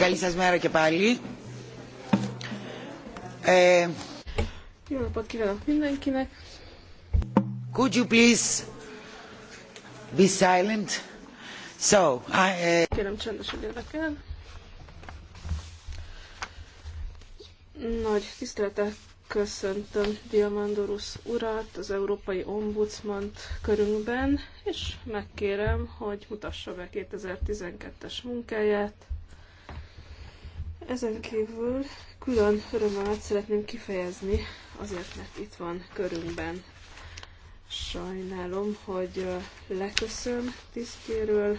Καλή σας μέρα και πάλι. Ε, Jó napot kívánok mindenkinek. Could you please be silent? So, I, eh, Kérem csendesüljenek el. Nagy tiszteletek köszöntöm Diamandorus urat, az Európai Ombudsmant körünkben, és megkérem, hogy mutassa be 2012-es munkáját. Ezen kívül külön örömömet szeretném kifejezni, azért, mert itt van körünkben. Sajnálom, hogy leköszön tisztjéről.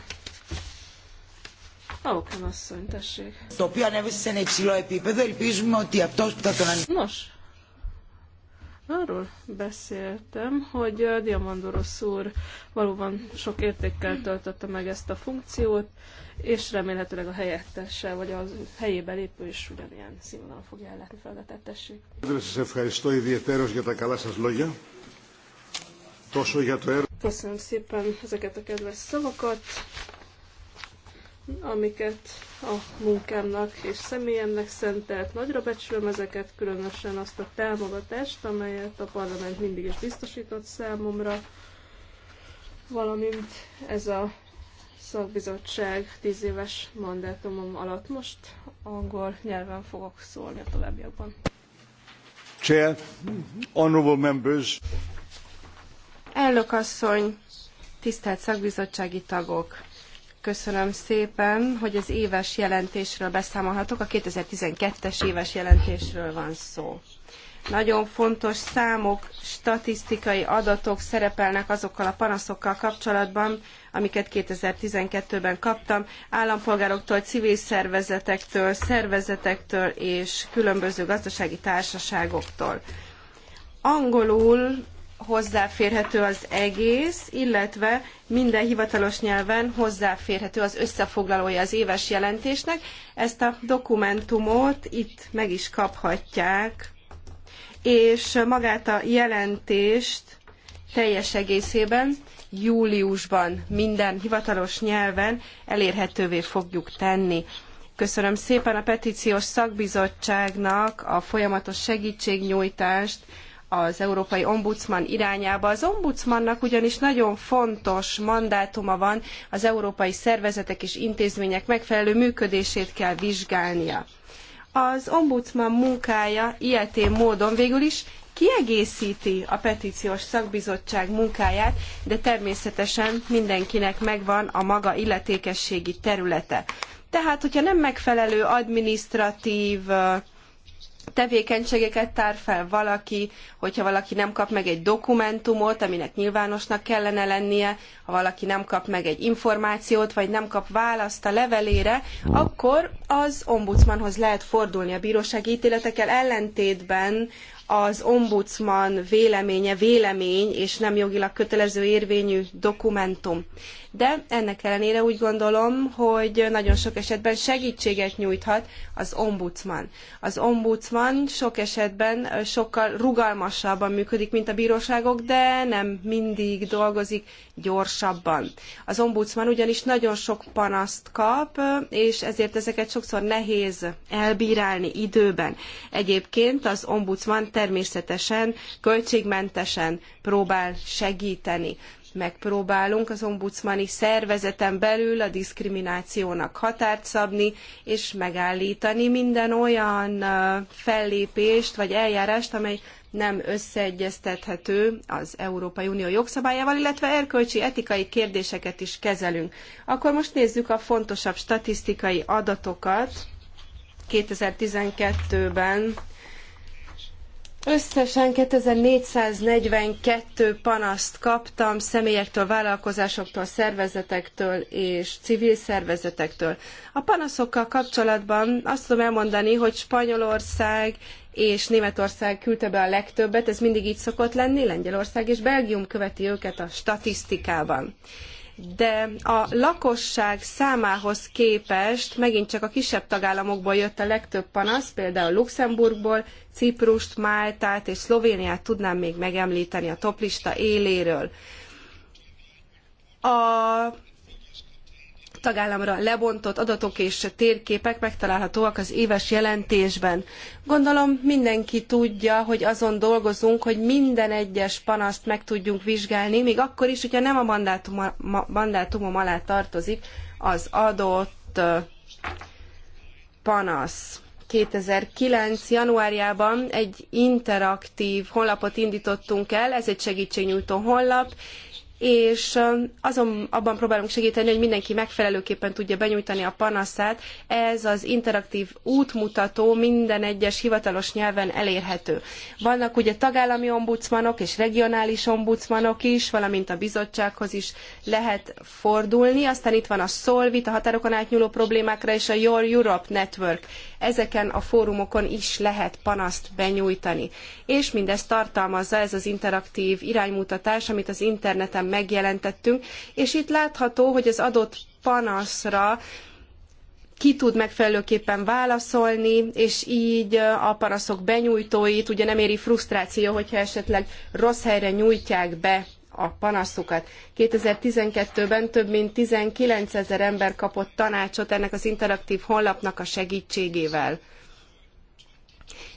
Auken asszony, tessék. Nos, Arról beszéltem, hogy Diamandoros úr valóban sok értékkel töltötte meg ezt a funkciót, és remélhetőleg a helyettese, vagy a helyébe lépő is ugyanilyen színvonalon fogja ellátni feladatát, tessék. Köszönöm szépen ezeket a kedves szavakat, amiket a munkámnak és személyemnek szentelt. Nagyra becsülöm ezeket, különösen azt a támogatást, amelyet a parlament mindig is biztosított számomra, valamint ez a szakbizottság tíz éves mandátumom alatt. Most angol nyelven fogok szólni a továbbiakban. Chair, honorable members. Elnök asszony, tisztelt szakbizottsági tagok! Köszönöm szépen, hogy az éves jelentésről beszámolhatok. A 2012-es éves jelentésről van szó. Nagyon fontos számok, statisztikai adatok szerepelnek azokkal a panaszokkal kapcsolatban, amiket 2012-ben kaptam, állampolgároktól, civil szervezetektől, szervezetektől és különböző gazdasági társaságoktól. Angolul hozzáférhető az egész, illetve minden hivatalos nyelven hozzáférhető az összefoglalója az éves jelentésnek. Ezt a dokumentumot itt meg is kaphatják, és magát a jelentést teljes egészében júliusban minden hivatalos nyelven elérhetővé fogjuk tenni. Köszönöm szépen a petíciós szakbizottságnak a folyamatos segítségnyújtást, az Európai Ombudsman irányába. Az ombudsmannak ugyanis nagyon fontos mandátuma van, az európai szervezetek és intézmények megfelelő működését kell vizsgálnia. Az ombudsman munkája ilyetén módon végül is kiegészíti a petíciós szakbizottság munkáját, de természetesen mindenkinek megvan a maga illetékességi területe. Tehát, hogyha nem megfelelő administratív tevékenységeket tár fel valaki, hogyha valaki nem kap meg egy dokumentumot, aminek nyilvánosnak kellene lennie, ha valaki nem kap meg egy információt, vagy nem kap választ a levelére, akkor az ombudsmanhoz lehet fordulni a bírósági ítéletekkel ellentétben az ombudsman véleménye vélemény, és nem jogilag kötelező érvényű dokumentum. De ennek ellenére úgy gondolom, hogy nagyon sok esetben segítséget nyújthat az ombudsman. Az ombudsman sok esetben sokkal rugalmasabban működik, mint a bíróságok, de nem mindig dolgozik gyorsabban. Az ombudsman ugyanis nagyon sok panaszt kap, és ezért ezeket sokszor nehéz elbírálni időben. Egyébként az ombudsman természetesen költségmentesen próbál segíteni. Megpróbálunk az ombudsmani szervezeten belül a diszkriminációnak határt szabni, és megállítani minden olyan fellépést vagy eljárást, amely nem összeegyeztethető az Európai Unió jogszabályával, illetve erkölcsi etikai kérdéseket is kezelünk. Akkor most nézzük a fontosabb statisztikai adatokat 2012-ben Összesen 2442 panaszt kaptam személyektől, vállalkozásoktól, szervezetektől és civil szervezetektől. A panaszokkal kapcsolatban azt tudom elmondani, hogy Spanyolország és Németország küldte be a legtöbbet, ez mindig így szokott lenni, Lengyelország és Belgium követi őket a statisztikában de a lakosság számához képest megint csak a kisebb tagállamokból jött a legtöbb panasz, például Luxemburgból, Ciprust, Máltát és Szlovéniát tudnám még megemlíteni a toplista éléről. A tagállamra lebontott adatok és térképek megtalálhatóak az éves jelentésben. Gondolom mindenki tudja, hogy azon dolgozunk, hogy minden egyes panaszt meg tudjunk vizsgálni, még akkor is, hogyha nem a mandátumom alá tartozik az adott panasz. 2009. januárjában egy interaktív honlapot indítottunk el, ez egy segítségnyújtó honlap, és azon abban próbálunk segíteni, hogy mindenki megfelelőképpen tudja benyújtani a panaszát. Ez az interaktív útmutató minden egyes hivatalos nyelven elérhető. Vannak ugye tagállami ombudsmanok és regionális ombudsmanok is, valamint a bizottsághoz is lehet fordulni. Aztán itt van a Solvit, a határokon átnyúló problémákra és a Your Europe Network ezeken a fórumokon is lehet panaszt benyújtani. És mindezt tartalmazza ez az interaktív iránymutatás, amit az interneten megjelentettünk, és itt látható, hogy az adott panaszra ki tud megfelelőképpen válaszolni, és így a panaszok benyújtóit ugye nem éri frusztráció, hogyha esetleg rossz helyre nyújtják be a panaszukat. 2012-ben több mint 19 ezer ember kapott tanácsot ennek az interaktív honlapnak a segítségével.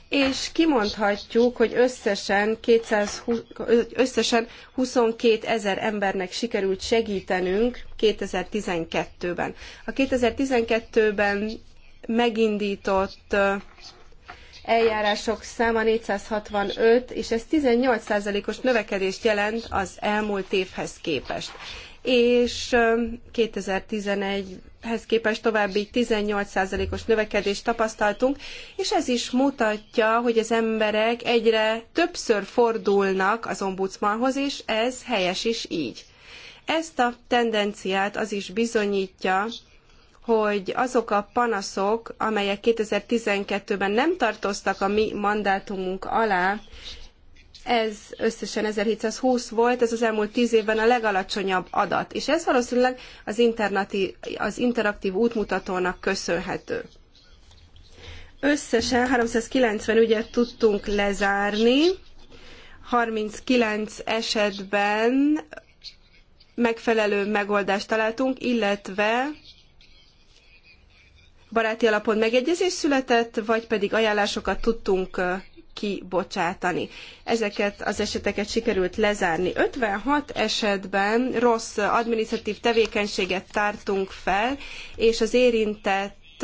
És kimondhatjuk, hogy összesen, 220, összesen 22 ezer embernek sikerült segítenünk 2012-ben. A 2012-ben megindított eljárások száma 465, és ez 18%-os növekedést jelent az elmúlt évhez képest. És 2011 hez képest további 18%-os növekedést tapasztaltunk, és ez is mutatja, hogy az emberek egyre többször fordulnak az ombudsmanhoz, és ez helyes is így. Ezt a tendenciát az is bizonyítja, hogy azok a panaszok, amelyek 2012-ben nem tartoztak a mi mandátumunk alá, ez összesen 1720 volt, ez az elmúlt 10 évben a legalacsonyabb adat, és ez valószínűleg az, az interaktív útmutatónak köszönhető. Összesen 390 ügyet tudtunk lezárni, 39 esetben megfelelő megoldást találtunk, illetve baráti alapon megegyezés született, vagy pedig ajánlásokat tudtunk kibocsátani. Ezeket az eseteket sikerült lezárni. 56 esetben rossz administratív tevékenységet tártunk fel, és az érintett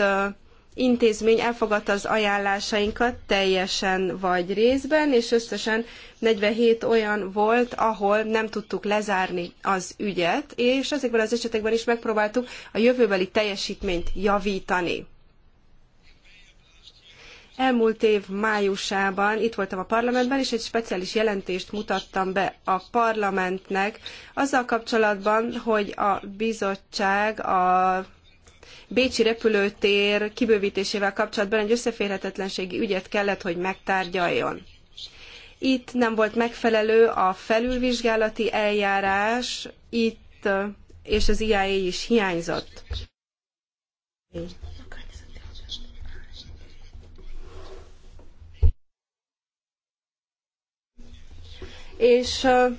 intézmény elfogadta az ajánlásainkat teljesen vagy részben, és összesen 47 olyan volt, ahol nem tudtuk lezárni az ügyet, és ezekben az esetekben is megpróbáltuk a jövőbeli teljesítményt javítani. Elmúlt év májusában itt voltam a parlamentben, és egy speciális jelentést mutattam be a parlamentnek azzal kapcsolatban, hogy a bizottság a Bécsi repülőtér kibővítésével kapcsolatban egy összeférhetetlenségi ügyet kellett, hogy megtárgyaljon. Itt nem volt megfelelő a felülvizsgálati eljárás, itt eh, és az IA e is hiányzott. És eh,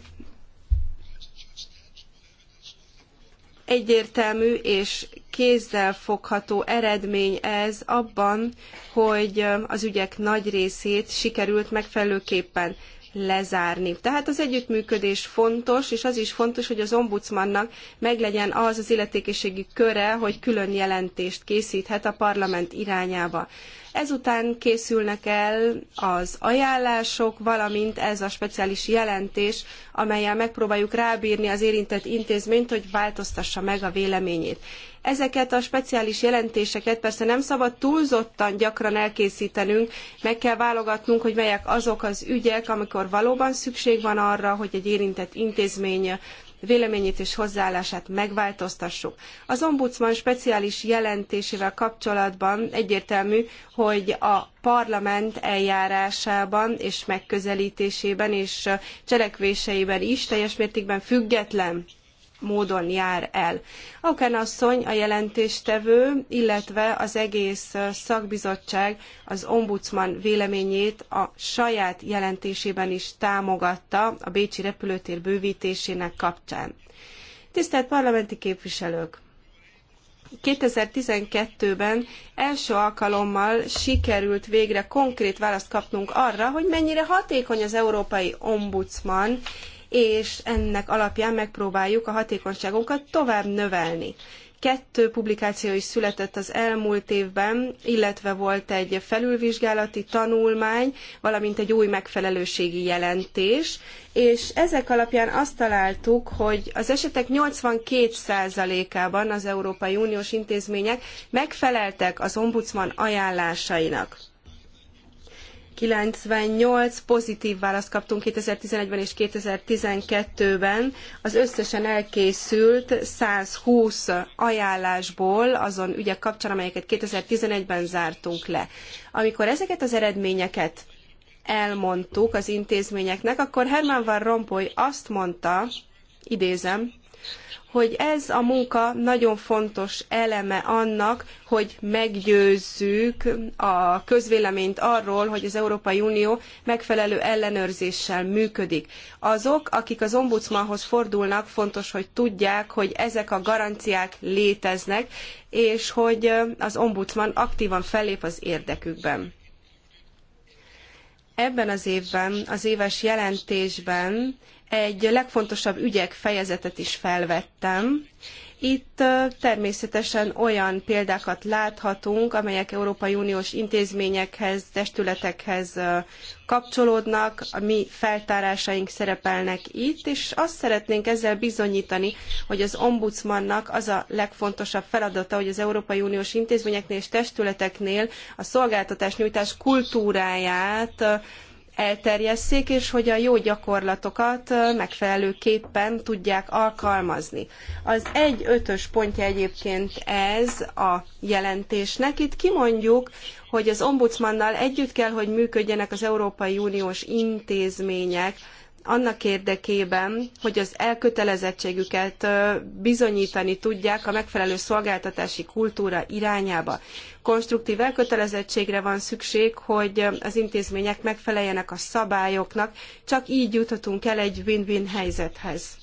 egyértelmű és kézzelfogható eredmény ez abban, hogy az ügyek nagy részét sikerült megfelelőképpen lezárni. Tehát az együttműködés fontos, és az is fontos, hogy az ombudsmannak meglegyen az az illetékeségi köre, hogy külön jelentést készíthet a parlament irányába. Ezután készülnek el az ajánlások, valamint ez a speciális jelentés, amelyel megpróbáljuk rábírni az érintett intézményt, hogy változtassa meg a véleményét. Ezeket a speciális jelentéseket persze nem szabad túlzottan gyakran elkészítenünk, meg kell válogatnunk, hogy melyek azok az ügyek, amikor valóban szükség van arra, hogy egy érintett intézmény véleményét és hozzáállását megváltoztassuk. Az ombudsman speciális jelentésével kapcsolatban egyértelmű, hogy a parlament eljárásában és megközelítésében és cselekvéseiben is teljes mértékben független módon jár el. Auken asszony, a jelentéstevő, illetve az egész szakbizottság az ombudsman véleményét a saját jelentésében is támogatta a Bécsi repülőtér bővítésének kapcsán. Tisztelt parlamenti képviselők! 2012-ben első alkalommal sikerült végre konkrét választ kapnunk arra, hogy mennyire hatékony az európai ombudsman, és ennek alapján megpróbáljuk a hatékonyságunkat tovább növelni. Kettő publikáció is született az elmúlt évben, illetve volt egy felülvizsgálati tanulmány, valamint egy új megfelelőségi jelentés, és ezek alapján azt találtuk, hogy az esetek 82%-ában az Európai Uniós intézmények megfeleltek az ombudsman ajánlásainak. 98 pozitív választ kaptunk 2011-ben és 2012-ben. Az összesen elkészült 120 ajánlásból azon ügyek kapcsán, amelyeket 2011-ben zártunk le. Amikor ezeket az eredményeket elmondtuk az intézményeknek, akkor Herman Van Rompuy azt mondta, idézem, hogy ez a munka nagyon fontos eleme annak, hogy meggyőzzük a közvéleményt arról, hogy az Európai Unió megfelelő ellenőrzéssel működik. Azok, akik az ombudsmanhoz fordulnak, fontos, hogy tudják, hogy ezek a garanciák léteznek, és hogy az ombudsman aktívan fellép az érdekükben. Ebben az évben, az éves jelentésben egy legfontosabb ügyek fejezetet is felvettem. Itt természetesen olyan példákat láthatunk, amelyek Európai Uniós intézményekhez, testületekhez kapcsolódnak, a mi feltárásaink szerepelnek itt, és azt szeretnénk ezzel bizonyítani, hogy az ombudsmannak az a legfontosabb feladata, hogy az Európai Uniós intézményeknél és testületeknél a szolgáltatásnyújtás kultúráját elterjesszék, és hogy a jó gyakorlatokat megfelelőképpen tudják alkalmazni. Az egy ötös pontja egyébként ez a jelentésnek. Itt kimondjuk, hogy az ombudsmannal együtt kell, hogy működjenek az Európai Uniós intézmények, annak érdekében, hogy az elkötelezettségüket bizonyítani tudják a megfelelő szolgáltatási kultúra irányába. Konstruktív elkötelezettségre van szükség, hogy az intézmények megfeleljenek a szabályoknak, csak így juthatunk el egy win-win helyzethez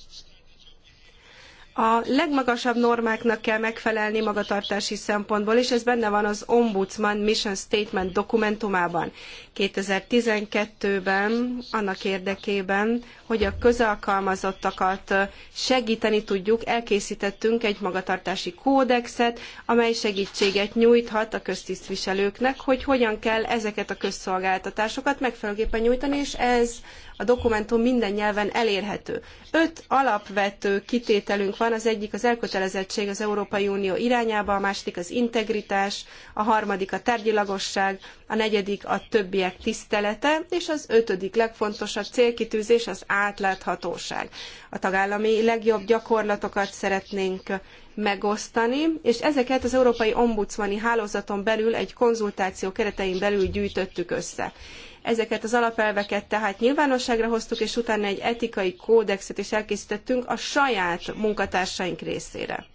a legmagasabb normáknak kell megfelelni magatartási szempontból, és ez benne van az Ombudsman Mission Statement dokumentumában 2012-ben, annak érdekében, hogy a közalkalmazottakat segíteni tudjuk, elkészítettünk egy magatartási kódexet, amely segítséget nyújthat a köztisztviselőknek, hogy hogyan kell ezeket a közszolgáltatásokat megfelelőképpen nyújtani, és ez a dokumentum minden nyelven elérhető. Öt alapvető kitételünk van, az egyik az elkötelezettség az Európai Unió irányába, a második az integritás, a harmadik a tárgyilagosság, a negyedik a többiek tisztelete, és az ötödik legfontosabb célkitűzés az átláthatóság. A tagállami legjobb gyakorlatokat szeretnénk megosztani, és ezeket az Európai Ombudsmani Hálózaton belül egy konzultáció keretein belül gyűjtöttük össze. Ezeket az alapelveket tehát nyilvánosságra hoztuk, és utána egy etikai kódexet is elkészítettünk a saját munkatársaink részére.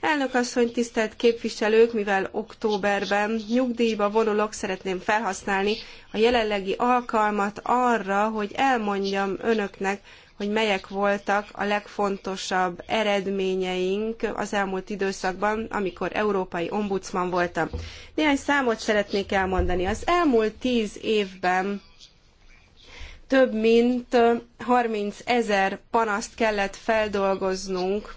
Elnök asszony, tisztelt képviselők, mivel októberben nyugdíjba vonulok, szeretném felhasználni a jelenlegi alkalmat arra, hogy elmondjam önöknek, hogy melyek voltak a legfontosabb eredményeink az elmúlt időszakban, amikor európai ombudsman voltam. Néhány számot szeretnék elmondani. Az elmúlt tíz évben több mint 30 ezer panaszt kellett feldolgoznunk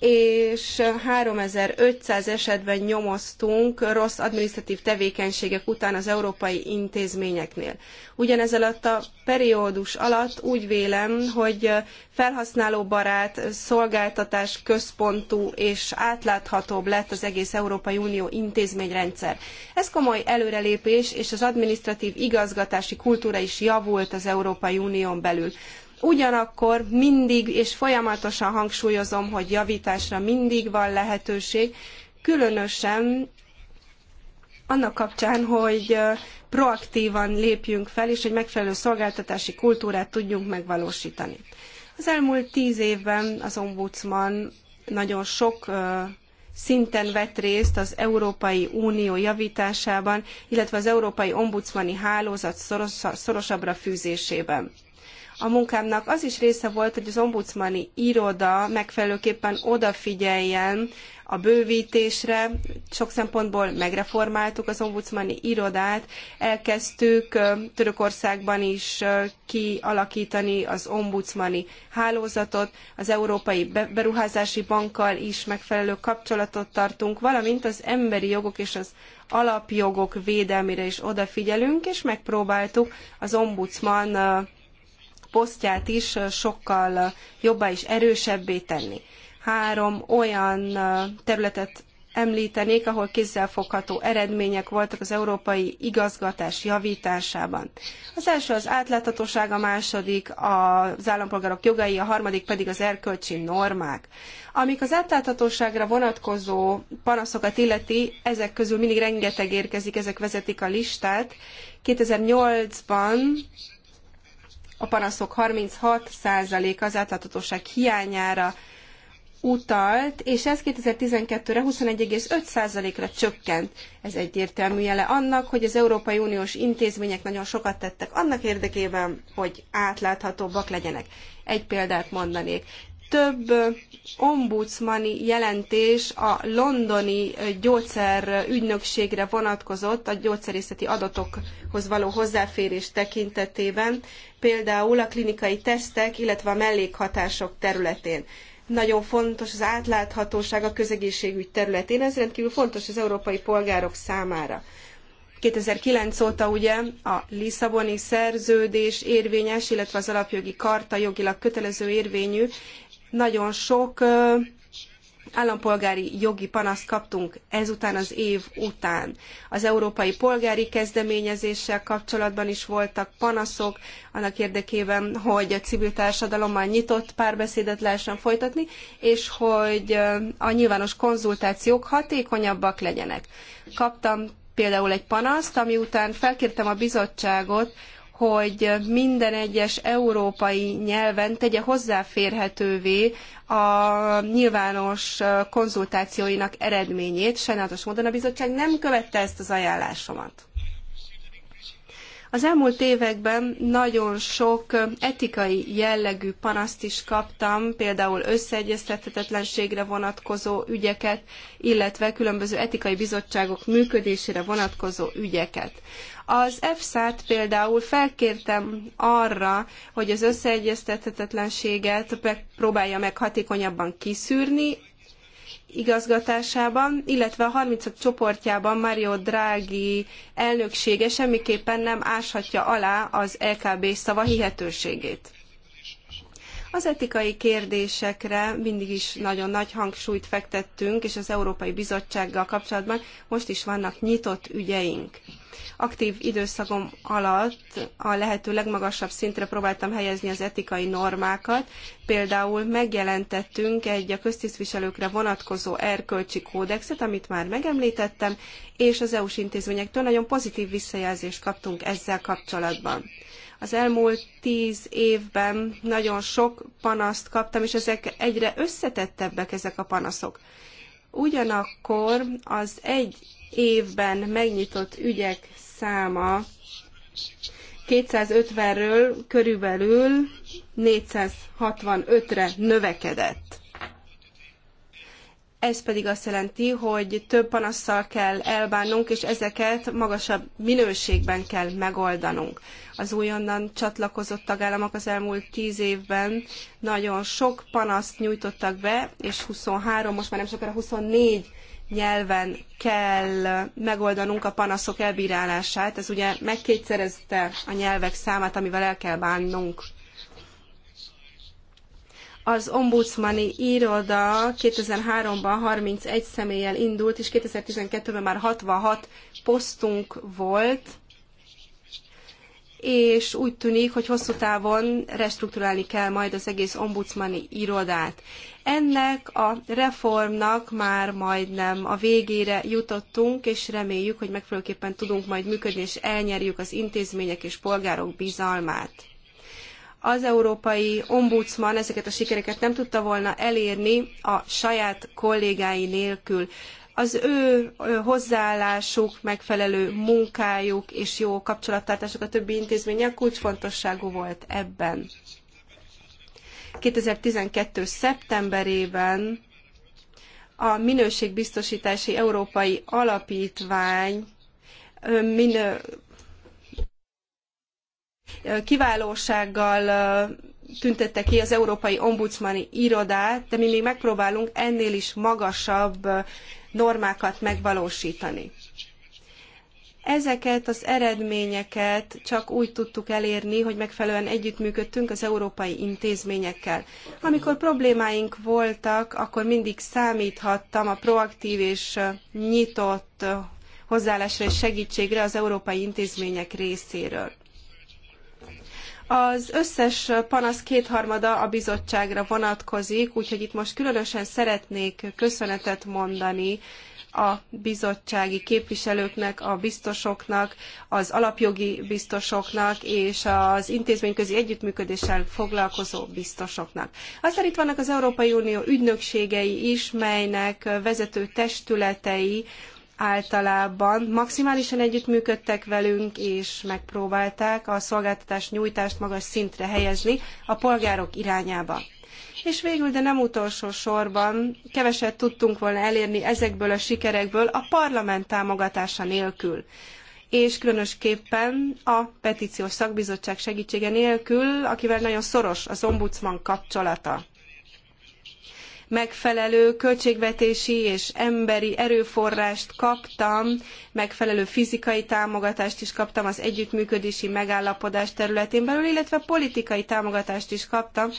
és 3500 esetben nyomoztunk rossz adminisztratív tevékenységek után az európai intézményeknél. Ugyanez alatt a periódus alatt úgy vélem, hogy felhasználóbarát, szolgáltatás központú és átláthatóbb lett az egész Európai Unió intézményrendszer. Ez komoly előrelépés, és az adminisztratív igazgatási kultúra is javult az Európai Unión belül. Ugyanakkor mindig és folyamatosan hangsúlyozom, hogy javításra mindig van lehetőség, különösen annak kapcsán, hogy proaktívan lépjünk fel, és egy megfelelő szolgáltatási kultúrát tudjunk megvalósítani. Az elmúlt tíz évben az ombudsman nagyon sok szinten vett részt az Európai Unió javításában, illetve az Európai Ombudsmani Hálózat szorosabbra fűzésében. A munkámnak az is része volt, hogy az ombudsmani iroda megfelelőképpen odafigyeljen a bővítésre. Sok szempontból megreformáltuk az ombudsmani irodát, elkezdtük Törökországban is kialakítani az ombudsmani hálózatot, az Európai Beruházási Bankkal is megfelelő kapcsolatot tartunk, valamint az emberi jogok és az alapjogok védelmére is odafigyelünk, és megpróbáltuk az ombudsman posztját is sokkal jobbá és erősebbé tenni. Három olyan területet említenék, ahol kézzelfogható eredmények voltak az európai igazgatás javításában. Az első az átláthatóság, a második az állampolgárok jogai, a harmadik pedig az erkölcsi normák. Amik az átláthatóságra vonatkozó panaszokat illeti, ezek közül mindig rengeteg érkezik, ezek vezetik a listát. 2008-ban a panaszok 36%-a az átláthatóság hiányára utalt, és ez 2012-re 21,5%-ra csökkent. Ez egyértelmű jele annak, hogy az Európai Uniós intézmények nagyon sokat tettek annak érdekében, hogy átláthatóbbak legyenek. Egy példát mondanék több ombudsmani jelentés a londoni gyógyszerügynökségre vonatkozott a gyógyszerészeti adatokhoz való hozzáférés tekintetében, például a klinikai tesztek, illetve a mellékhatások területén. Nagyon fontos az átláthatóság a közegészségügy területén, ez rendkívül fontos az európai polgárok számára. 2009 óta ugye a Lisszaboni szerződés érvényes, illetve az alapjogi karta jogilag kötelező érvényű, nagyon sok állampolgári jogi panaszt kaptunk ezután az év után. Az európai polgári kezdeményezéssel kapcsolatban is voltak panaszok, annak érdekében, hogy a civil társadalommal nyitott párbeszédet lehessen folytatni, és hogy a nyilvános konzultációk hatékonyabbak legyenek. Kaptam például egy panaszt, ami után felkértem a bizottságot, hogy minden egyes európai nyelven tegye hozzáférhetővé a nyilvános konzultációinak eredményét. Sajnálatos módon a bizottság nem követte ezt az ajánlásomat. Az elmúlt években nagyon sok etikai jellegű panaszt is kaptam, például összeegyeztethetetlenségre vonatkozó ügyeket, illetve különböző etikai bizottságok működésére vonatkozó ügyeket. Az EFSA-t például felkértem arra, hogy az összeegyeztethetetlenséget próbálja meg hatékonyabban kiszűrni igazgatásában, illetve a 30 csoportjában Mario Draghi elnöksége semmiképpen nem áshatja alá az LKB szava hihetőségét. Az etikai kérdésekre mindig is nagyon nagy hangsúlyt fektettünk, és az Európai Bizottsággal kapcsolatban most is vannak nyitott ügyeink aktív időszakom alatt a lehető legmagasabb szintre próbáltam helyezni az etikai normákat. Például megjelentettünk egy a köztisztviselőkre vonatkozó erkölcsi kódexet, amit már megemlítettem, és az EU-s intézményektől nagyon pozitív visszajelzést kaptunk ezzel kapcsolatban az elmúlt tíz évben nagyon sok panaszt kaptam, és ezek egyre összetettebbek ezek a panaszok. Ugyanakkor az egy évben megnyitott ügyek száma 250-ről körülbelül 465-re növekedett. Ez pedig azt jelenti, hogy több panasszal kell elbánnunk, és ezeket magasabb minőségben kell megoldanunk. Az újonnan csatlakozott tagállamok az elmúlt tíz évben nagyon sok panaszt nyújtottak be, és 23, most már nem sokára 24 nyelven kell megoldanunk a panaszok elbírálását. Ez ugye megkétszerezte a nyelvek számát, amivel el kell bánnunk. Az ombudsmani iroda 2003-ban 31 személlyel indult, és 2012-ben már 66 posztunk volt, és úgy tűnik, hogy hosszú távon restruktúrálni kell majd az egész ombudsmani irodát. Ennek a reformnak már majdnem a végére jutottunk, és reméljük, hogy megfelelőképpen tudunk majd működni, és elnyerjük az intézmények és polgárok bizalmát az európai ombudsman ezeket a sikereket nem tudta volna elérni a saját kollégái nélkül az ő hozzáállásuk, megfelelő munkájuk és jó kapcsolattartásuk a többi intézménnyel kulcsfontosságú volt ebben. 2012. szeptemberében a Minőségbiztosítási Európai Alapítvány minő, kiválósággal tüntette ki az Európai Ombudsmani Irodát, de mi még megpróbálunk ennél is magasabb normákat megvalósítani. Ezeket az eredményeket csak úgy tudtuk elérni, hogy megfelelően együttműködtünk az európai intézményekkel. Amikor problémáink voltak, akkor mindig számíthattam a proaktív és nyitott hozzáállásra és segítségre az európai intézmények részéről. Az összes panasz kétharmada a bizottságra vonatkozik, úgyhogy itt most különösen szeretnék köszönetet mondani a bizottsági képviselőknek, a biztosoknak, az alapjogi biztosoknak és az intézményközi együttműködéssel foglalkozó biztosoknak. Aztán itt vannak az Európai Unió ügynökségei is, melynek vezető testületei általában maximálisan együttműködtek velünk, és megpróbálták a szolgáltatás nyújtást magas szintre helyezni a polgárok irányába. És végül, de nem utolsó sorban, keveset tudtunk volna elérni ezekből a sikerekből a parlament támogatása nélkül és különösképpen a petíciós szakbizottság segítsége nélkül, akivel nagyon szoros az ombudsman kapcsolata megfelelő költségvetési és emberi erőforrást kaptam, megfelelő fizikai támogatást is kaptam az együttműködési megállapodás területén belül, illetve politikai támogatást is kaptam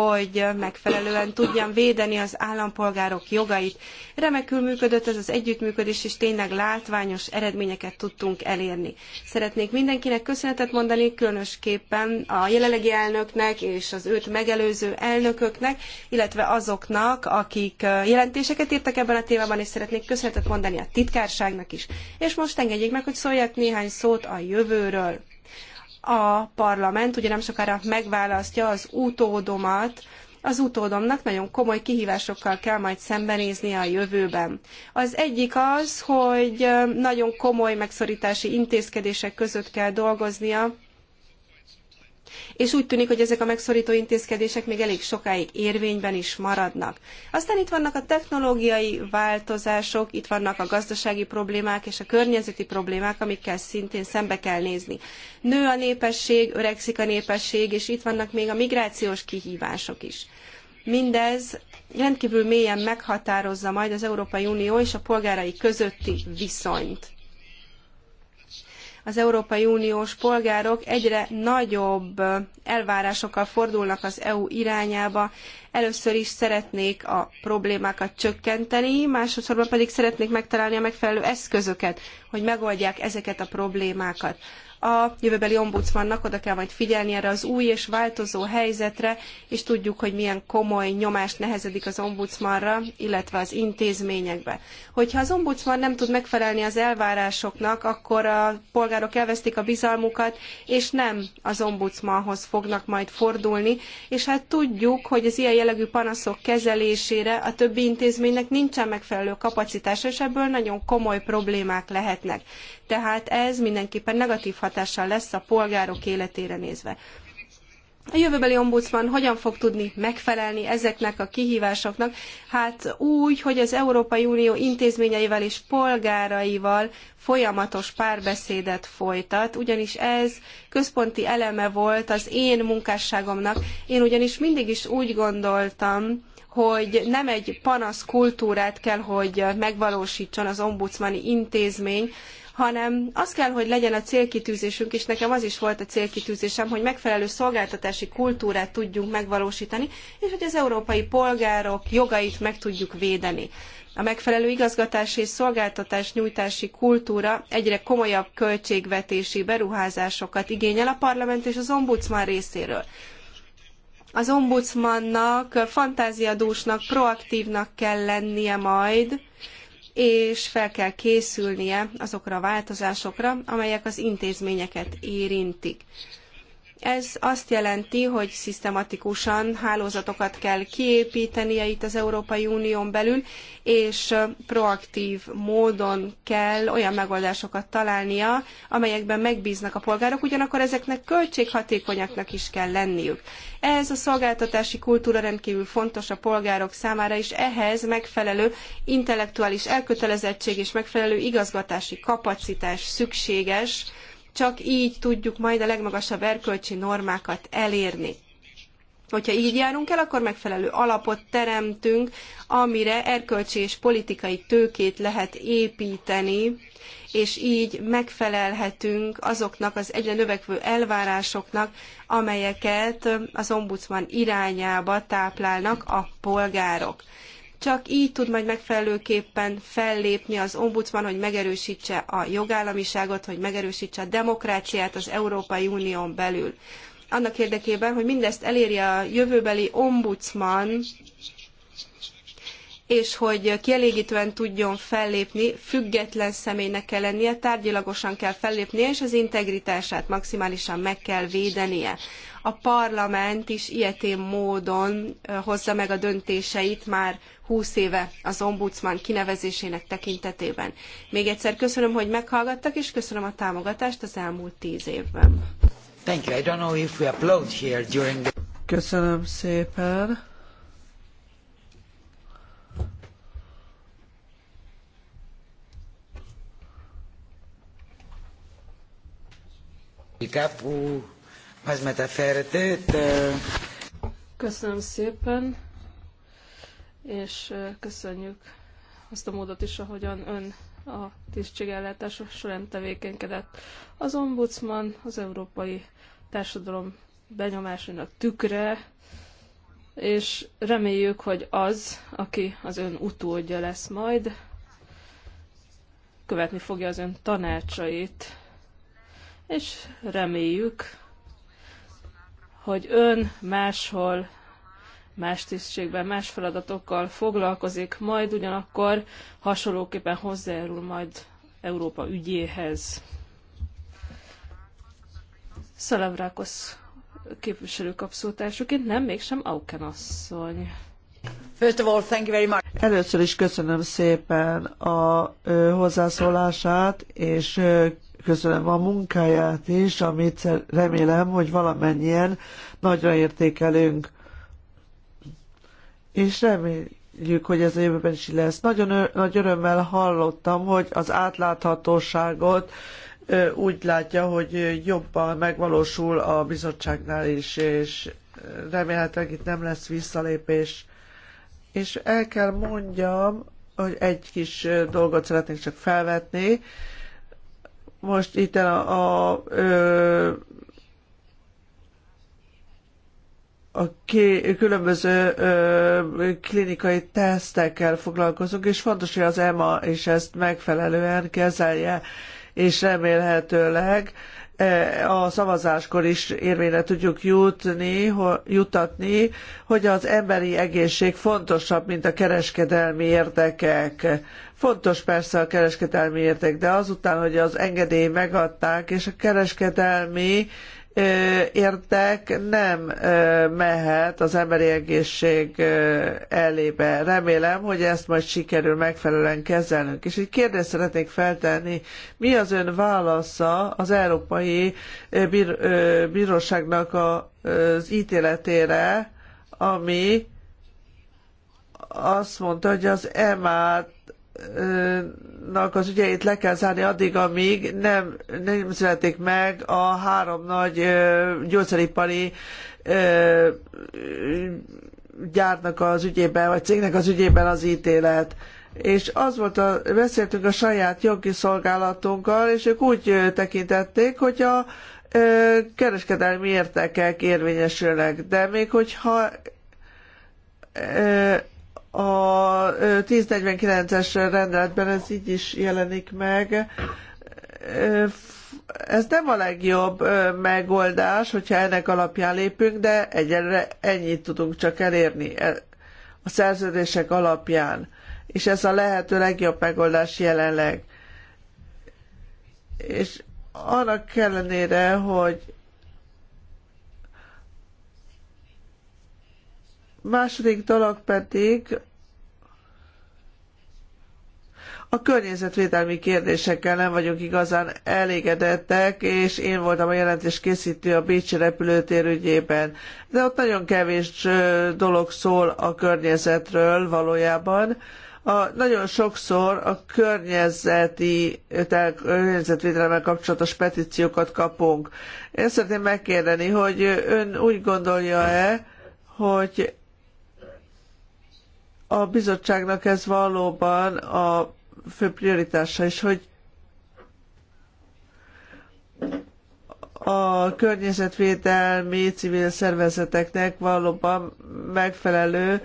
hogy megfelelően tudjam védeni az állampolgárok jogait. Remekül működött ez az együttműködés, és tényleg látványos eredményeket tudtunk elérni. Szeretnék mindenkinek köszönetet mondani, különösképpen a jelenlegi elnöknek és az őt megelőző elnököknek, illetve azoknak, akik jelentéseket írtak ebben a témában, és szeretnék köszönetet mondani a titkárságnak is. És most engedjék meg, hogy szóljak néhány szót a jövőről a parlament ugye nem sokára megválasztja az utódomat, az utódomnak nagyon komoly kihívásokkal kell majd szembenéznie a jövőben. Az egyik az, hogy nagyon komoly megszorítási intézkedések között kell dolgoznia, és úgy tűnik, hogy ezek a megszorító intézkedések még elég sokáig érvényben is maradnak. Aztán itt vannak a technológiai változások, itt vannak a gazdasági problémák és a környezeti problémák, amikkel szintén szembe kell nézni. Nő a népesség, öregszik a népesség, és itt vannak még a migrációs kihívások is. Mindez rendkívül mélyen meghatározza majd az Európai Unió és a polgárai közötti viszonyt az Európai Uniós polgárok egyre nagyobb elvárásokkal fordulnak az EU irányába. Először is szeretnék a problémákat csökkenteni, másodszorban pedig szeretnék megtalálni a megfelelő eszközöket, hogy megoldják ezeket a problémákat a jövőbeli ombudsmannak oda kell majd figyelni erre az új és változó helyzetre, és tudjuk, hogy milyen komoly nyomást nehezedik az ombudsmanra, illetve az intézményekbe. Hogyha az ombudsman nem tud megfelelni az elvárásoknak, akkor a polgárok elvesztik a bizalmukat, és nem az ombudsmanhoz fognak majd fordulni, és hát tudjuk, hogy az ilyen jellegű panaszok kezelésére a többi intézménynek nincsen megfelelő kapacitása, és ebből nagyon komoly problémák lehetnek tehát ez mindenképpen negatív hatással lesz a polgárok életére nézve. A jövőbeli ombudsman hogyan fog tudni megfelelni ezeknek a kihívásoknak? Hát úgy, hogy az Európai Unió intézményeivel és polgáraival folyamatos párbeszédet folytat, ugyanis ez központi eleme volt az én munkásságomnak. Én ugyanis mindig is úgy gondoltam, hogy nem egy panasz kultúrát kell, hogy megvalósítson az ombudsmani intézmény, hanem az kell, hogy legyen a célkitűzésünk, és nekem az is volt a célkitűzésem, hogy megfelelő szolgáltatási kultúrát tudjunk megvalósítani, és hogy az európai polgárok jogait meg tudjuk védeni. A megfelelő igazgatási és szolgáltatás nyújtási kultúra egyre komolyabb költségvetési beruházásokat igényel a parlament és az ombudsman részéről. Az ombudsmannak fantáziadúsnak, proaktívnak kell lennie majd, és fel kell készülnie azokra a változásokra, amelyek az intézményeket érintik. Ez azt jelenti, hogy szisztematikusan hálózatokat kell kiépítenie itt az Európai Unión belül, és proaktív módon kell olyan megoldásokat találnia, amelyekben megbíznak a polgárok, ugyanakkor ezeknek költséghatékonyaknak is kell lenniük. Ehhez a szolgáltatási kultúra rendkívül fontos a polgárok számára, és ehhez megfelelő intellektuális elkötelezettség és megfelelő igazgatási kapacitás szükséges, csak így tudjuk majd a legmagasabb erkölcsi normákat elérni. Hogyha így járunk el, akkor megfelelő alapot teremtünk, amire erkölcsi és politikai tőkét lehet építeni, és így megfelelhetünk azoknak az egyre növekvő elvárásoknak, amelyeket az ombudsman irányába táplálnak a polgárok. Csak így tud majd megfelelőképpen fellépni az ombudsman, hogy megerősítse a jogállamiságot, hogy megerősítse a demokráciát az Európai Unión belül. Annak érdekében, hogy mindezt elérje a jövőbeli ombudsman, és hogy kielégítően tudjon fellépni, független személynek kell lennie, tárgyilagosan kell fellépnie, és az integritását maximálisan meg kell védenie. A parlament is ilyetén módon hozza meg a döntéseit már 20 éve az ombudsman kinevezésének tekintetében. Még egyszer köszönöm, hogy meghallgattak, és köszönöm a támogatást az elmúlt 10 évben. Thank you. I don't know if we applaud here during the... Köszönöm szépen. Köszönöm szépen és köszönjük azt a módot is, ahogyan ön a tisztségellátása során tevékenykedett. Az ombudsman az európai társadalom benyomásának tükre, és reméljük, hogy az, aki az ön utódja lesz majd, követni fogja az ön tanácsait, és reméljük, hogy ön máshol más tisztségben, más feladatokkal foglalkozik, majd ugyanakkor hasonlóképpen hozzájárul majd Európa ügyéhez. Szalavrákosz képviselő kapszótársuként, nem, mégsem Auken asszony. Először is köszönöm szépen a ö, hozzászólását, és ö, köszönöm a munkáját is, amit remélem, hogy valamennyien nagyra értékelünk és reméljük, hogy ez a jövőben is lesz. Nagyon nagy örömmel hallottam, hogy az átláthatóságot úgy látja, hogy jobban megvalósul a bizottságnál is, és remélhetőleg itt nem lesz visszalépés. És el kell mondjam, hogy egy kis dolgot szeretnék csak felvetni. Most itt a, a ö, a különböző klinikai tesztekkel foglalkozunk, és fontos, hogy az EMA is ezt megfelelően kezelje, és remélhetőleg a szavazáskor is érvényre tudjuk jutni, jutatni, hogy az emberi egészség fontosabb, mint a kereskedelmi érdekek. Fontos persze a kereskedelmi érdek, de azután, hogy az engedély megadták, és a kereskedelmi érdek nem mehet az emberi egészség elébe. Remélem, hogy ezt majd sikerül megfelelően kezelnünk. És egy kérdést szeretnék feltenni, mi az ön válasza az Európai Bíróságnak az ítéletére, ami azt mondta, hogy az EMA-t nak az ügyeit le kell zárni addig, amíg nem, nem születik meg a három nagy gyógyszeripari gyárnak az ügyében, vagy cégnek az ügyében az ítélet. És az volt, a, beszéltünk a saját jogi szolgálatunkkal, és ők úgy tekintették, hogy a ö, kereskedelmi értekek érvényesülnek. De még hogyha ö, a 1049-es rendeletben ez így is jelenik meg. Ez nem a legjobb megoldás, hogyha ennek alapján lépünk, de egyelőre ennyit tudunk csak elérni e, a szerződések alapján. És ez a lehető legjobb megoldás jelenleg. És annak ellenére, hogy Második dolog pedig a környezetvédelmi kérdésekkel nem vagyunk igazán elégedettek, és én voltam a jelentés készítő a Bécsi repülőtér ügyében. De ott nagyon kevés dolog szól a környezetről valójában. A, nagyon sokszor a környezeti, környezetvédelemmel kapcsolatos petíciókat kapunk. Én szeretném megkérdeni, hogy ön úgy gondolja-e, hogy a bizottságnak ez valóban a fő prioritása is, hogy a környezetvédelmi civil szervezeteknek valóban megfelelő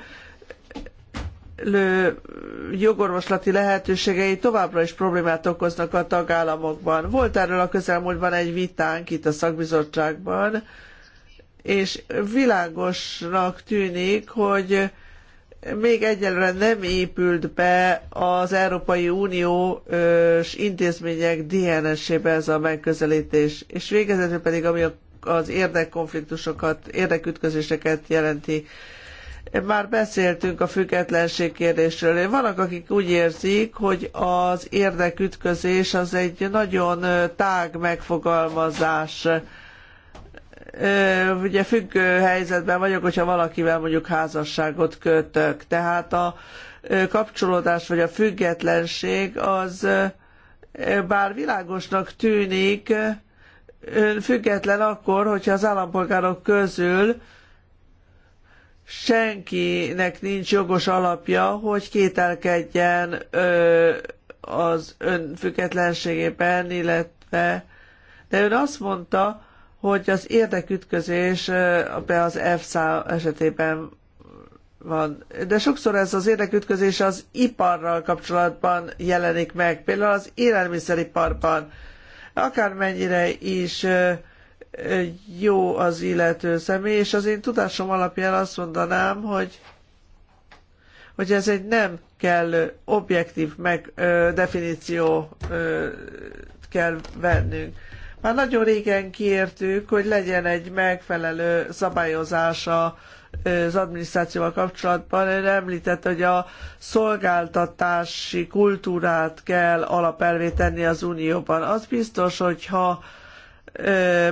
jogorvoslati lehetőségei továbbra is problémát okoznak a tagállamokban. Volt erről a közelmúltban egy vitánk itt a szakbizottságban, és világosnak tűnik, hogy még egyelőre nem épült be az Európai Uniós intézmények DNS-ébe ez a megközelítés, és végezetül pedig, ami az érdekkonfliktusokat, érdekütközéseket jelenti. Már beszéltünk a függetlenség kérdésről. Vannak, akik úgy érzik, hogy az érdekütközés az egy nagyon tág megfogalmazás ugye függő helyzetben vagyok, hogyha valakivel mondjuk házasságot kötök. Tehát a kapcsolódás vagy a függetlenség az bár világosnak tűnik, független akkor, hogyha az állampolgárok közül senkinek nincs jogos alapja, hogy kételkedjen az ön függetlenségében, illetve de ön azt mondta, hogy az érdekütközés be az EFSA esetében van. De sokszor ez az érdekütközés az iparral kapcsolatban jelenik meg, például az élelmiszeriparban. Akármennyire is jó az illető személy, és az én tudásom alapján azt mondanám, hogy hogy ez egy nem kell objektív meg, ö, definíció ö, kell vennünk. Már nagyon régen kiértük, hogy legyen egy megfelelő szabályozása az adminisztrációval kapcsolatban. Ön említett, hogy a szolgáltatási kultúrát kell alapelvé tenni az Unióban. Az biztos, hogyha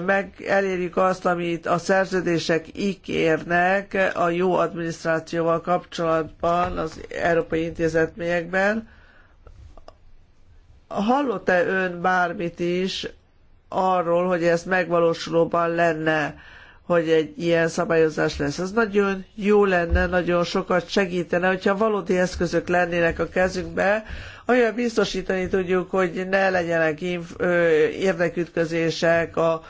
meg elérjük azt, amit a szerződések ígérnek a jó adminisztrációval kapcsolatban az európai intézetményekben. Hallott-e ön bármit is arról, hogy ez megvalósulóban lenne, hogy egy ilyen szabályozás lesz. Ez nagyon jó lenne, nagyon sokat segítene, hogyha valódi eszközök lennének a kezünkbe, amivel biztosítani tudjuk, hogy ne legyenek érdekütközések, a,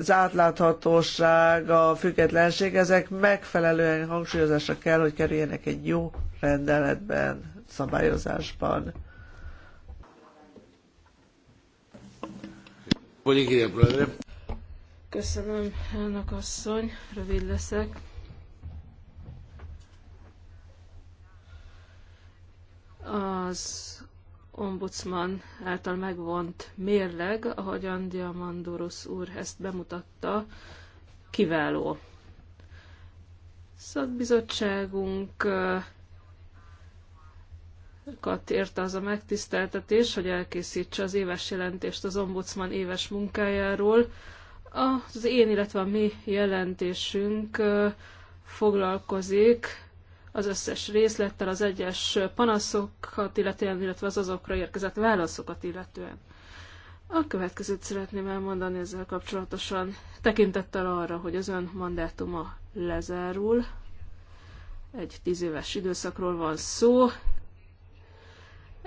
az átláthatóság, a függetlenség, ezek megfelelően hangsúlyozásra kell, hogy kerüljenek egy jó rendeletben, szabályozásban. Köszönöm, elnök asszony, rövid leszek. Az ombudsman által megvont mérleg, ahogyan Diamandoros úr ezt bemutatta, kiváló. Szakbizottságunk kat érte az a megtiszteltetés, hogy elkészítse az éves jelentést az ombudsman éves munkájáról. Az én, illetve a mi jelentésünk foglalkozik az összes részlettel, az egyes panaszokat illetően, illetve az azokra érkezett válaszokat illetően. A következőt szeretném elmondani ezzel kapcsolatosan, tekintettel arra, hogy az ön mandátuma lezárul, egy tíz éves időszakról van szó,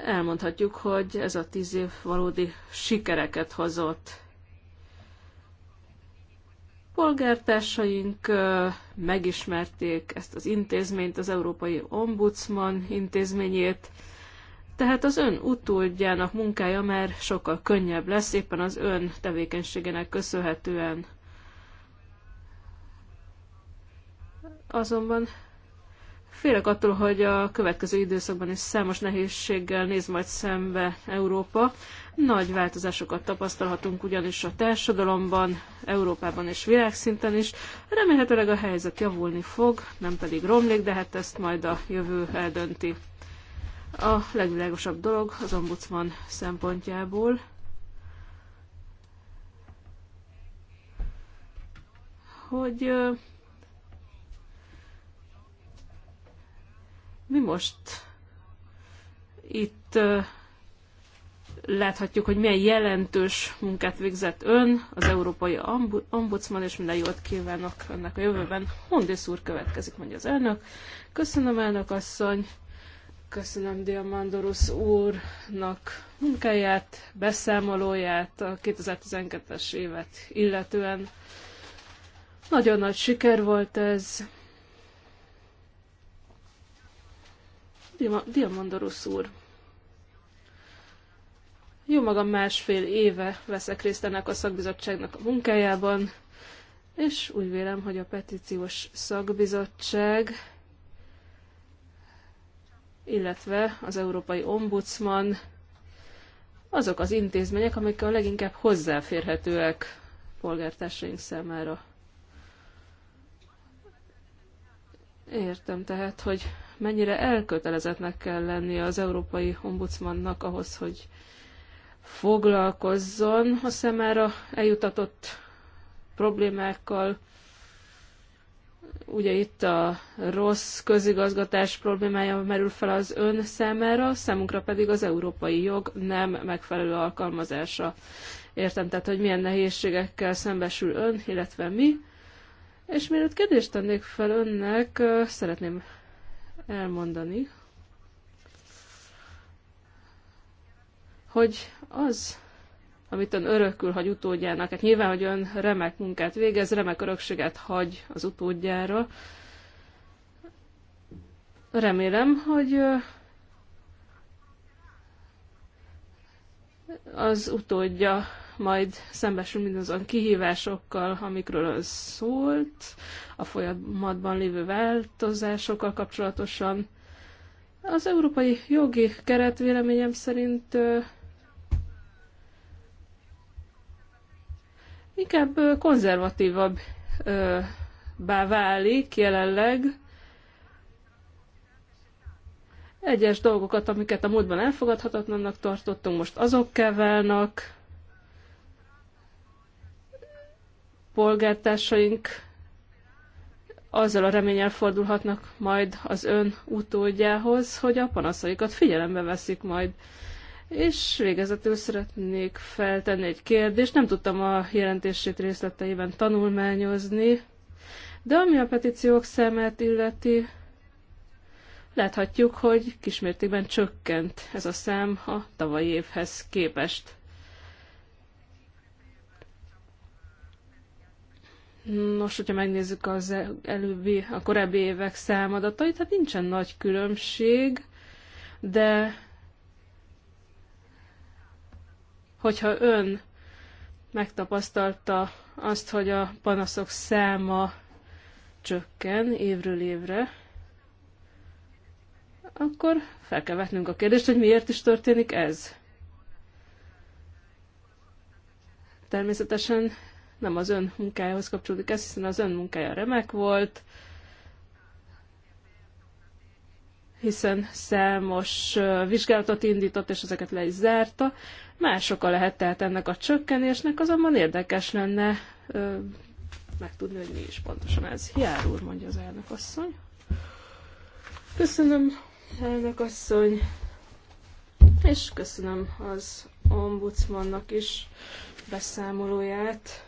elmondhatjuk, hogy ez a tíz év valódi sikereket hozott. Polgártársaink megismerték ezt az intézményt, az Európai Ombudsman intézményét, tehát az ön utódjának munkája már sokkal könnyebb lesz, éppen az ön tevékenységének köszönhetően. Azonban Félek attól, hogy a következő időszakban is számos nehézséggel néz majd szembe Európa. Nagy változásokat tapasztalhatunk ugyanis a társadalomban, Európában és világszinten is. Remélhetőleg a helyzet javulni fog, nem pedig romlik, de hát ezt majd a jövő eldönti. A legvilágosabb dolog az ombudsman szempontjából, hogy Mi most itt láthatjuk, hogy milyen jelentős munkát végzett ön, az Európai Ombudsman, és minden jót kívánok önnek a jövőben. Hondész úr következik, mondja az elnök. Köszönöm, elnök asszony. Köszönöm Diamandorus úrnak munkáját, beszámolóját a 2012-es évet illetően. Nagyon nagy siker volt ez. Diamondorusz úr. Jó magam másfél éve veszek részt ennek a szakbizottságnak a munkájában, és úgy vélem, hogy a petíciós szakbizottság, illetve az Európai Ombudsman azok az intézmények, amik a leginkább hozzáférhetőek polgártársaink számára. Értem tehát, hogy mennyire elkötelezettnek kell lennie az Európai Ombudsmannak ahhoz, hogy foglalkozzon a számára eljutatott problémákkal. Ugye itt a rossz közigazgatás problémája merül fel az ön számára, számunkra pedig az európai jog nem megfelelő alkalmazása. Értem tehát, hogy milyen nehézségekkel szembesül ön, illetve mi. És mielőtt kérdést tennék fel önnek, szeretném elmondani, hogy az, amit ön örökül hagy utódjának, hát nyilván, hogy ön remek munkát végez, remek örökséget hagy az utódjára. Remélem, hogy az utódja majd szembesül mindazon kihívásokkal, amikről az szólt, a folyamatban lévő változásokkal kapcsolatosan. Az európai jogi keret véleményem szerint inkább konzervatívabb bá válik jelenleg. Egyes dolgokat, amiket a múltban elfogadhatatlannak tartottunk, most azok válnak. polgártársaink azzal a reményel fordulhatnak majd az ön utódjához, hogy a panaszaikat figyelembe veszik majd. És végezetül szeretnék feltenni egy kérdést. Nem tudtam a jelentését részleteiben tanulmányozni, de ami a petíciók szemet illeti, láthatjuk, hogy kismértékben csökkent ez a szám a tavalyi évhez képest. Nos, hogyha megnézzük az e- előbbi, a korábbi évek számadatait, hát nincsen nagy különbség, de hogyha ön megtapasztalta azt, hogy a panaszok száma csökken évről évre, akkor fel kell vetnünk a kérdést, hogy miért is történik ez. Természetesen nem az ön munkájához kapcsolódik ez, hiszen az ön munkája remek volt, hiszen számos vizsgálatot indított, és ezeket le is zárta. Más oka lehet tehát ennek a csökkenésnek, azonban érdekes lenne ö, megtudni, hogy mi is pontosan ez. Jár úr, mondja az elnök asszony. Köszönöm, elnök asszony, és köszönöm az ombudsmannak is beszámolóját.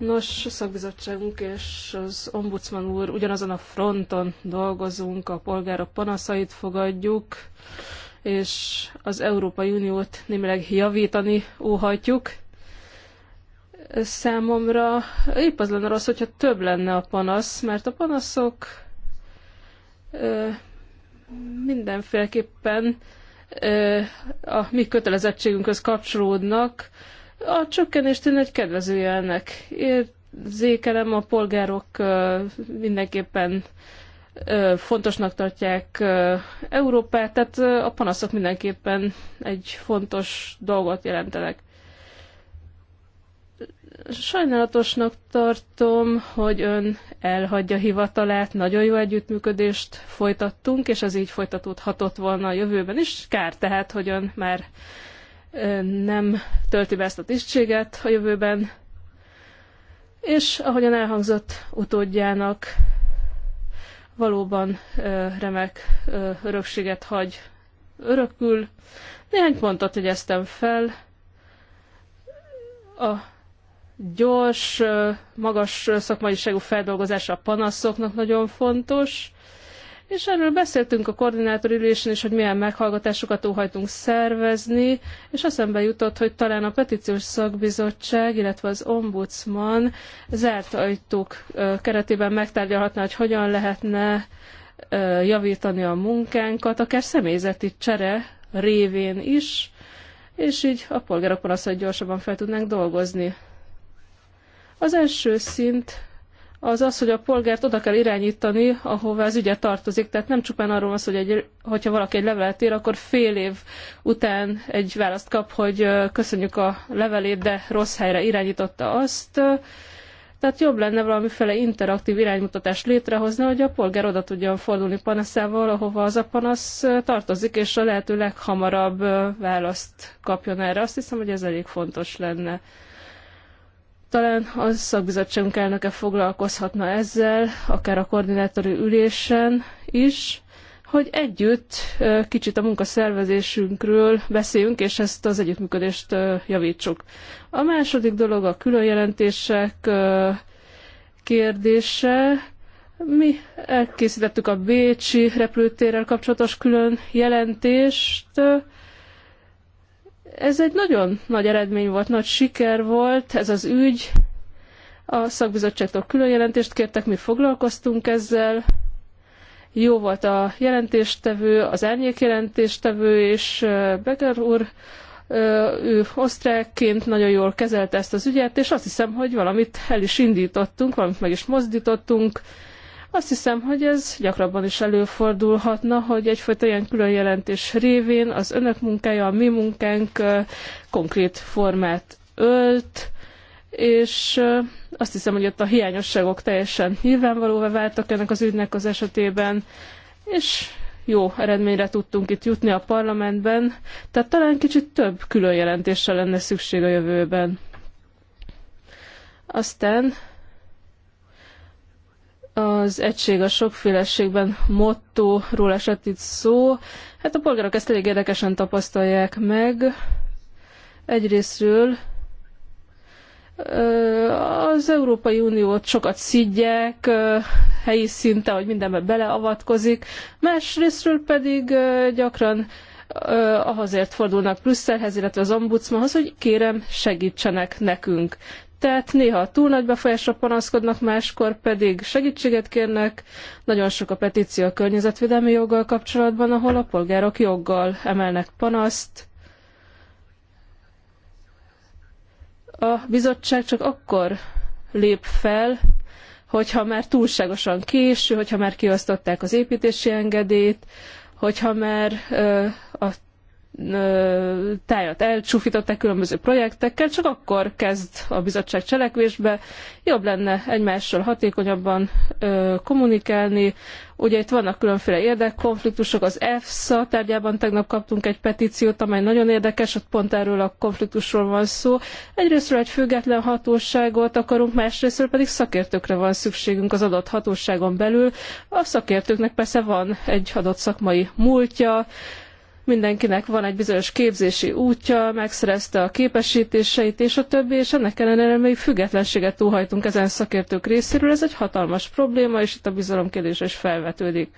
Nos, szakbizottságunk és az ombudsman úr ugyanazon a fronton dolgozunk, a polgárok panaszait fogadjuk, és az Európai Uniót némileg javítani óhatjuk. Számomra épp az lenne rossz, hogyha több lenne a panasz, mert a panaszok ö, mindenféleképpen ö, a mi kötelezettségünkhöz kapcsolódnak, a csökkenést én egy kedvező jelnek érzékelem, a polgárok mindenképpen fontosnak tartják Európát, tehát a panaszok mindenképpen egy fontos dolgot jelentenek. Sajnálatosnak tartom, hogy ön elhagyja hivatalát, nagyon jó együttműködést folytattunk, és ez így folytatódhatott volna a jövőben is. Kár tehát, hogy ön már nem tölti be ezt a tisztséget a jövőben, és ahogyan elhangzott utódjának, valóban remek örökséget hagy örökül. Néhány pontot jegyeztem fel. A gyors, magas szakmaiságú feldolgozása a panaszoknak nagyon fontos és erről beszéltünk a koordinátor ülésen is, hogy milyen meghallgatásokat óhajtunk szervezni, és eszembe jutott, hogy talán a petíciós szakbizottság, illetve az ombudsman zárt ajtók keretében megtárgyalhatná, hogy hogyan lehetne javítani a munkánkat, akár személyzeti csere révén is, és így a polgárok panaszait gyorsabban fel tudnánk dolgozni. Az első szint az az, hogy a polgárt oda kell irányítani, ahová az ügye tartozik. Tehát nem csupán arról van szó, hogy egy, hogyha valaki egy levelet ír, akkor fél év után egy választ kap, hogy köszönjük a levelét, de rossz helyre irányította azt. Tehát jobb lenne valamiféle interaktív iránymutatást létrehozni, hogy a polgár oda tudjon fordulni panaszával, ahova az a panasz tartozik, és a lehető leghamarabb választ kapjon erre. Azt hiszem, hogy ez elég fontos lenne. Talán a szakbizottságunk elnöke foglalkozhatna ezzel, akár a koordinátori ülésen is, hogy együtt kicsit a munkaszervezésünkről beszéljünk, és ezt az együttműködést javítsuk. A második dolog a különjelentések kérdése. Mi elkészítettük a Bécsi repülőtérrel kapcsolatos külön jelentést, ez egy nagyon nagy eredmény volt, nagy siker volt ez az ügy. A szakbizottságtól külön jelentést kértek, mi foglalkoztunk ezzel. Jó volt a jelentéstevő, az árnyék jelentéstevő és Becker úr ő osztrákként nagyon jól kezelte ezt az ügyet, és azt hiszem, hogy valamit el is indítottunk, valamit meg is mozdítottunk, azt hiszem, hogy ez gyakrabban is előfordulhatna, hogy egyfajta ilyen külön jelentés révén az önök munkája, a mi munkánk konkrét formát ölt, és azt hiszem, hogy ott a hiányosságok teljesen nyilvánvalóvá váltak ennek az ügynek az esetében, és jó eredményre tudtunk itt jutni a parlamentben, tehát talán kicsit több külön jelentésre lenne szükség a jövőben. Aztán az egység a sokféleségben mottóról esett itt szó. Hát a polgárok ezt elég érdekesen tapasztalják meg. Egyrésztről az Európai Uniót sokat szidják, helyi szinte, hogy mindenbe beleavatkozik, másrésztről pedig gyakran ahhozért fordulnak Brüsszelhez, illetve az ombudsmanhoz, hogy kérem, segítsenek nekünk. Tehát néha túl nagy befolyásra panaszkodnak, máskor pedig segítséget kérnek. Nagyon sok a petíció a környezetvédelmi joggal kapcsolatban, ahol a polgárok joggal emelnek panaszt. A bizottság csak akkor lép fel, hogyha már túlságosan késő, hogyha már kiosztották az építési engedélyt, hogyha már ö, a tájat elcsúfították különböző projektekkel, csak akkor kezd a bizottság cselekvésbe. Jobb lenne egymással hatékonyabban ö, kommunikálni. Ugye itt vannak különféle érdekkonfliktusok. Az EFSA tárgyában tegnap kaptunk egy petíciót, amely nagyon érdekes, ott pont erről a konfliktusról van szó. Egyrésztről egy független hatóságot akarunk, másrésztről pedig szakértőkre van szükségünk az adott hatóságon belül. A szakértőknek persze van egy adott szakmai múltja, mindenkinek van egy bizonyos képzési útja, megszerezte a képesítéseit és a többi, és ennek ellenére még függetlenséget túlhajtunk ezen szakértők részéről. Ez egy hatalmas probléma, és itt a bizalom kérdése is felvetődik.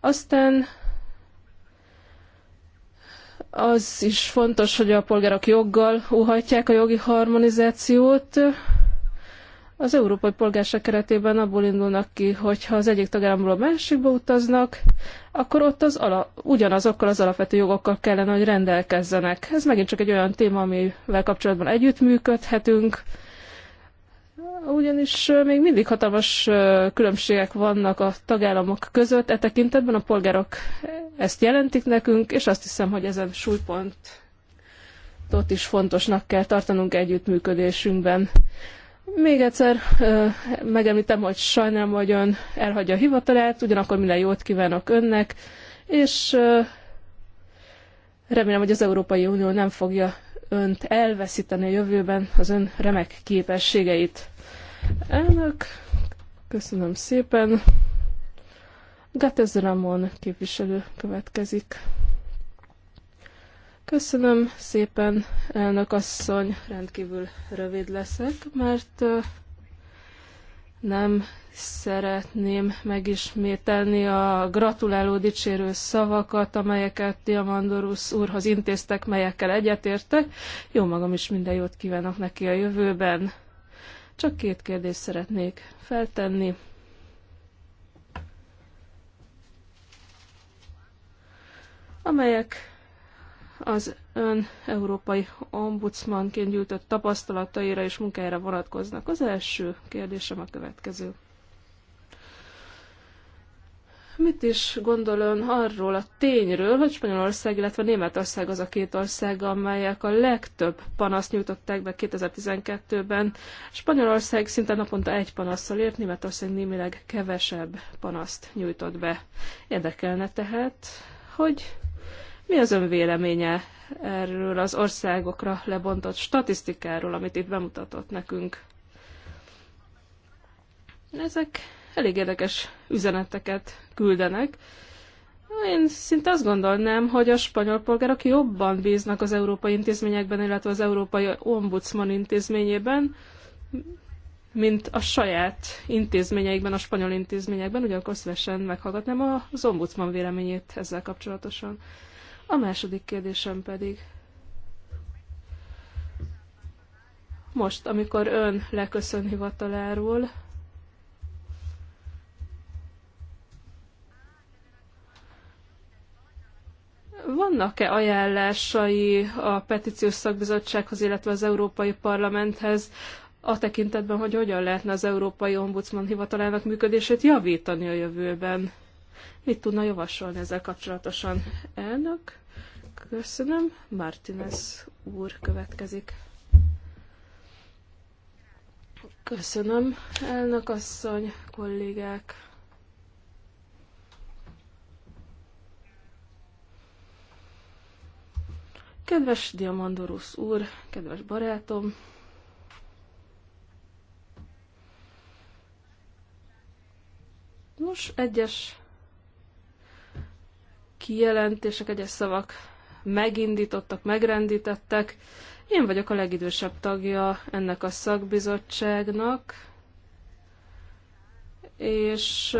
Aztán az is fontos, hogy a polgárok joggal óhajtják a jogi harmonizációt, az európai polgárság keretében abból indulnak ki, hogy ha az egyik tagállamból a másikba utaznak, akkor ott az ala, ugyanazokkal az alapvető jogokkal kellene, hogy rendelkezzenek. Ez megint csak egy olyan téma, amivel kapcsolatban együttműködhetünk, ugyanis még mindig hatalmas különbségek vannak a tagállamok között. E tekintetben a polgárok ezt jelentik nekünk, és azt hiszem, hogy ezen súlypontot is fontosnak kell tartanunk együttműködésünkben. Még egyszer megemlítem, hogy sajnálom, hogy ön elhagyja a hivatalát, ugyanakkor minden jót kívánok önnek, és remélem, hogy az Európai Unió nem fogja önt elveszíteni a jövőben az ön remek képességeit. Elnök, köszönöm szépen. Gatez Ramon képviselő következik. Köszönöm szépen, elnök asszony, rendkívül rövid leszek, mert nem szeretném megismételni a gratuláló dicsérő szavakat, amelyeket Diamandorus úrhoz intéztek, melyekkel egyetértek. Jó magam is minden jót kívánok neki a jövőben. Csak két kérdést szeretnék feltenni. amelyek az ön európai ombudsmanként gyűjtött tapasztalataira és munkájára vonatkoznak. Az első kérdésem a következő. Mit is gondol ön arról a tényről, hogy Spanyolország, illetve Németország az a két ország, amelyek a legtöbb panaszt nyújtották be 2012-ben. Spanyolország szinte naponta egy panaszsal ért, Németország némileg kevesebb panaszt nyújtott be. Érdekelne tehát, hogy mi az ön véleménye erről az országokra lebontott statisztikáról, amit itt bemutatott nekünk? Ezek elég érdekes üzeneteket küldenek. Én szinte azt gondolnám, hogy a spanyol polgárok jobban bíznak az európai intézményekben, illetve az európai ombudsman intézményében, mint a saját intézményeikben, a spanyol intézményekben, ugyanakkor szívesen meghallgatnám az ombudsman véleményét ezzel kapcsolatosan. A második kérdésem pedig. Most, amikor ön leköszön hivataláról, vannak-e ajánlásai a petíciós szakbizottsághoz, illetve az Európai Parlamenthez a tekintetben, hogy hogyan lehetne az Európai Ombudsman hivatalának működését javítani a jövőben? Mit tudna javasolni ezzel kapcsolatosan? Elnök, köszönöm. Martinez úr következik. Köszönöm, elnök asszony, kollégák. Kedves Diamandorusz úr, kedves barátom, Nos, egyes kijelentések, egyes szavak megindítottak, megrendítettek. Én vagyok a legidősebb tagja ennek a szakbizottságnak, és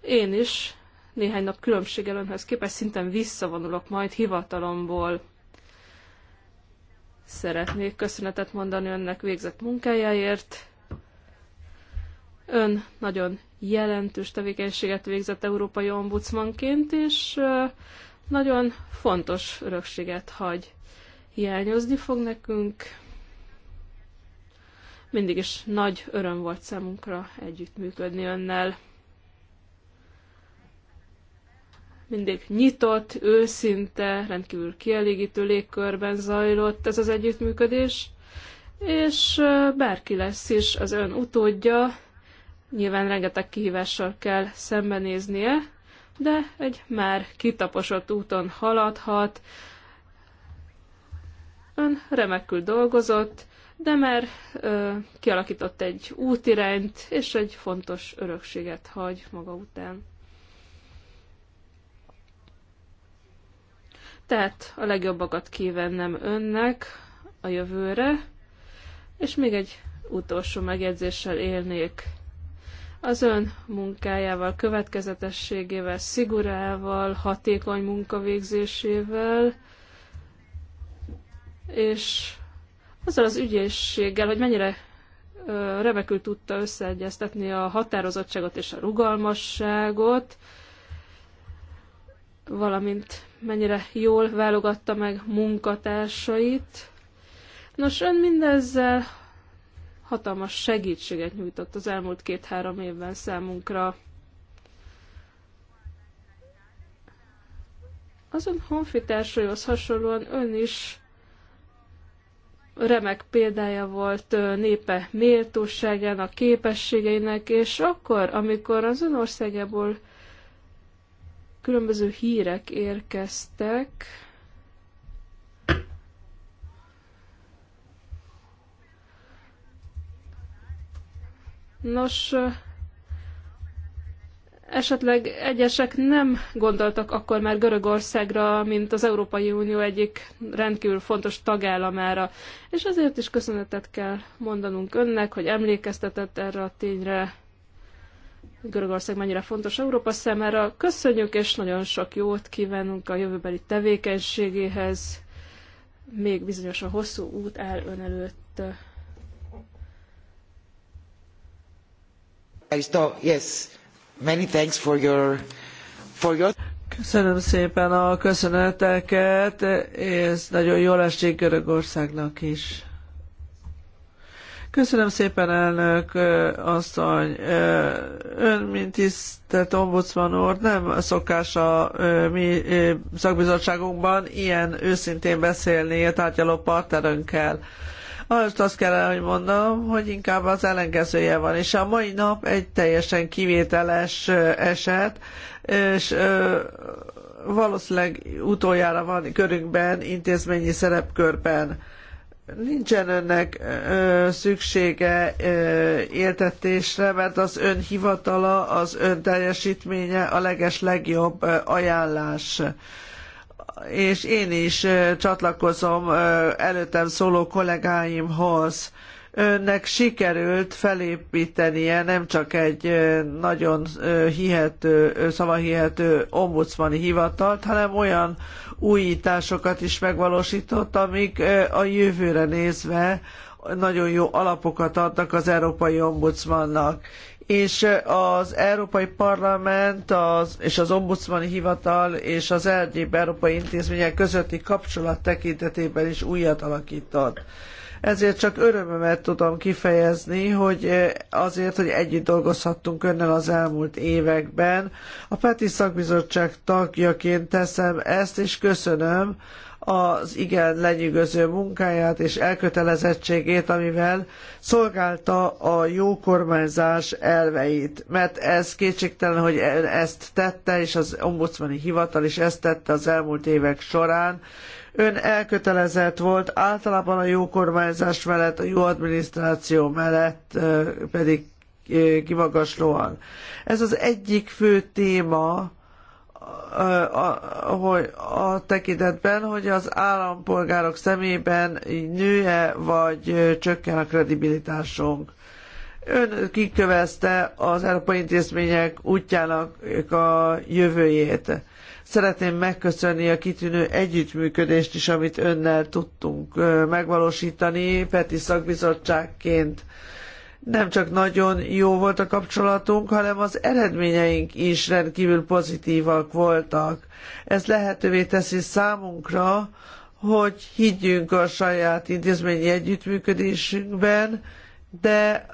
én is néhány nap különbséggel önhöz képest szinten visszavonulok majd hivatalomból. Szeretnék köszönetet mondani önnek végzett munkájáért. Ön nagyon jelentős tevékenységet végzett európai ombudsmanként, és nagyon fontos örökséget hagy. Hiányozni fog nekünk. Mindig is nagy öröm volt számunkra együttműködni önnel. Mindig nyitott, őszinte, rendkívül kielégítő légkörben zajlott ez az együttműködés, és bárki lesz is az ön utódja, Nyilván rengeteg kihívással kell szembenéznie, de egy már kitaposott úton haladhat. Ön remekül dolgozott, de már ö, kialakított egy útirányt, és egy fontos örökséget hagy maga után. Tehát a legjobbakat kívánnem önnek a jövőre, és még egy utolsó megjegyzéssel élnék. Az ön munkájával, következetességével, szigorával, hatékony munkavégzésével, és azzal az ügyészséggel, hogy mennyire remekül tudta összeegyeztetni a határozottságot és a rugalmasságot, valamint mennyire jól válogatta meg munkatársait. Nos, ön mindezzel hatalmas segítséget nyújtott az elmúlt két-három évben számunkra. Azon honfitársaihoz hasonlóan ön is remek példája volt népe méltóságának, képességeinek, és akkor, amikor az ön országából különböző hírek érkeztek, Nos, esetleg egyesek nem gondoltak akkor már Görögországra, mint az Európai Unió egyik rendkívül fontos tagállamára. És azért is köszönetet kell mondanunk önnek, hogy emlékeztetett erre a tényre, Görögország mennyire fontos Európa számára. Köszönjük, és nagyon sok jót kívánunk a jövőbeli tevékenységéhez. Még bizonyos a hosszú út áll ön előtt. Köszönöm szépen a köszöneteket, és nagyon jól esik Görögországnak is. Köszönöm szépen, elnök asszony. Ön, mint tisztelt ombudsman úr, nem szokás a mi szakbizottságunkban ilyen őszintén beszélni a tárgyaló partnerünkkel. Azt, azt kellene, hogy mondom, hogy inkább az ellenkezője van, és a mai nap egy teljesen kivételes eset, és valószínűleg utoljára van körünkben, intézményi szerepkörben. Nincsen önnek ö, szüksége ö, éltetésre, mert az ön hivatala, az ön teljesítménye a leges legjobb ajánlás és én is csatlakozom előttem szóló kollégáimhoz. Önnek sikerült felépítenie nem csak egy nagyon hihető, szavahihető ombudsmani hivatalt, hanem olyan újításokat is megvalósított, amik a jövőre nézve nagyon jó alapokat adnak az Európai Ombudsmannak és az Európai Parlament az, és az Ombudsmani Hivatal és az egyéb európai intézmények közötti kapcsolat tekintetében is újat alakított. Ezért csak örömömet tudom kifejezni, hogy azért, hogy együtt dolgozhattunk önnel az elmúlt években. A Peti Szakbizottság tagjaként teszem ezt, és köszönöm, az igen lenyűgöző munkáját és elkötelezettségét, amivel szolgálta a jó kormányzás elveit. Mert ez kétségtelen, hogy ezt tette, és az ombudsmani hivatal is ezt tette az elmúlt évek során, ön elkötelezett volt általában a jó kormányzás mellett, a jó adminisztráció mellett pedig kimagaslóan. Ez az egyik fő téma, hogy a tekintetben, hogy az állampolgárok szemében nője vagy csökken a kredibilitásunk. Ön kikövezte az európai intézmények útjának a jövőjét. Szeretném megköszönni a kitűnő együttműködést is, amit önnel tudtunk megvalósítani Peti szakbizottságként nem csak nagyon jó volt a kapcsolatunk, hanem az eredményeink is rendkívül pozitívak voltak. Ez lehetővé teszi számunkra, hogy higgyünk a saját intézményi együttműködésünkben, de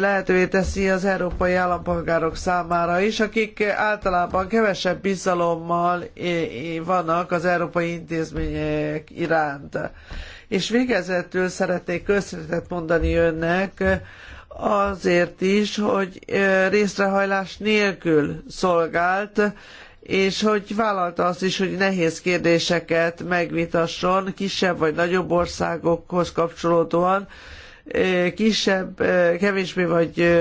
lehetővé teszi az európai állampolgárok számára is, akik általában kevesebb bizalommal vannak az európai intézmények iránt. És végezetül szeretnék köszönetet mondani önnek azért is, hogy részrehajlás nélkül szolgált, és hogy vállalta azt is, hogy nehéz kérdéseket megvitasson kisebb vagy nagyobb országokhoz kapcsolódóan, kisebb, kevésbé vagy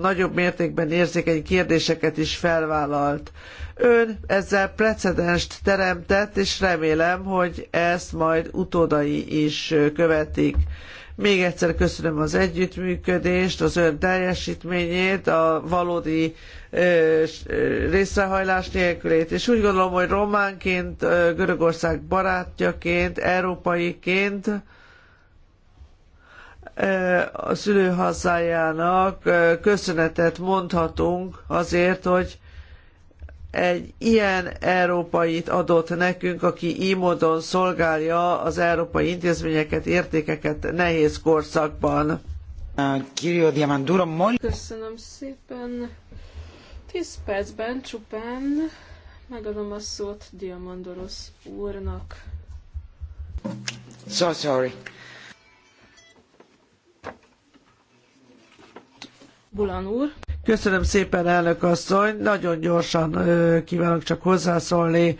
nagyobb mértékben érzékeny kérdéseket is felvállalt. Ön ezzel precedenst teremtett, és remélem, hogy ezt majd utódai is követik. Még egyszer köszönöm az együttműködést, az ön teljesítményét, a valódi részrehajlás nélkülét, és úgy gondolom, hogy románként, Görögország barátjaként, európaiként a szülőhazájának köszönetet mondhatunk azért, hogy egy ilyen európait adott nekünk, aki így módon szolgálja az európai intézményeket, értékeket nehéz korszakban. Köszönöm szépen. Tíz percben csupán megadom a szót Diamandoros úrnak. So sorry. Bulan úr. Köszönöm szépen, elnök asszony. Nagyon gyorsan ö, kívánok csak hozzászólni.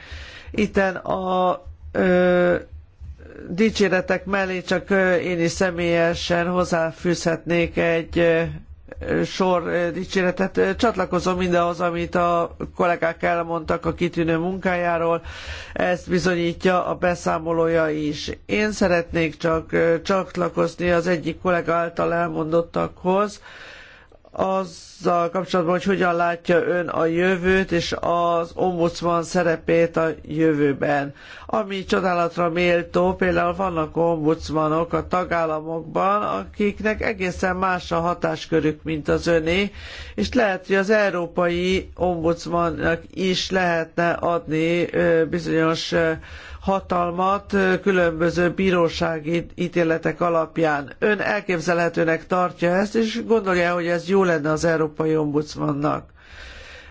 Itten a ö, dicséretek mellé csak én is személyesen hozzáfűzhetnék egy sor dicséretet. Csatlakozom mindahhoz, amit a kollégák elmondtak a kitűnő munkájáról. Ezt bizonyítja a beszámolója is. Én szeretnék csak csatlakozni az egyik kollega által elmondottakhoz, azzal kapcsolatban, hogy hogyan látja ön a jövőt és az ombudsman szerepét a jövőben. Ami csodálatra méltó, például vannak ombudsmanok a tagállamokban, akiknek egészen más a hatáskörük, mint az öné, és lehet, hogy az európai ombudsmannak is lehetne adni bizonyos hatalmat különböző bírósági ítéletek alapján. Ön elképzelhetőnek tartja ezt, és gondolja, hogy ez jó lenne az Európai Ombudsmannak.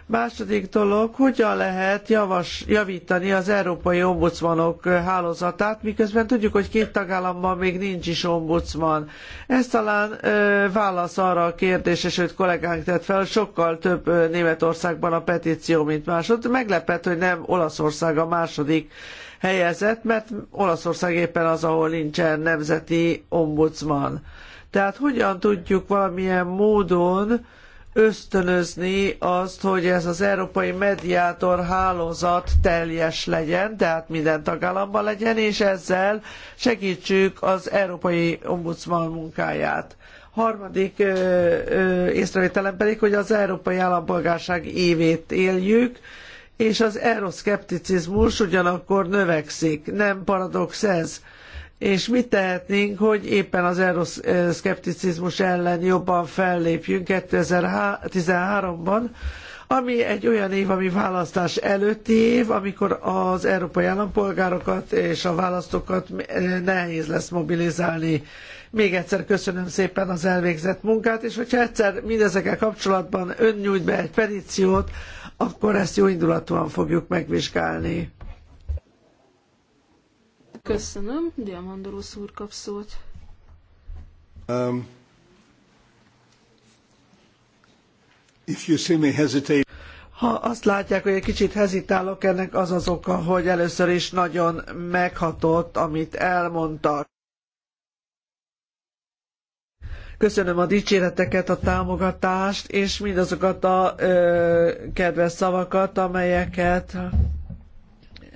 Második dolog, hogyan lehet javas, javítani az európai ombudsmanok hálózatát, miközben tudjuk, hogy két tagállamban még nincs is ombudsman. Ez talán ö, válasz arra a kérdésre, sőt kollégánk tett fel, sokkal több ö, Németországban a petíció, mint másod. Meglepett, hogy nem Olaszország a második helyezett, mert Olaszország éppen az, ahol nincsen nemzeti ombudsman. Tehát hogyan tudjuk valamilyen módon ösztönözni azt, hogy ez az európai mediátor hálózat teljes legyen, tehát minden tagállamban legyen, és ezzel segítsük az európai ombudsman munkáját. Harmadik ö, ö, észrevételem pedig, hogy az európai állampolgárság évét éljük, és az euroszkepticizmus ugyanakkor növekszik. Nem paradox ez? És mit tehetnénk, hogy éppen az euroszkepticizmus ellen jobban fellépjünk 2013-ban, ami egy olyan év, ami választás előtti év, amikor az európai állampolgárokat és a választókat nehéz lesz mobilizálni. Még egyszer köszönöm szépen az elvégzett munkát, és hogyha egyszer mindezekkel kapcsolatban ön nyújt be egy petíciót, akkor ezt jó indulatúan fogjuk megvizsgálni. Köszönöm, Diamandorusz úr kap szót. Um, if you see me hesitate... Ha azt látják, hogy egy kicsit hezitálok, ennek az az oka, hogy először is nagyon meghatott, amit elmondtak. Köszönöm a dicséreteket, a támogatást, és mindazokat a ö, kedves szavakat, amelyeket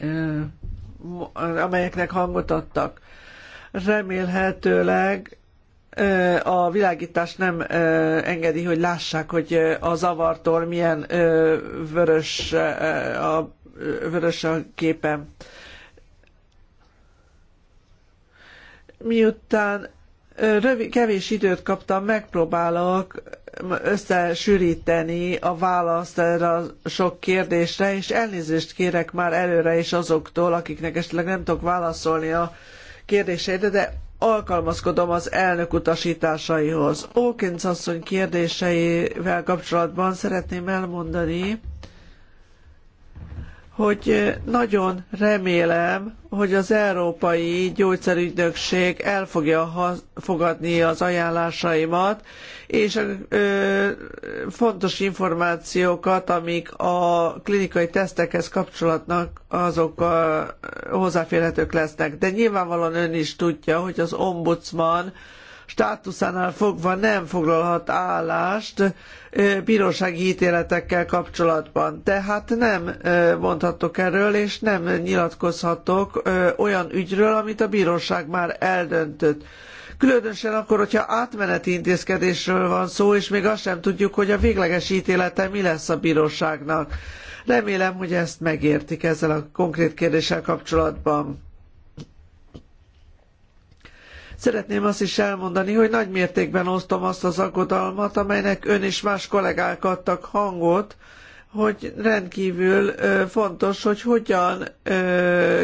ö, amelyeknek hangot adtak. Remélhetőleg a világítás nem engedi, hogy lássák, hogy a zavartól milyen vörös a, vörös a képen. Miután Rövid, kevés időt kaptam, megpróbálok összesűríteni a választ erre a sok kérdésre, és elnézést kérek már előre is azoktól, akiknek esetleg nem tudok válaszolni a kérdéseidre, de alkalmazkodom az elnök utasításaihoz. Ókins asszony kérdéseivel kapcsolatban szeretném elmondani, hogy nagyon remélem, hogy az Európai Gyógyszerügynökség el fogja fogadni az ajánlásaimat, és ö, fontos információkat, amik a klinikai tesztekhez kapcsolatnak, azok a, hozzáférhetők lesznek. De nyilvánvalóan ön is tudja, hogy az ombudsman, státuszánál fogva nem foglalhat állást bírósági ítéletekkel kapcsolatban. Tehát nem mondhatok erről, és nem nyilatkozhatok olyan ügyről, amit a bíróság már eldöntött. Különösen akkor, hogyha átmeneti intézkedésről van szó, és még azt sem tudjuk, hogy a végleges ítélete mi lesz a bíróságnak. Remélem, hogy ezt megértik ezzel a konkrét kérdéssel kapcsolatban. Szeretném azt is elmondani, hogy nagy mértékben osztom azt az aggodalmat, amelynek ön és más kollégák adtak hangot, hogy rendkívül fontos, hogy hogyan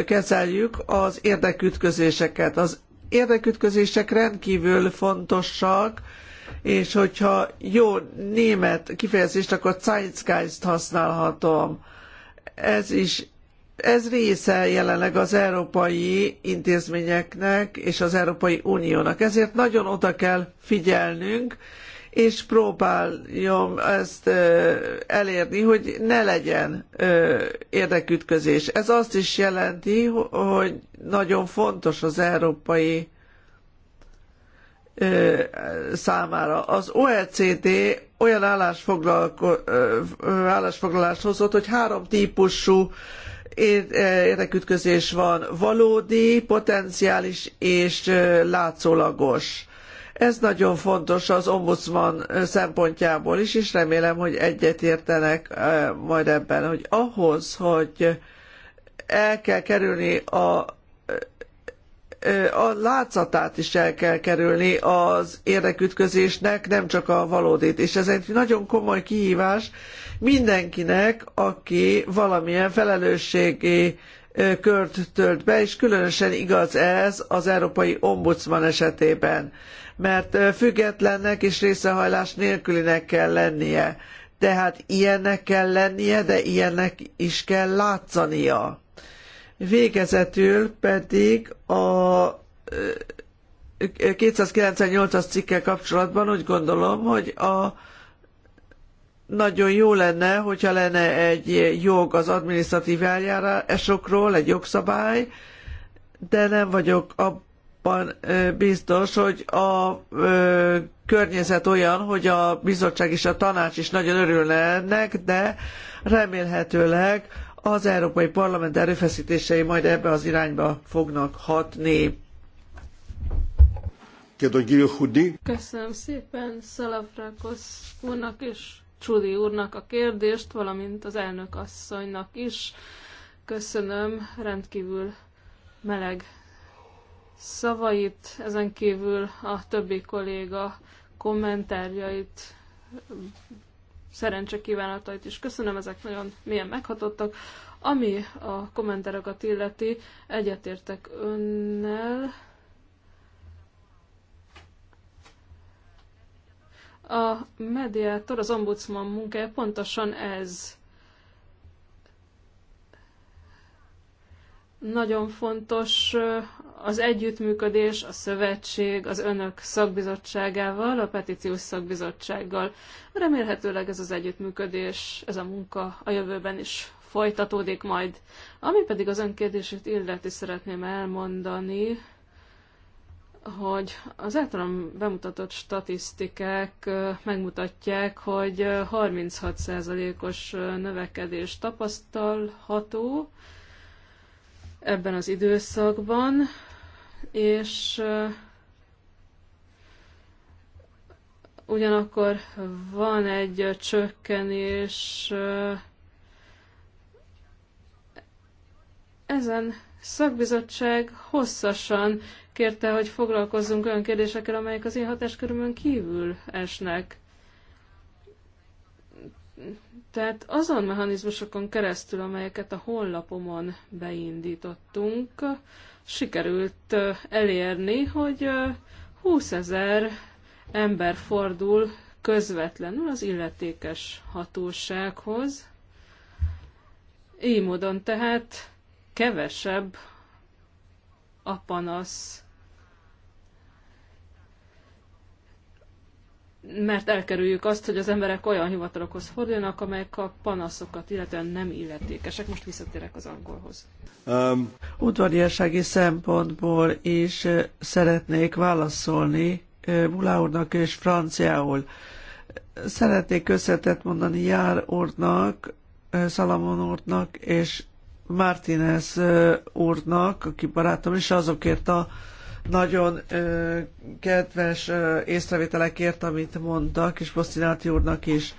kezeljük az érdekütközéseket. Az érdekütközések rendkívül fontosak, és hogyha jó német kifejezést, akkor Zeitgeist használhatom. Ez is ez része jelenleg az európai intézményeknek és az Európai Uniónak. Ezért nagyon oda kell figyelnünk, és próbáljam ezt elérni, hogy ne legyen érdekütközés. Ez azt is jelenti, hogy nagyon fontos az európai számára. Az OECD olyan állásfoglalást hozott, hogy három típusú Eh, érdekütközés van valódi, potenciális és eh, látszólagos. Ez nagyon fontos az ombudsman eh, szempontjából is, és remélem, hogy egyetértenek majd ebben, hogy ahhoz, hogy el kell kerülni a a látszatát is el kell kerülni az érdekütközésnek, nem csak a valódit. És ez egy nagyon komoly kihívás mindenkinek, aki valamilyen felelősségi kört tölt be, és különösen igaz ez az Európai Ombudsman esetében, mert függetlennek és részehajlás nélkülinek kell lennie. Tehát ilyennek kell lennie, de ilyennek is kell látszania Végezetül pedig a 298-as cikkel kapcsolatban úgy gondolom, hogy a nagyon jó lenne, hogyha lenne egy jog az adminisztratív eljárásokról, egy jogszabály, de nem vagyok abban biztos, hogy a környezet olyan, hogy a bizottság és a tanács is nagyon örülne ennek, de remélhetőleg az Európai Parlament erőfeszítései majd ebbe az irányba fognak hatni. Köszönöm szépen Szalafrakosz úrnak és Csudi úrnak a kérdést, valamint az elnök asszonynak is. Köszönöm rendkívül meleg szavait, ezen kívül a többi kolléga kommentárjait szerencse kívánatait is. Köszönöm, ezek nagyon milyen meghatottak. Ami a kommenterokat illeti, egyetértek önnel. A mediátor, az ombudsman munkája pontosan ez. Nagyon fontos az együttműködés, a szövetség, az önök szakbizottságával, a petíciós szakbizottsággal. Remélhetőleg ez az együttműködés, ez a munka a jövőben is folytatódik majd. Ami pedig az önkérdését illeti, szeretném elmondani, hogy az általam bemutatott statisztikák megmutatják, hogy 36%-os növekedés tapasztalható ebben az időszakban és ugyanakkor van egy csökkenés ezen szakbizottság hosszasan kérte, hogy foglalkozzunk olyan kérdésekkel, amelyek az én hatáskörömön kívül esnek. Tehát azon mechanizmusokon keresztül, amelyeket a honlapomon beindítottunk, sikerült elérni, hogy 20 ezer ember fordul közvetlenül az illetékes hatósághoz. Így módon tehát kevesebb a panasz mert elkerüljük azt, hogy az emberek olyan hivatalokhoz forduljanak, amelyek a panaszokat illetően nem illetékesek. Most visszatérek az angolhoz. Um. Udvariassági szempontból is szeretnék válaszolni Mulá úrnak és franciául. Szeretnék összetett mondani Jár úrnak, Salamon úrnak és Martinez úrnak, aki barátom, és azokért a nagyon ö, kedves ö, észrevételekért, amit mondtak, és Bosszináti úrnak is.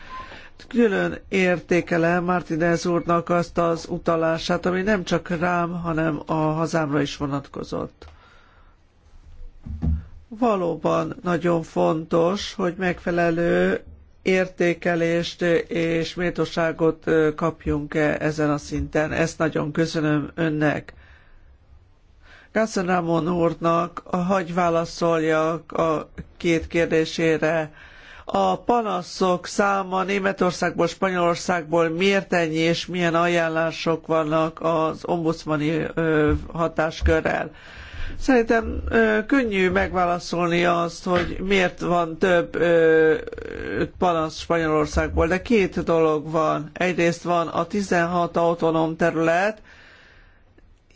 Külön értékelem Martinez úrnak azt az utalását, ami nem csak rám, hanem a hazámra is vonatkozott. Valóban nagyon fontos, hogy megfelelő értékelést és méltóságot kapjunk -e ezen a szinten. Ezt nagyon köszönöm önnek. Kassanamon úrnak hagy válaszoljak a két kérdésére. A panaszok száma Németországból, Spanyolországból miért ennyi, és milyen ajánlások vannak az ombudsmani hatáskörrel? Szerintem ö, könnyű megválaszolni azt, hogy miért van több ö, panasz Spanyolországból, de két dolog van. Egyrészt van a 16 autonóm terület,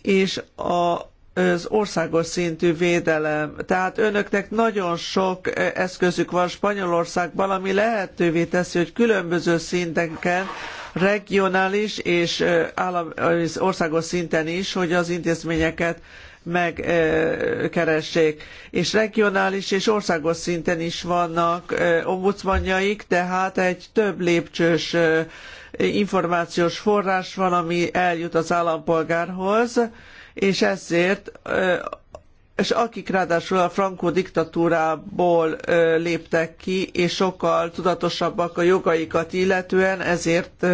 és a az országos szintű védelem. Tehát önöknek nagyon sok e, eszközük van Spanyolországban, ami lehetővé teszi, hogy különböző szinteken, regionális és e, állam, országos szinten is, hogy az intézményeket megkeressék. E, és regionális és országos szinten is vannak ombudsmanjaik, tehát egy több lépcsős információs forrás van, ami eljut az állampolgárhoz, és ezért és akik ráadásul a frankó diktatúrából léptek ki, és sokkal tudatosabbak a jogaikat illetően, ezért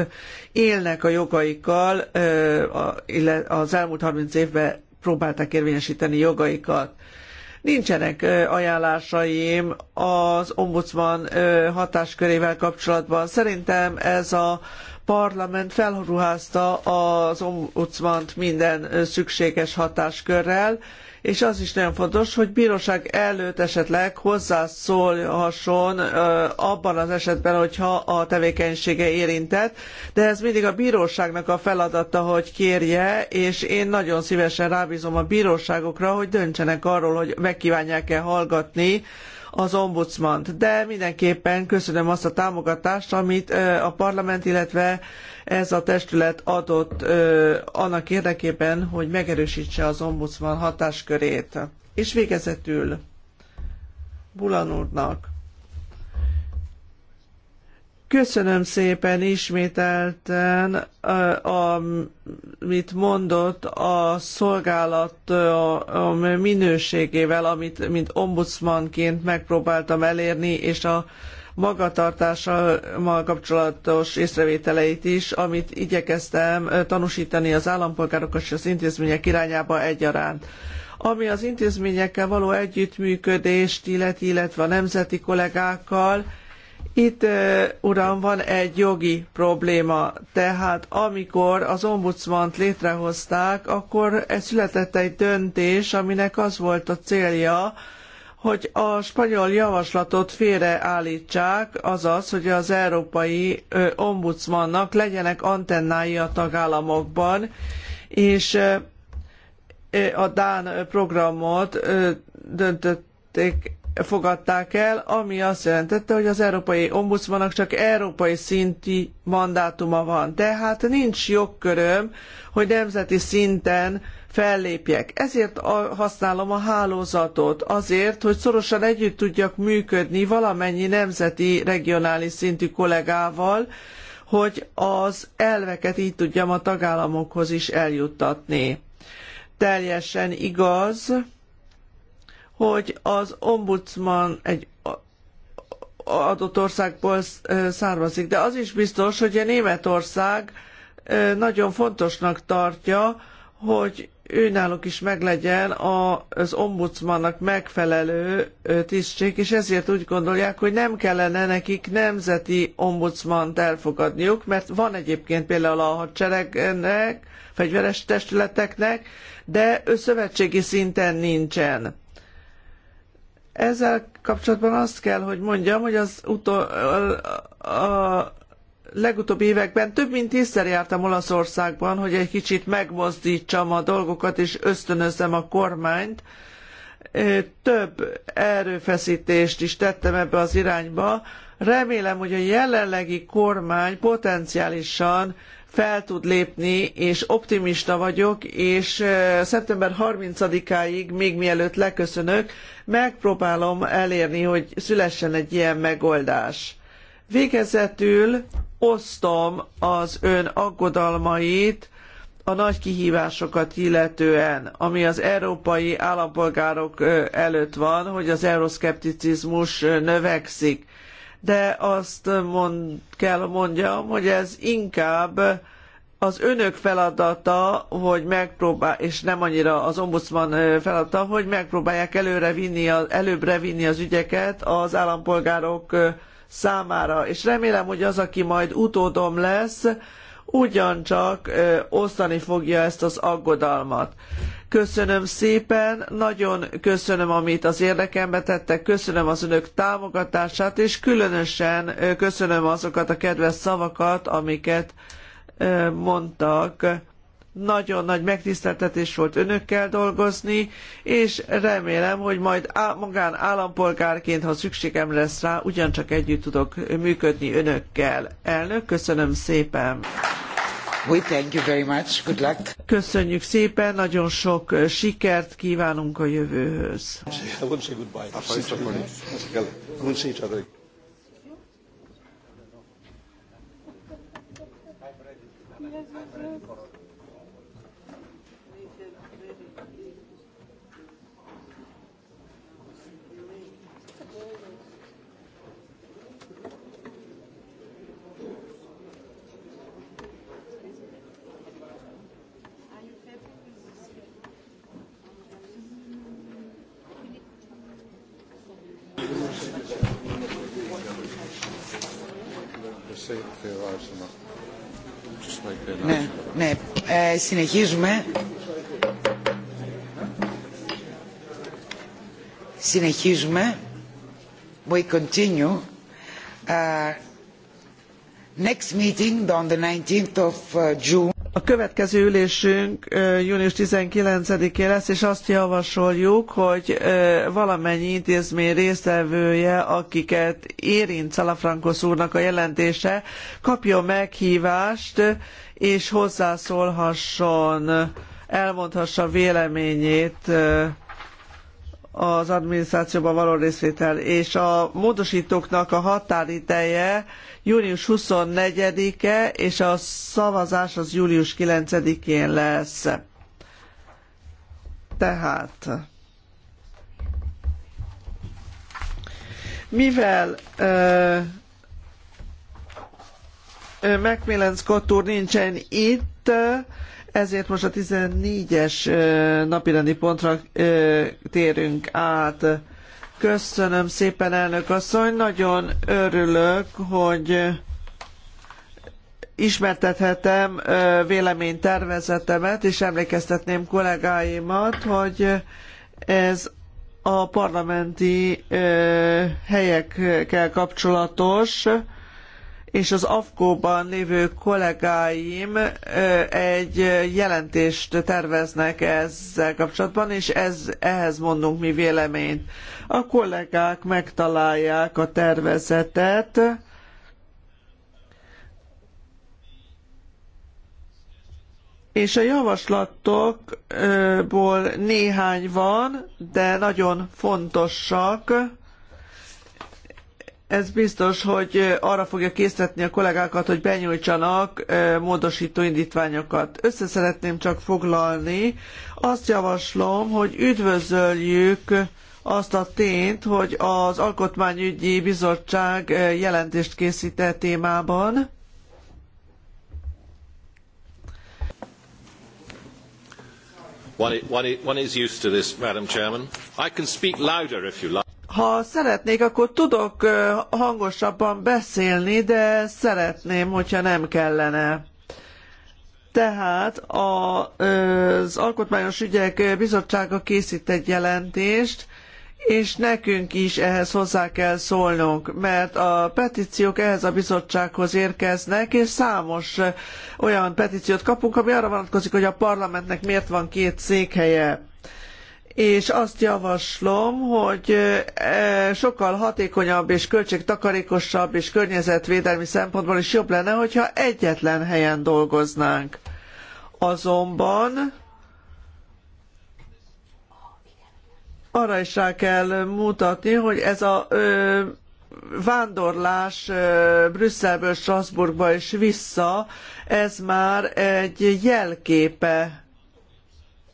élnek a jogaikkal, az elmúlt 30 évben próbálták érvényesíteni jogaikat. Nincsenek ajánlásaim az ombudsman hatáskörével kapcsolatban. Szerintem ez a parlament felruházta az ombudsmant minden szükséges hatáskörrel, és az is nagyon fontos, hogy bíróság előtt esetleg hozzászólhasson abban az esetben, hogyha a tevékenysége érintett, de ez mindig a bíróságnak a feladata, hogy kérje, és én nagyon szívesen rábízom a bíróságokra, hogy döntsenek arról, hogy megkívánják-e hallgatni az ombudsmant. De mindenképpen köszönöm azt a támogatást, amit a parlament, illetve ez a testület adott annak érdekében, hogy megerősítse az ombudsman hatáskörét. És végezetül Bulan úrnak Köszönöm szépen ismételten, amit mondott a szolgálat minőségével, amit mint ombudsmanként megpróbáltam elérni, és a magatartással kapcsolatos észrevételeit is, amit igyekeztem tanúsítani az állampolgárok és az intézmények irányába egyaránt ami az intézményekkel való együttműködést illeti, illetve a nemzeti kollégákkal, itt, uram, van egy jogi probléma, tehát amikor az ombudsmant létrehozták, akkor született egy döntés, aminek az volt a célja, hogy a spanyol javaslatot félreállítsák, azaz, hogy az európai ombudsmannak legyenek antennái a tagállamokban, és a Dán programot döntötték fogadták el, ami azt jelentette, hogy az európai ombudsmannak csak európai szinti mandátuma van. Tehát nincs jogköröm, hogy nemzeti szinten fellépjek. Ezért használom a hálózatot, azért, hogy szorosan együtt tudjak működni valamennyi nemzeti, regionális szintű kollégával, hogy az elveket így tudjam a tagállamokhoz is eljuttatni. Teljesen igaz, hogy az ombudsman egy adott országból származik. De az is biztos, hogy a Németország nagyon fontosnak tartja, hogy őnáluk is meglegyen az ombudsmannak megfelelő tisztség, és ezért úgy gondolják, hogy nem kellene nekik nemzeti ombudsmant elfogadniuk, mert van egyébként például a hadseregnek, fegyveres testületeknek, de szövetségi szinten nincsen. Ezzel kapcsolatban azt kell, hogy mondjam, hogy az utol, a, a legutóbbi években több mint tízszer jártam Olaszországban, hogy egy kicsit megmozdítsam a dolgokat és ösztönözzem a kormányt. Több erőfeszítést is tettem ebbe az irányba. Remélem, hogy a jelenlegi kormány potenciálisan fel tud lépni, és optimista vagyok, és szeptember 30-áig, még mielőtt leköszönök, megpróbálom elérni, hogy szülessen egy ilyen megoldás. Végezetül osztom az ön aggodalmait a nagy kihívásokat illetően, ami az európai állampolgárok előtt van, hogy az euroszkepticizmus növekszik de azt mond, kell mondjam, hogy ez inkább az önök feladata, hogy megpróbál, és nem annyira az ombudsman feladata, hogy megpróbálják előre vinni, előbbre vinni az ügyeket az állampolgárok számára. És remélem, hogy az, aki majd utódom lesz, ugyancsak osztani fogja ezt az aggodalmat. Köszönöm szépen, nagyon köszönöm, amit az érdekembe tettek, köszönöm az önök támogatását, és különösen köszönöm azokat a kedves szavakat, amiket mondtak. Nagyon nagy megtiszteltetés volt önökkel dolgozni, és remélem, hogy majd magán állampolgárként, ha szükségem lesz rá, ugyancsak együtt tudok működni önökkel. Elnök, köszönöm szépen! Köszönjük szépen, nagyon sok sikert kívánunk a jövőhöz. Ναι, ναι. Ε, συνεχίζουμε. Συνεχίζουμε. We continue. Uh, next meeting on the 19th of uh, June. A következő ülésünk június 19-én lesz, és azt javasoljuk, hogy valamennyi intézmény résztvevője, akiket érint Szalafrankos úrnak a jelentése, kapjon meghívást, és hozzászólhasson, elmondhassa véleményét az adminisztrációban való részvétel, és a módosítóknak a határideje június 24-e, és a szavazás az július 9-én lesz. Tehát, mivel ö, Macmillan Scott úr nincsen itt, ezért most a 14-es napirendi pontra térünk át. Köszönöm szépen, elnök asszony. Nagyon örülök, hogy ismertethetem véleménytervezetemet, és emlékeztetném kollégáimat, hogy ez a parlamenti helyekkel kapcsolatos, és az AFKO-ban lévő kollégáim egy jelentést terveznek ezzel kapcsolatban, és ez, ehhez mondunk mi véleményt. A kollégák megtalálják a tervezetet, és a javaslatokból néhány van, de nagyon fontosak, ez biztos, hogy arra fogja késztetni a kollégákat, hogy benyújtsanak módosító indítványokat. Össze szeretném csak foglalni. Azt javaslom, hogy üdvözöljük azt a tényt, hogy az Alkotmányügyi Bizottság jelentést készített témában. one is used to this, Madam Chairman. I can speak louder if you like. Ha szeretnék, akkor tudok hangosabban beszélni, de szeretném, hogyha nem kellene. Tehát az Alkotmányos Ügyek Bizottsága készít egy jelentést, és nekünk is ehhez hozzá kell szólnunk, mert a petíciók ehhez a bizottsághoz érkeznek, és számos olyan petíciót kapunk, ami arra vonatkozik, hogy a parlamentnek miért van két székhelye és azt javaslom, hogy sokkal hatékonyabb és költségtakarékosabb és környezetvédelmi szempontból is jobb lenne, hogyha egyetlen helyen dolgoznánk. Azonban arra is rá kell mutatni, hogy ez a ö, vándorlás ö, Brüsszelből Strasbourgba és vissza, ez már egy jelképe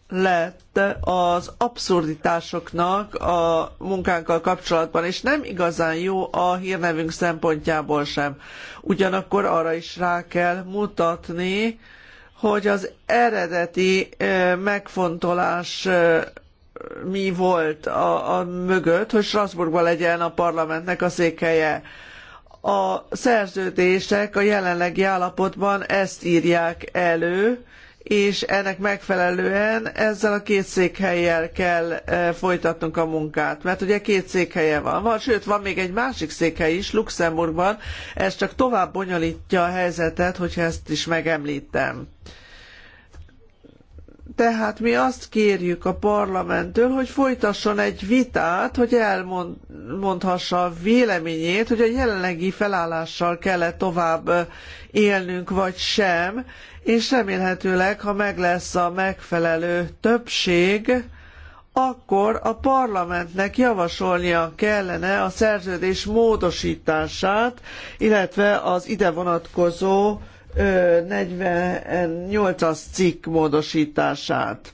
lett az abszurditásoknak a munkánkkal kapcsolatban, és nem igazán jó a hírnevünk szempontjából sem. Ugyanakkor arra is rá kell mutatni, hogy az eredeti eh, megfontolás eh, mi volt a, a mögött, hogy Strasbourgban legyen a parlamentnek a székhelye a szerződések a jelenlegi állapotban ezt írják elő, és ennek megfelelően ezzel a két székhelyjel kell e, folytatnunk a munkát, mert ugye két székhelye van. van. Sőt, van még egy másik székhely is Luxemburgban, ez csak tovább bonyolítja a helyzetet, hogyha ezt is megemlítem. Tehát mi azt kérjük a parlamenttől, hogy folytasson egy vitát, hogy elmondhassa a véleményét, hogy a jelenlegi felállással kell-e tovább élnünk, vagy sem, és remélhetőleg, ha meg lesz a megfelelő többség, akkor a parlamentnek javasolnia kellene a szerződés módosítását, illetve az ide vonatkozó 48-as cikk módosítását.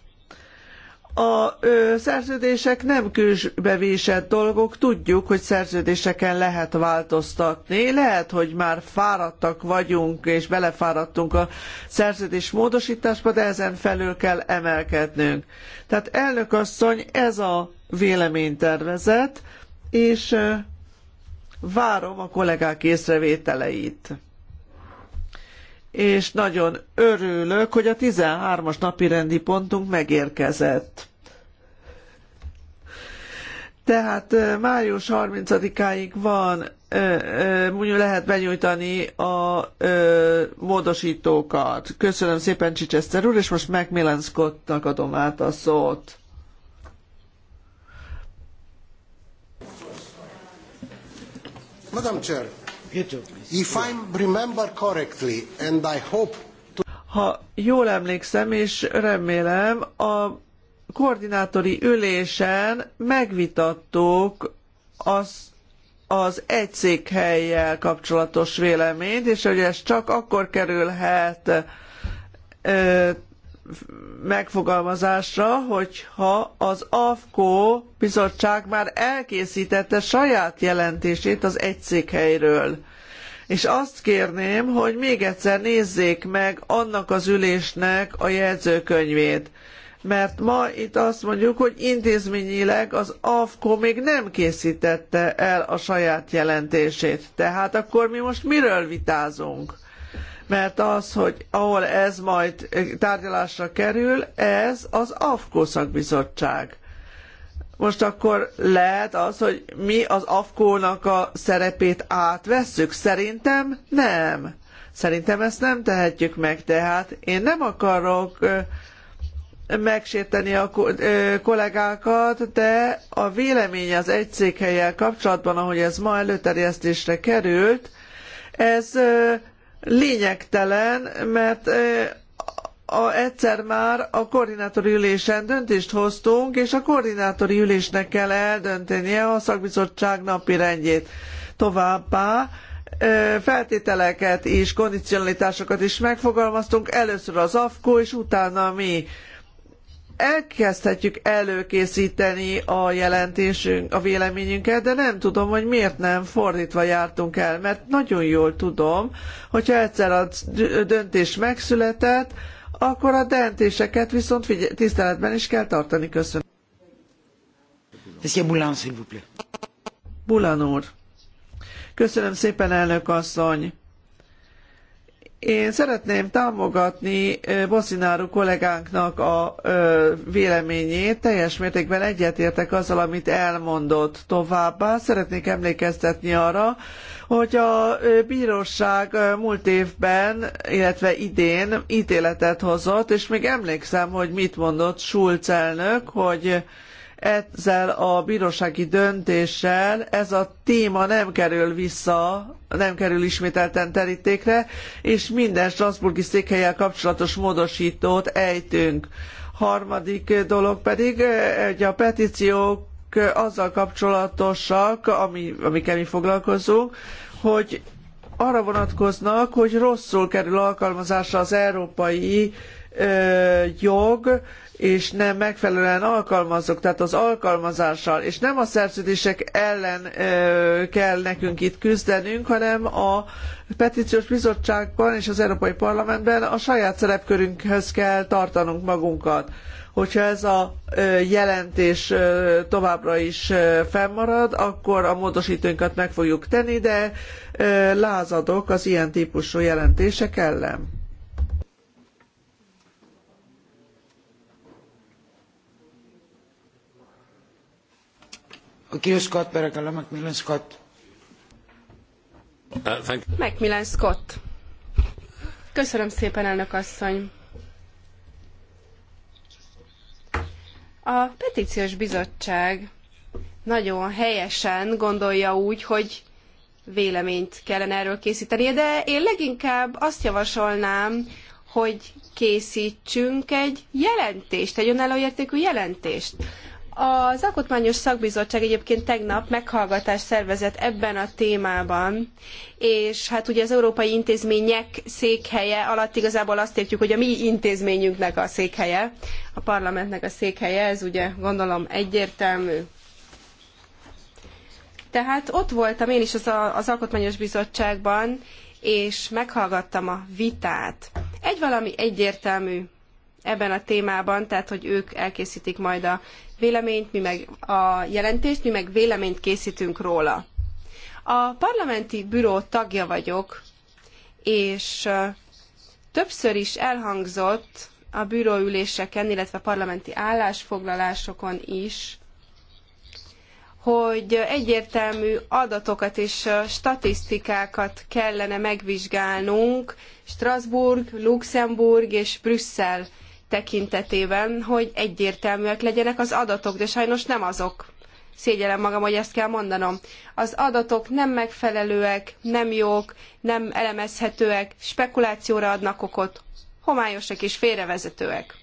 A ö, szerződések nem külsbevésett dolgok, tudjuk, hogy szerződéseken lehet változtatni. Lehet, hogy már fáradtak vagyunk, és belefáradtunk a szerződés módosításba, de ezen felül kell emelkednünk. Tehát elnök asszony, ez a véleménytervezet, és ö, várom a kollégák észrevételeit és nagyon örülök, hogy a 13-as napirendi pontunk megérkezett. Tehát május 30-áig van, mondjuk lehet benyújtani a ö, módosítókat. Köszönöm szépen Csicseszter úr, és most Macmillan Scottnak adom át a szót. Madam Chair, If I remember correctly, and I hope to... Ha jól emlékszem, és remélem, a koordinátori ülésen megvitattuk az, az egy székhelyjel kapcsolatos véleményt, és hogy ez csak akkor kerülhet megfogalmazásra, hogyha az AFKO bizottság már elkészítette saját jelentését az egyszékhelyről. És azt kérném, hogy még egyszer nézzék meg annak az ülésnek a jegyzőkönyvét. Mert ma itt azt mondjuk, hogy intézményileg az AFKO még nem készítette el a saját jelentését. Tehát akkor mi most miről vitázunk? mert az, hogy ahol ez majd eh, tárgyalásra kerül, ez az AFKO szakbizottság. Most akkor lehet az, hogy mi az AFKO-nak a szerepét átvesszük? Szerintem nem. Szerintem ezt nem tehetjük meg, tehát én nem akarok eh, megsérteni a eh, kollégákat, de a vélemény az egy székhelyel kapcsolatban, ahogy ez ma előterjesztésre került, ez lényegtelen, mert a, egyszer már a koordinátori ülésen döntést hoztunk, és a koordinátori ülésnek kell eldöntenie a szakbizottság napi rendjét. Továbbá feltételeket és kondicionalitásokat is megfogalmaztunk, először az AFKO, és utána mi elkezdhetjük előkészíteni a jelentésünk, a véleményünket, de nem tudom, hogy miért nem fordítva jártunk el, mert nagyon jól tudom, hogyha egyszer a döntés megszületett, akkor a döntéseket viszont figyel- tiszteletben is kell tartani. Köszönöm. Monsieur úr. Köszönöm szépen, elnök asszony. Én szeretném támogatni Bosszináru kollégánknak a véleményét, teljes mértékben egyetértek azzal, amit elmondott továbbá. Szeretnék emlékeztetni arra, hogy a bíróság múlt évben, illetve idén ítéletet hozott, és még emlékszem, hogy mit mondott Schulz elnök, hogy ezzel a bírósági döntéssel ez a téma nem kerül vissza, nem kerül ismételten terítékre, és minden Strasburgi székhelyel kapcsolatos módosítót ejtünk. Harmadik dolog pedig, hogy a petíciók azzal kapcsolatosak, ami, amikkel mi foglalkozunk, hogy arra vonatkoznak, hogy rosszul kerül alkalmazásra az európai ö, jog, és nem megfelelően alkalmazzuk, tehát az alkalmazással, és nem a szerződések ellen ö, kell nekünk itt küzdenünk, hanem a petíciós bizottságban és az Európai Parlamentben a saját szerepkörünkhöz kell tartanunk magunkat. Hogyha ez a ö, jelentés ö, továbbra is fennmarad, akkor a módosítőnket meg fogjuk tenni, de lázadok az ilyen típusú jelentések ellen. Scott. Uh, szépen, A petciós bizottság nagyon helyesen gondolja úgy, hogy véleményt kellene erről készítenie, de én leginkább azt javasolnám, hogy késztsünk egy jelentést, egy önálló értékű jelentést. Az Alkotmányos Szakbizottság egyébként tegnap meghallgatást szervezett ebben a témában, és hát ugye az európai intézmények székhelye alatt igazából azt értjük, hogy a mi intézményünknek a székhelye, a parlamentnek a székhelye, ez ugye gondolom egyértelmű. Tehát ott voltam én is az, a, az Alkotmányos Bizottságban, és meghallgattam a vitát. Egy valami egyértelmű ebben a témában, tehát hogy ők elkészítik majd a véleményt, mi meg a jelentést, mi meg véleményt készítünk róla. A parlamenti büró tagja vagyok, és többször is elhangzott a bűróüléseken, illetve parlamenti állásfoglalásokon is, hogy egyértelmű adatokat és statisztikákat kellene megvizsgálnunk Strasbourg, Luxemburg és Brüsszel tekintetében, hogy egyértelműek legyenek az adatok, de sajnos nem azok. Szégyellem magam, hogy ezt kell mondanom. Az adatok nem megfelelőek, nem jók, nem elemezhetőek, spekulációra adnak okot, homályosak és félrevezetőek.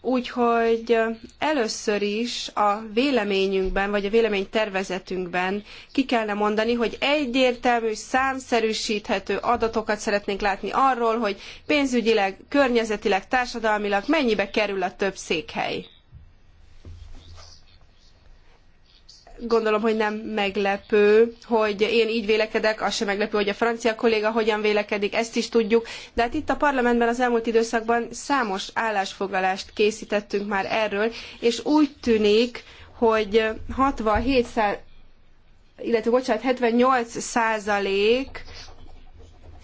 Úgyhogy először is a véleményünkben, vagy a véleménytervezetünkben ki kellene mondani, hogy egyértelmű, számszerűsíthető adatokat szeretnénk látni arról, hogy pénzügyileg, környezetileg, társadalmilag mennyibe kerül a több székhely. gondolom, hogy nem meglepő, hogy én így vélekedek, az sem meglepő, hogy a francia kolléga hogyan vélekedik, ezt is tudjuk. De hát itt a parlamentben az elmúlt időszakban számos állásfoglalást készítettünk már erről, és úgy tűnik, hogy 67 szá- illetve bocsánat, 78 százalék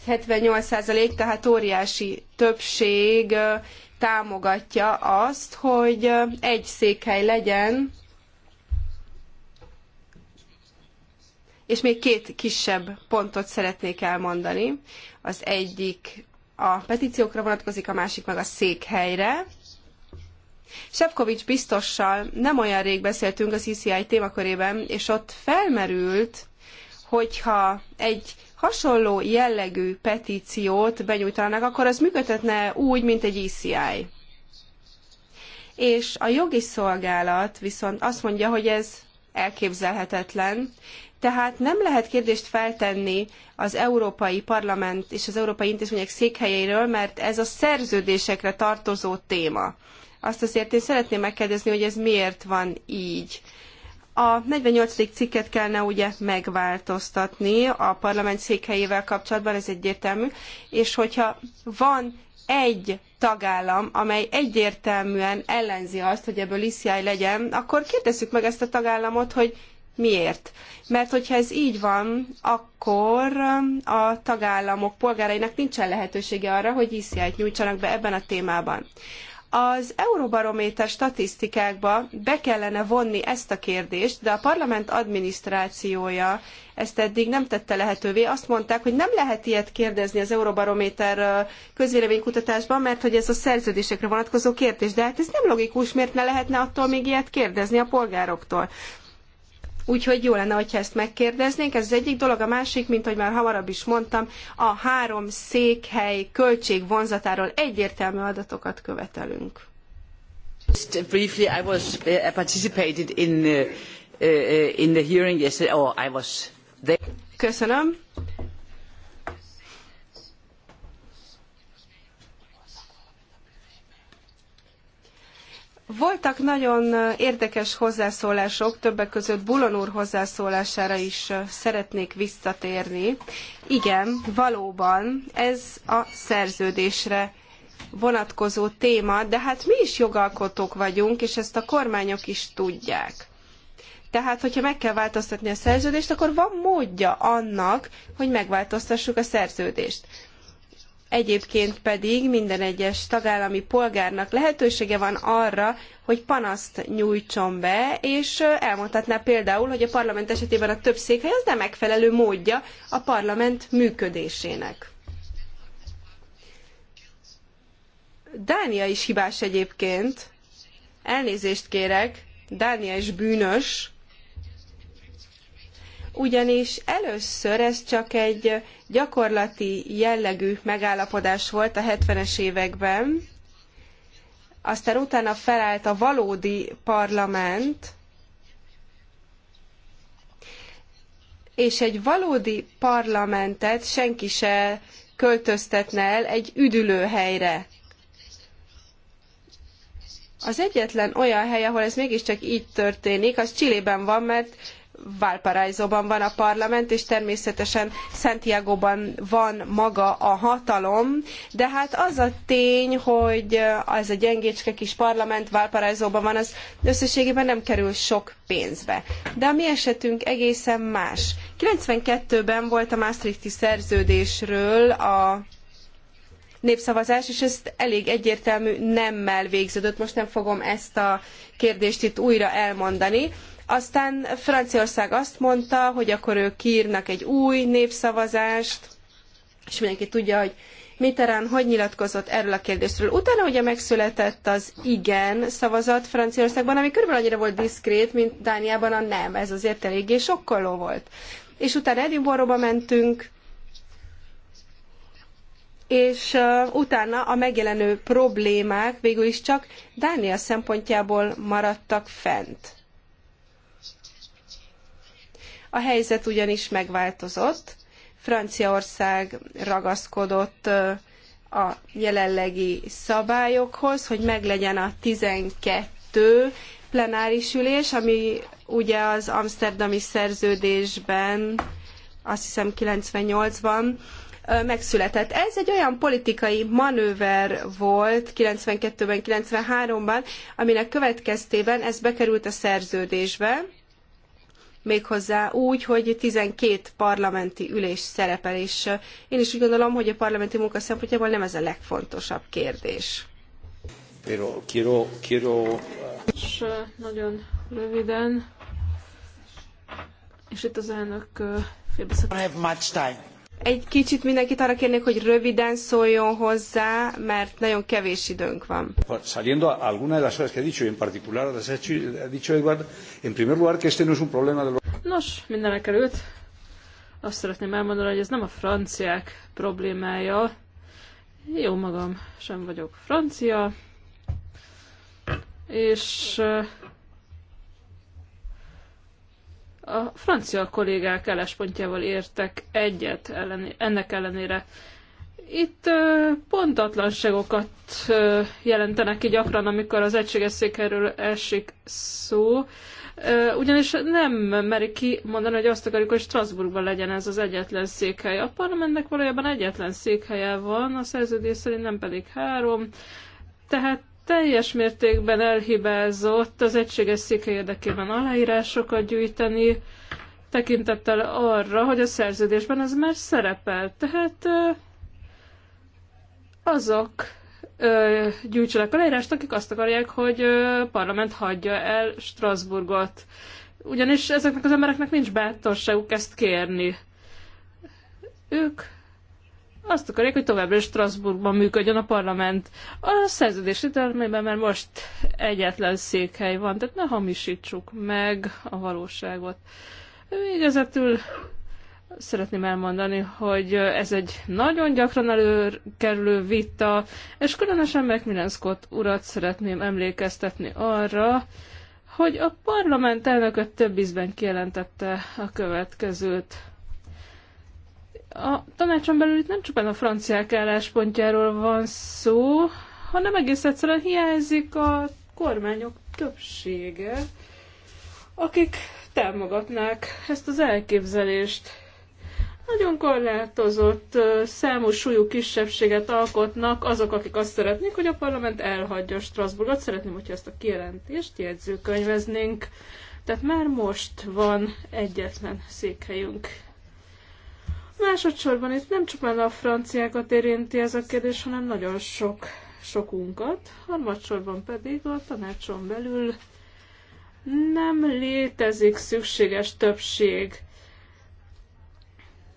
78 százalék, tehát óriási többség támogatja azt, hogy egy székhely legyen és még két kisebb pontot szeretnék elmondani. Az egyik a petíciókra vonatkozik, a másik meg a székhelyre. Sepkovics biztossal nem olyan rég beszéltünk az ICI e témakörében, és ott felmerült, hogyha egy hasonló jellegű petíciót benyújtanak, akkor az működhetne úgy, mint egy ICI. E és a jogi szolgálat viszont azt mondja, hogy ez elképzelhetetlen, tehát nem lehet kérdést feltenni az Európai Parlament és az Európai Intézmények székhelyeiről, mert ez a szerződésekre tartozó téma. Azt azért én szeretném megkérdezni, hogy ez miért van így. A 48. cikket kellene ugye megváltoztatni a parlament székhelyével kapcsolatban, ez egyértelmű, és hogyha van egy tagállam, amely egyértelműen ellenzi azt, hogy ebből ICI legyen, akkor kérdezzük meg ezt a tagállamot, hogy Miért? Mert hogyha ez így van, akkor a tagállamok polgárainak nincsen lehetősége arra, hogy ICI-t nyújtsanak be ebben a témában. Az Euróbarométer statisztikákba be kellene vonni ezt a kérdést, de a parlament adminisztrációja ezt eddig nem tette lehetővé. Azt mondták, hogy nem lehet ilyet kérdezni az Euróbarométer közvéleménykutatásban, mert hogy ez a szerződésekre vonatkozó kérdés. De hát ez nem logikus, miért ne lehetne attól még ilyet kérdezni a polgároktól. Úgyhogy jó lenne, hogyha ezt megkérdeznénk. Ez az egyik dolog. A másik, mint hogy már hamarabb is mondtam, a három székhely költség vonzatáról egyértelmű adatokat követelünk. Just briefly, I was uh, participated in, uh, uh, in the hearing yesterday, or oh, I was there. Köszönöm. Voltak nagyon érdekes hozzászólások, többek között Bulon úr hozzászólására is szeretnék visszatérni. Igen, valóban ez a szerződésre vonatkozó téma, de hát mi is jogalkotók vagyunk, és ezt a kormányok is tudják. Tehát, hogyha meg kell változtatni a szerződést, akkor van módja annak, hogy megváltoztassuk a szerződést egyébként pedig minden egyes tagállami polgárnak lehetősége van arra, hogy panaszt nyújtson be, és elmondhatná például, hogy a parlament esetében a több székhely az nem megfelelő módja a parlament működésének. Dánia is hibás egyébként. Elnézést kérek, Dánia is bűnös, ugyanis először ez csak egy gyakorlati jellegű megállapodás volt a 70-es években, aztán utána felállt a valódi parlament, és egy valódi parlamentet senki se költöztetne el egy üdülőhelyre. Az egyetlen olyan hely, ahol ez mégiscsak így történik, az Csillében van, mert Valparaisoban van a parlament, és természetesen Santiago-ban van maga a hatalom, de hát az a tény, hogy ez a gyengécske kis parlament Valparaisoban van, az összességében nem kerül sok pénzbe. De a mi esetünk egészen más. 92-ben volt a Maastrichti szerződésről a népszavazás, és ez elég egyértelmű nemmel végződött. Most nem fogom ezt a kérdést itt újra elmondani aztán Franciaország azt mondta, hogy akkor ők kiírnak egy új népszavazást, és mindenki tudja, hogy Mitterrand hogy nyilatkozott erről a kérdésről. Utána ugye megszületett az igen szavazat Franciaországban, ami körülbelül annyira volt diszkrét, mint Dániában a nem. Ez azért eléggé sokkoló volt. És utána Edinburgh-ba mentünk, és utána a megjelenő problémák végül is csak Dánia szempontjából maradtak fent. A helyzet ugyanis megváltozott. Franciaország ragaszkodott a jelenlegi szabályokhoz, hogy meglegyen a 12 plenáris ülés, ami ugye az amsterdami szerződésben, azt hiszem 98-ban, megszületett. Ez egy olyan politikai manőver volt 92-ben, 93-ban, aminek következtében ez bekerült a szerződésbe, méghozzá úgy, hogy 12 parlamenti ülés szerepel, és én is úgy gondolom, hogy a parlamenti munka szempontjából nem ez a legfontosabb kérdés. Pero kiro, kiro. És nagyon röviden, és itt az elnök félbeszakadt. Egy kicsit mindenkit arra kérnék, hogy röviden szóljon hozzá, mert nagyon kevés időnk van. Saliendo a alguna de las cosas que he dicho, en particular, las ha dicho Edward, en primer lugar que este no es un problema de los... Nos, mindenek előtt azt szeretném elmondani, hogy ez nem a franciák problémája. Jó magam, sem vagyok francia. És a francia kollégák álláspontjával értek egyet elleni, ennek ellenére. Itt ö, pontatlanságokat ö, jelentenek ki gyakran, amikor az egységes székerről esik szó, ö, ugyanis nem meri ki mondani, hogy azt akarjuk, hogy Strasbourgban legyen ez az egyetlen székhely. A parlamentnek valójában egyetlen székhelye van, a szerződés szerint nem pedig három, tehát teljes mértékben elhibázott az egységes széke érdekében aláírásokat gyűjteni, tekintettel arra, hogy a szerződésben ez már szerepel. Tehát azok gyűjtsenek aláírást, akik azt akarják, hogy parlament hagyja el Strasbourgot. Ugyanis ezeknek az embereknek nincs bátorságuk ezt kérni. Ők azt akarják, hogy továbbra is Strasbourgban működjön a parlament. A szerződés értelmében mert most egyetlen székhely van, tehát ne hamisítsuk meg a valóságot. Végezetül szeretném elmondani, hogy ez egy nagyon gyakran előkerülő vita, és különösen Macmillan Scott urat szeretném emlékeztetni arra, hogy a parlament elnököt több ízben kijelentette a következőt. A tanácson belül itt nem csupán a franciák álláspontjáról van szó, hanem egész egyszerűen hiányzik a kormányok többsége, akik támogatnák ezt az elképzelést. Nagyon korlátozott számú súlyú kisebbséget alkotnak azok, akik azt szeretnék, hogy a parlament elhagyja Strasbourgot. Szeretném, hogyha ezt a kijelentést jegyzőkönyveznénk. Tehát már most van egyetlen székhelyünk Másodszorban itt nem csupán a franciákat érinti ez a kérdés, hanem nagyon sok, sokunkat. Harmadsorban pedig a tanácson belül nem létezik szükséges többség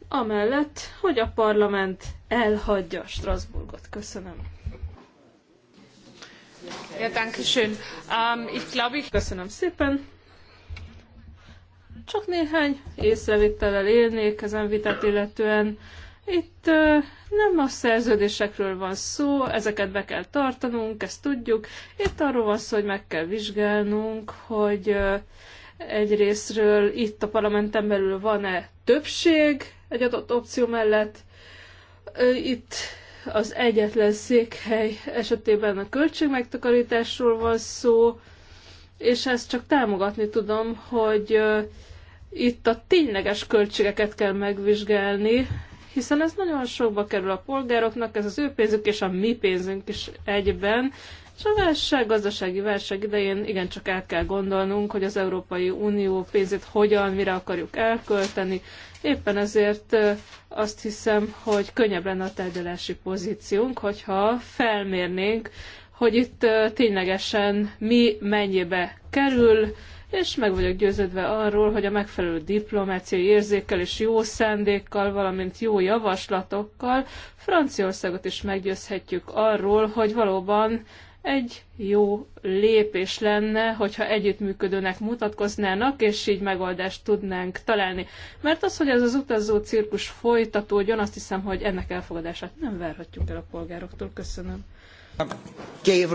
amellett, hogy a parlament elhagyja Strasbourgot. Köszönöm. Ja, danke schön. Um, ich glaube, ich... Köszönöm szépen. Csak néhány észrevétellel élnék ezen vitát illetően. Itt nem a szerződésekről van szó, ezeket be kell tartanunk, ezt tudjuk. Itt arról van szó, hogy meg kell vizsgálnunk, hogy egyrésztről itt a parlamenten belül van-e többség egy adott opció mellett. Itt az egyetlen székhely esetében a költségmegtakarításról van szó, és ezt csak támogatni tudom, hogy itt a tényleges költségeket kell megvizsgálni, hiszen ez nagyon sokba kerül a polgároknak, ez az ő pénzük és a mi pénzünk is egyben, és a válság, gazdasági válság idején igencsak át kell gondolnunk, hogy az Európai Unió pénzét hogyan, mire akarjuk elkölteni. Éppen ezért azt hiszem, hogy könnyebb lenne a tárgyalási pozíciónk, hogyha felmérnénk, hogy itt ténylegesen mi mennyibe kerül, és meg vagyok győződve arról, hogy a megfelelő diplomáciai érzékkel és jó szándékkal, valamint jó javaslatokkal Franciaországot is meggyőzhetjük arról, hogy valóban egy jó lépés lenne, hogyha együttműködőnek mutatkoznának, és így megoldást tudnánk találni. Mert az, hogy ez az utazó cirkus folytatódjon, azt hiszem, hogy ennek elfogadását nem várhatjuk el a polgároktól. Köszönöm. Και οι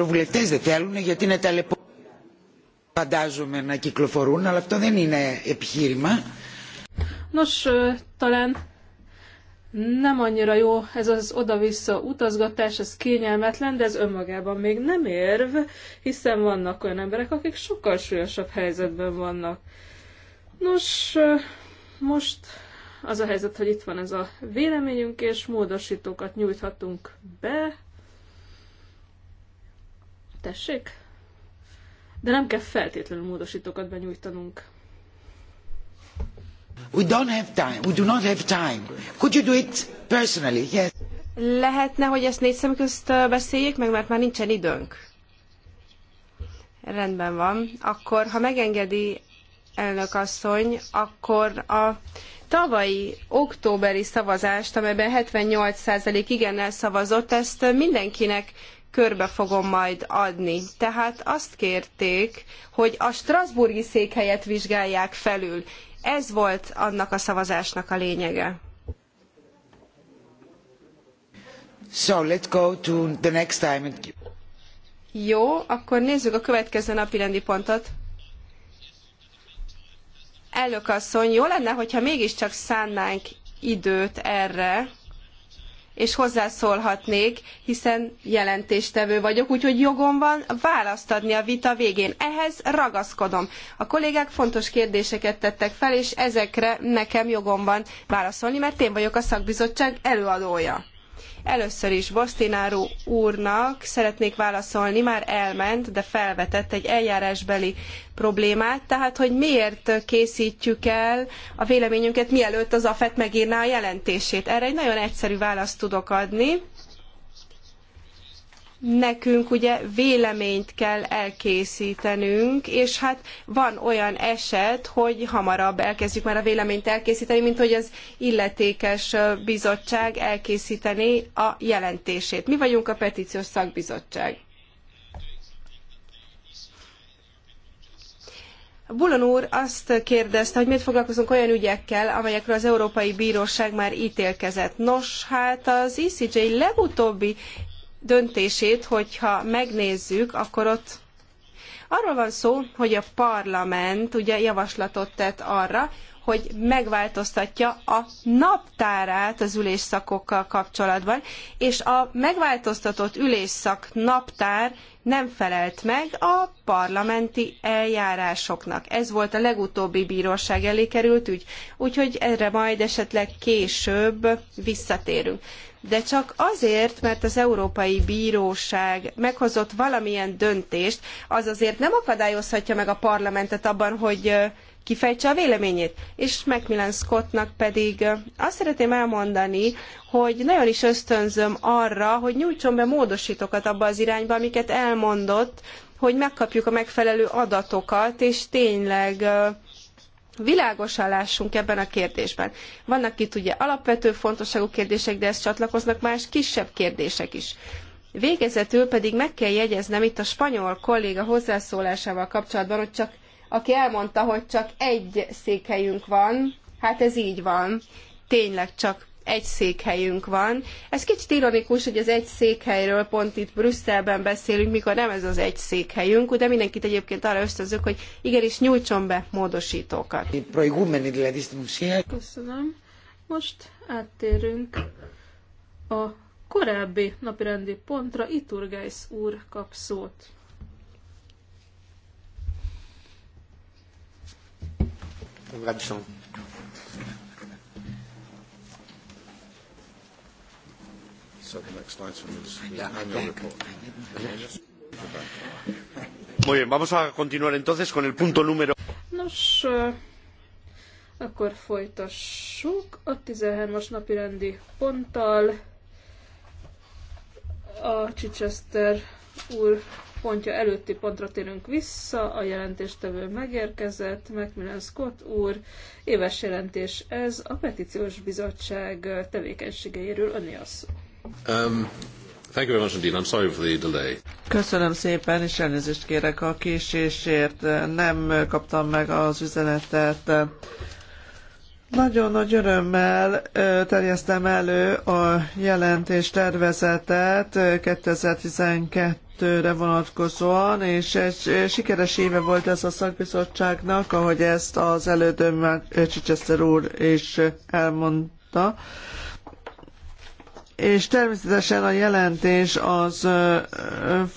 φαντάζομαι να κυκλοφορούν, αλλά αυτό δεν είναι επιχείρημα. Nos, talán nem annyira jó ez az oda-vissza utazgatás, ez kényelmetlen, de ez önmagában még nem érv, hiszen vannak olyan emberek, akik sokkal súlyosabb helyzetben vannak. Nos, most az a helyzet, hogy itt van ez a véleményünk, és módosítókat nyújthatunk be. Tessék? de nem kell feltétlenül módosítókat benyújtanunk. We don't have time. We do not have time. Could you do it personally? Yes. Lehetne, hogy ezt négy szem közt beszéljék meg, mert már nincsen időnk. Rendben van. Akkor, ha megengedi elnök asszony, akkor a tavalyi októberi szavazást, amelyben 78% igennel szavazott, ezt mindenkinek körbe fogom majd adni. Tehát azt kérték, hogy a Strasburgi székhelyet vizsgálják felül. Ez volt annak a szavazásnak a lényege. So, let's go to the next time. Jó, akkor nézzük a következő napi rendi pontot. Elnök asszony, jó lenne, hogyha mégiscsak szánnánk időt erre, és hozzászólhatnék, hiszen jelentéstevő vagyok, úgyhogy jogom van választ adni a vita végén. Ehhez ragaszkodom. A kollégák fontos kérdéseket tettek fel, és ezekre nekem jogom van válaszolni, mert én vagyok a szakbizottság előadója. Először is Bosztináró úrnak szeretnék válaszolni, már elment, de felvetett egy eljárásbeli problémát, tehát hogy miért készítjük el a véleményünket, mielőtt az AFET megírná a jelentését. Erre egy nagyon egyszerű választ tudok adni nekünk ugye véleményt kell elkészítenünk, és hát van olyan eset, hogy hamarabb elkezdjük már a véleményt elkészíteni, mint hogy az illetékes bizottság elkészíteni a jelentését. Mi vagyunk a petíciós szakbizottság. Bulon úr azt kérdezte, hogy miért foglalkozunk olyan ügyekkel, amelyekről az Európai Bíróság már ítélkezett. Nos, hát az ECJ legutóbbi döntését, hogyha megnézzük, akkor ott arról van szó, hogy a parlament ugye javaslatot tett arra, hogy megváltoztatja a naptárát az ülésszakokkal kapcsolatban, és a megváltoztatott ülésszak naptár nem felelt meg a parlamenti eljárásoknak. Ez volt a legutóbbi bíróság elé került ügy, úgyhogy erre majd esetleg később visszatérünk de csak azért, mert az Európai Bíróság meghozott valamilyen döntést, az azért nem akadályozhatja meg a parlamentet abban, hogy kifejtse a véleményét. És Macmillan Scottnak pedig azt szeretném elmondani, hogy nagyon is ösztönzöm arra, hogy nyújtson be módosítókat abba az irányba, amiket elmondott, hogy megkapjuk a megfelelő adatokat, és tényleg világosan lássunk ebben a kérdésben. Vannak itt ugye alapvető fontosságú kérdések, de ezt csatlakoznak más kisebb kérdések is. Végezetül pedig meg kell jegyeznem itt a spanyol kolléga hozzászólásával kapcsolatban, hogy csak, aki elmondta, hogy csak egy székhelyünk van, hát ez így van. Tényleg csak egy székhelyünk van. Ez kicsit ironikus, hogy az egy székhelyről pont itt Brüsszelben beszélünk, mikor nem ez az egy székhelyünk, de mindenkit egyébként arra ösztözök, hogy igenis nyújtson be módosítókat. Köszönöm. Most áttérünk a korábbi napirendi pontra. Iturgeis úr kap szót. Köszönöm. So the next item is the annual report. Muy bien, vamos a continuar entonces con el punto número. Nos, uh, akkor folytassuk a 13-as napi rendi ponttal. A Chichester úr pontja előtti pontra térünk vissza, a jelentéstevő megérkezett, Macmillan Scott úr, éves jelentés ez, a petíciós bizottság tevékenységeiről öné a szó. Um, thank you very much indeed. I'm sorry for the delay. Köszönöm szépen, és elnézést kérek a késésért. Nem kaptam meg az üzenetet. Nagyon nagy örömmel terjesztem elő a jelentés tervezetet 2012-re vonatkozóan, és egy sikeres éve volt ez a szakbizottságnak, ahogy ezt az elődöm Csicseszter úr is elmondta és természetesen a jelentés az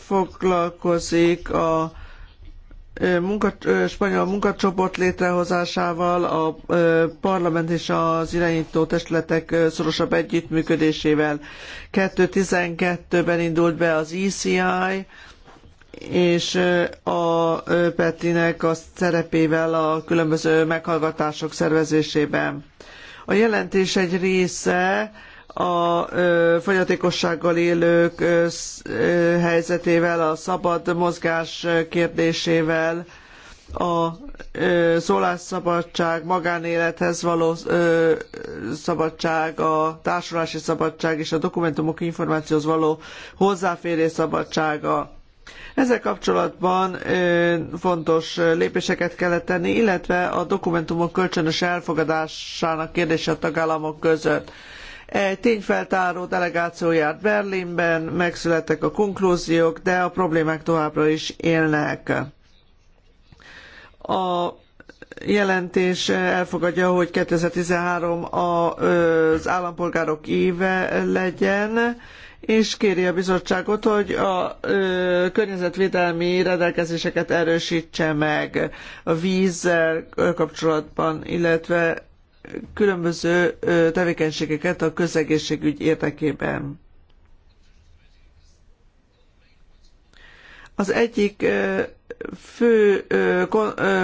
foglalkozik a munka, spanyol munkacsoport létrehozásával, a parlament és az irányító testületek szorosabb együttműködésével. 2012-ben indult be az ECI, és a Petinek a szerepével a különböző meghallgatások szervezésében. A jelentés egy része a fogyatékossággal élők helyzetével, a szabad mozgás kérdésével, a szólásszabadság, magánélethez való szabadság, a társulási szabadság és a dokumentumok információhoz való hozzáférés szabadsága. Ezzel kapcsolatban fontos lépéseket kellett tenni, illetve a dokumentumok kölcsönös elfogadásának kérdése a tagállamok között. Egy tényfeltáró delegáció járt Berlinben, megszülettek a konklúziók, de a problémák továbbra is élnek. A jelentés elfogadja, hogy 2013 az állampolgárok éve legyen, és kéri a bizottságot, hogy a ö, környezetvédelmi rendelkezéseket erősítse meg a vízzel kapcsolatban, illetve különböző tevékenységeket a közegészségügy érdekében. Az egyik fő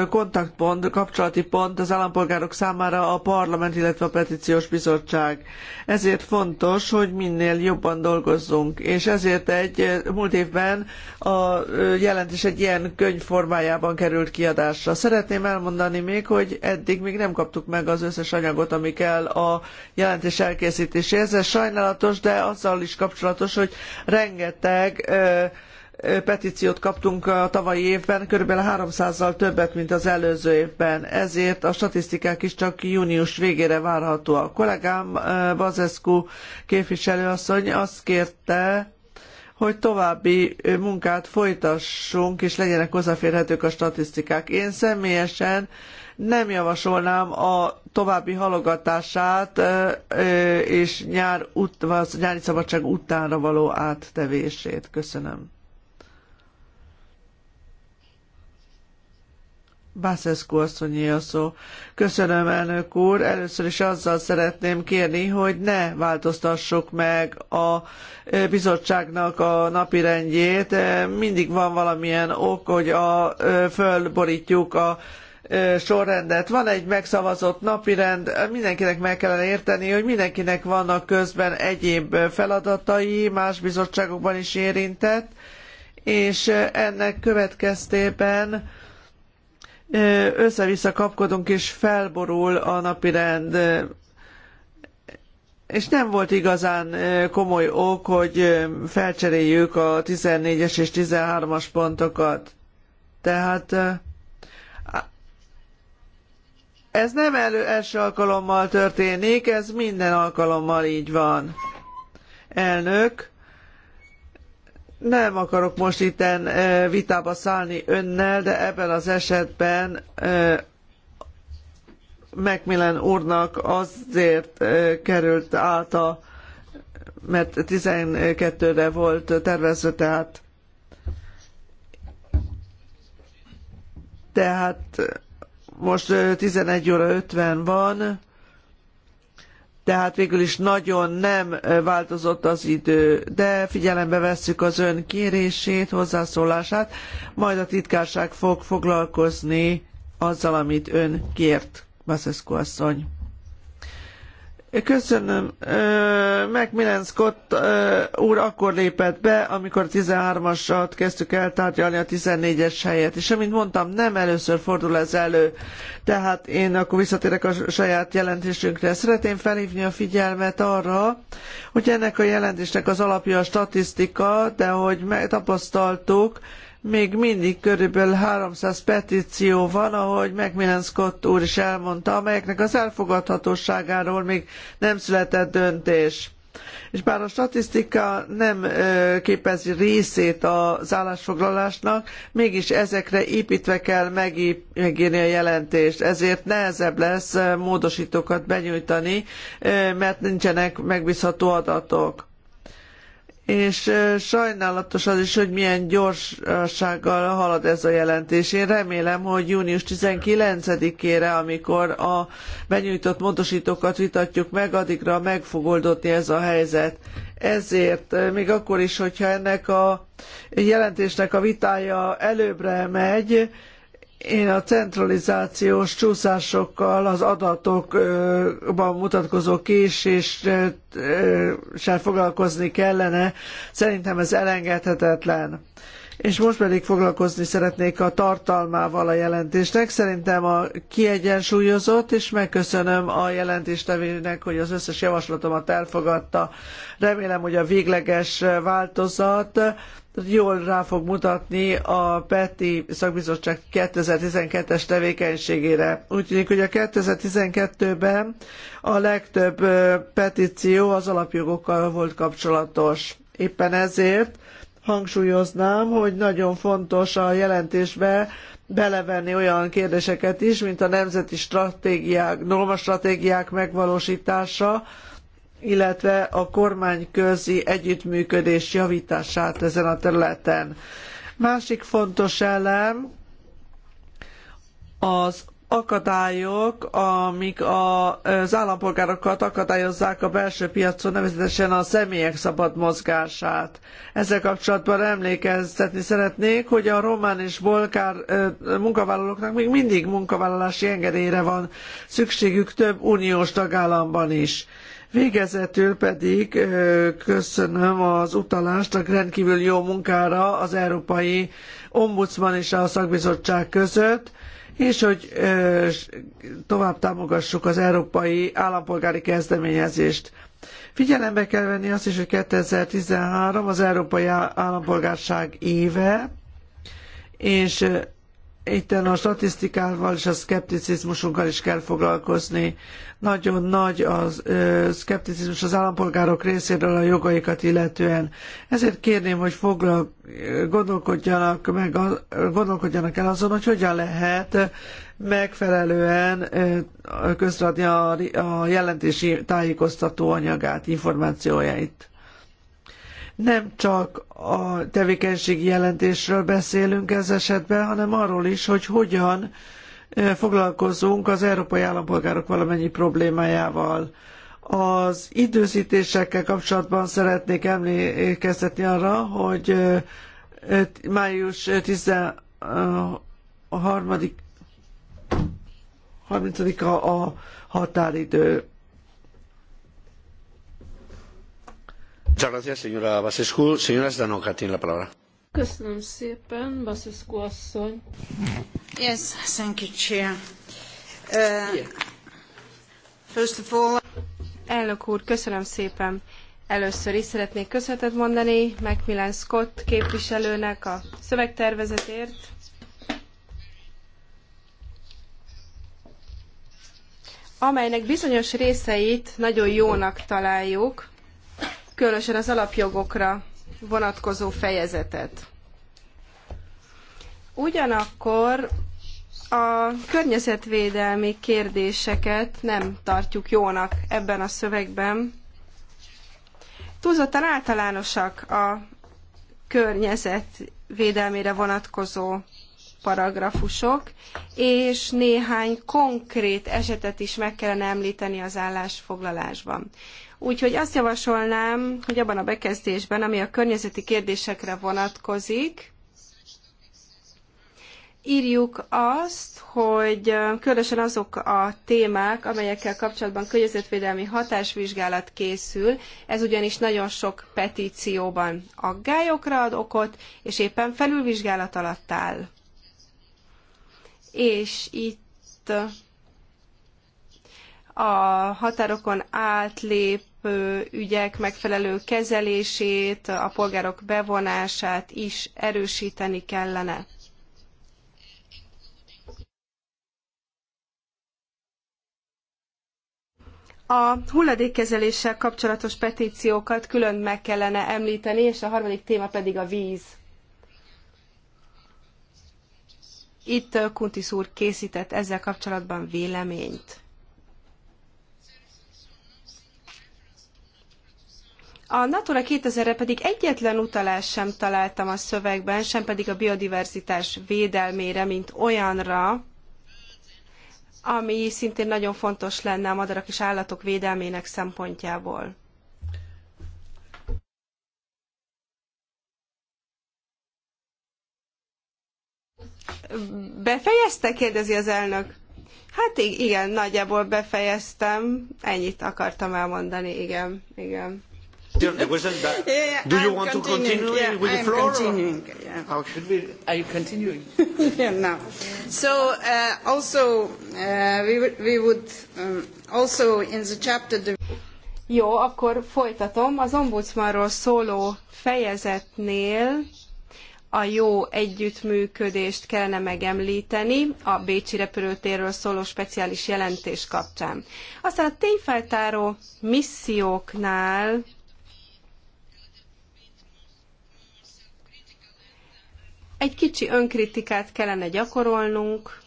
kontaktpont, kapcsolati pont az állampolgárok számára a parlament, illetve a petíciós bizottság. Ezért fontos, hogy minél jobban dolgozzunk, és ezért egy múlt évben a jelentés egy ilyen könyv formájában került kiadásra. Szeretném elmondani még, hogy eddig még nem kaptuk meg az összes anyagot, ami kell a jelentés elkészítéséhez. Ez sajnálatos, de azzal is kapcsolatos, hogy rengeteg petíciót kaptunk a tavalyi évben, körülbelül 300-zal többet, mint az előző évben. Ezért a statisztikák is csak június végére várható. A kollégám Bazescu képviselőasszony azt kérte, hogy további munkát folytassunk, és legyenek hozzáférhetők a statisztikák. Én személyesen nem javasolnám a további halogatását és nyár ut- nyári szabadság utánra való áttevését. Köszönöm. Bászeszkó asszonyi a szó. Köszönöm, elnök úr. Először is azzal szeretném kérni, hogy ne változtassuk meg a e, bizottságnak a napirendjét. E, mindig van valamilyen ok, hogy a, e, fölborítjuk a sorrendet. Van egy megszavazott napirend, mindenkinek meg kellene érteni, hogy mindenkinek vannak közben egyéb feladatai, más bizottságokban is érintett, és ennek következtében össze-vissza kapkodunk és felborul a napirend és nem volt igazán komoly ok, hogy felcseréljük a 14-es és 13-as pontokat. Tehát ez nem elő első alkalommal történik, ez minden alkalommal így van. Elnök, nem akarok most itten eh, vitába szállni önnel, de ebben az esetben eh, Macmillan úrnak azért eh, került át a mert 12-re volt tervezve, tehát tehát most 11 óra 50 van, tehát végül is nagyon nem változott az idő, de figyelembe vesszük az ön kérését, hozzászólását, majd a titkárság fog foglalkozni azzal, amit ön kért, Baszeszko asszony. Köszönöm. Macmillan Scott úr akkor lépett be, amikor 13-asat kezdtük el tárgyalni a 14-es helyet. És amint mondtam, nem először fordul ez elő. Tehát én akkor visszatérek a saját jelentésünkre. Szeretném felhívni a figyelmet arra, hogy ennek a jelentésnek az alapja a statisztika, de hogy tapasztaltuk, még mindig körülbelül 300 petíció van, ahogy McMillan Scott úr is elmondta, amelyeknek az elfogadhatóságáról még nem született döntés. És bár a statisztika nem képezi részét az állásfoglalásnak, mégis ezekre építve kell megírni a jelentést. Ezért nehezebb lesz módosítókat benyújtani, mert nincsenek megbízható adatok és sajnálatos az is, hogy milyen gyorsasággal halad ez a jelentés. Én remélem, hogy június 19-ére, amikor a benyújtott módosítókat vitatjuk meg, addigra meg fog oldódni ez a helyzet. Ezért, még akkor is, hogyha ennek a jelentésnek a vitája előbbre megy, én a centralizációs csúszásokkal, az adatokban mutatkozó késéssel foglalkozni kellene. Szerintem ez elengedhetetlen. És most pedig foglalkozni szeretnék a tartalmával a jelentésnek. Szerintem a kiegyensúlyozott, és megköszönöm a jelentéstevének, hogy az összes javaslatomat elfogadta. Remélem, hogy a végleges változat jól rá fog mutatni a PETI szakbizottság 2012-es tevékenységére. Úgy tűnik, hogy a 2012-ben a legtöbb petíció az alapjogokkal volt kapcsolatos. Éppen ezért hangsúlyoznám, hogy nagyon fontos a jelentésbe belevenni olyan kérdéseket is, mint a nemzeti stratégiák, normastratégiák megvalósítása, illetve a kormányközi együttműködés javítását ezen a területen. Másik fontos elem az akadályok, amik a, az állampolgárokat akadályozzák a belső piacon, nevezetesen a személyek szabad mozgását. Ezzel kapcsolatban emlékeztetni szeretnék, hogy a román és bolgár munkavállalóknak még mindig munkavállalási engedélyre van szükségük több uniós tagállamban is. Végezetül pedig köszönöm az utalást a rendkívül jó munkára az Európai Ombudsman és a szakbizottság között, és hogy tovább támogassuk az európai állampolgári kezdeményezést. Figyelembe kell venni azt is, hogy 2013 az európai állampolgárság éve, és itten a statisztikával és a szkepticizmusunkkal is kell foglalkozni. Nagyon nagy a szkepticizmus az állampolgárok részéről a jogaikat illetően. Ezért kérném, hogy foglal, gondolkodjanak, meg, gondolkodjanak el azon, hogy hogyan lehet megfelelően közradni a, a jelentési tájékoztató anyagát, információjait nem csak a tevékenységi jelentésről beszélünk ez esetben, hanem arról is, hogy hogyan foglalkozunk az európai állampolgárok valamennyi problémájával. Az időzítésekkel kapcsolatban szeretnék emlékeztetni arra, hogy május 13-a a határidő. Köszönöm szépen, Basescu asszony. Yes, thank you, Chair. Uh, first of all... Elnök úr, köszönöm szépen. Először is szeretnék köszönetet mondani Macmillan Scott képviselőnek a szövegtervezetért. amelynek bizonyos részeit nagyon jónak találjuk, különösen az alapjogokra vonatkozó fejezetet. Ugyanakkor a környezetvédelmi kérdéseket nem tartjuk jónak ebben a szövegben. Túlzottan általánosak a környezetvédelmére vonatkozó paragrafusok, és néhány konkrét esetet is meg kellene említeni az állásfoglalásban. Úgyhogy azt javasolnám, hogy abban a bekezdésben, ami a környezeti kérdésekre vonatkozik, írjuk azt, hogy különösen azok a témák, amelyekkel kapcsolatban környezetvédelmi hatásvizsgálat készül, ez ugyanis nagyon sok petícióban aggályokra ad okot, és éppen felülvizsgálat alatt áll. És itt a határokon átlép ügyek megfelelő kezelését, a polgárok bevonását is erősíteni kellene. A hulladékkezeléssel kapcsolatos petíciókat külön meg kellene említeni, és a harmadik téma pedig a víz. Itt Kuntis úr készített ezzel kapcsolatban véleményt. A Natura 2000-re pedig egyetlen utalást sem találtam a szövegben, sem pedig a biodiverzitás védelmére, mint olyanra, ami szintén nagyon fontos lenne a madarak és állatok védelmének szempontjából. Befejezte? kérdezi az elnök. Hát igen, nagyjából befejeztem. Ennyit akartam elmondani, igen, igen. The question that, yeah, do you I'm want to continue yeah, with I'm the floor? Continuing, yeah. How should we? Are you continuing? yeah, no. So uh, also uh, we, we would um, also in the chapter. The Jó, akkor folytatom. Az ombudsmanról szóló fejezetnél a jó együttműködést kellene megemlíteni a Bécsi repülőtérről szóló speciális jelentés kapcsán. Aztán a tényfeltáró misszióknál Egy kicsi önkritikát kellene gyakorolnunk,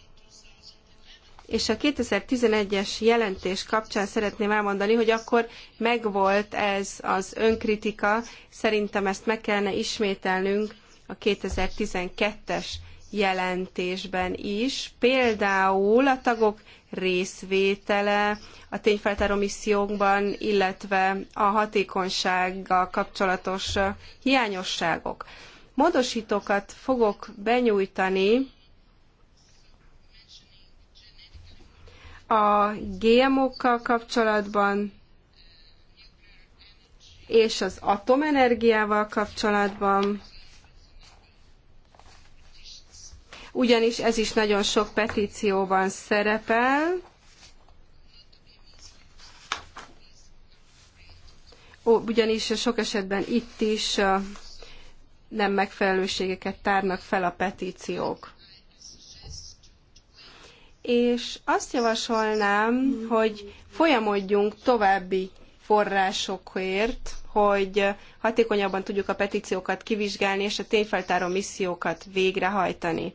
és a 2011-es jelentés kapcsán szeretném elmondani, hogy akkor megvolt ez az önkritika, szerintem ezt meg kellene ismételnünk a 2012-es jelentésben is. Például a tagok részvétele a tényfeltáró missziókban, illetve a hatékonysággal kapcsolatos hiányosságok. Módosítókat fogok benyújtani a GMO-kkal kapcsolatban és az atomenergiával kapcsolatban, ugyanis ez is nagyon sok petícióban szerepel. ugyanis sok esetben itt is nem megfelelőségeket tárnak fel a petíciók. És azt javasolnám, hogy folyamodjunk további forrásokért, hogy hatékonyabban tudjuk a petíciókat kivizsgálni és a tényfeltáró missziókat végrehajtani.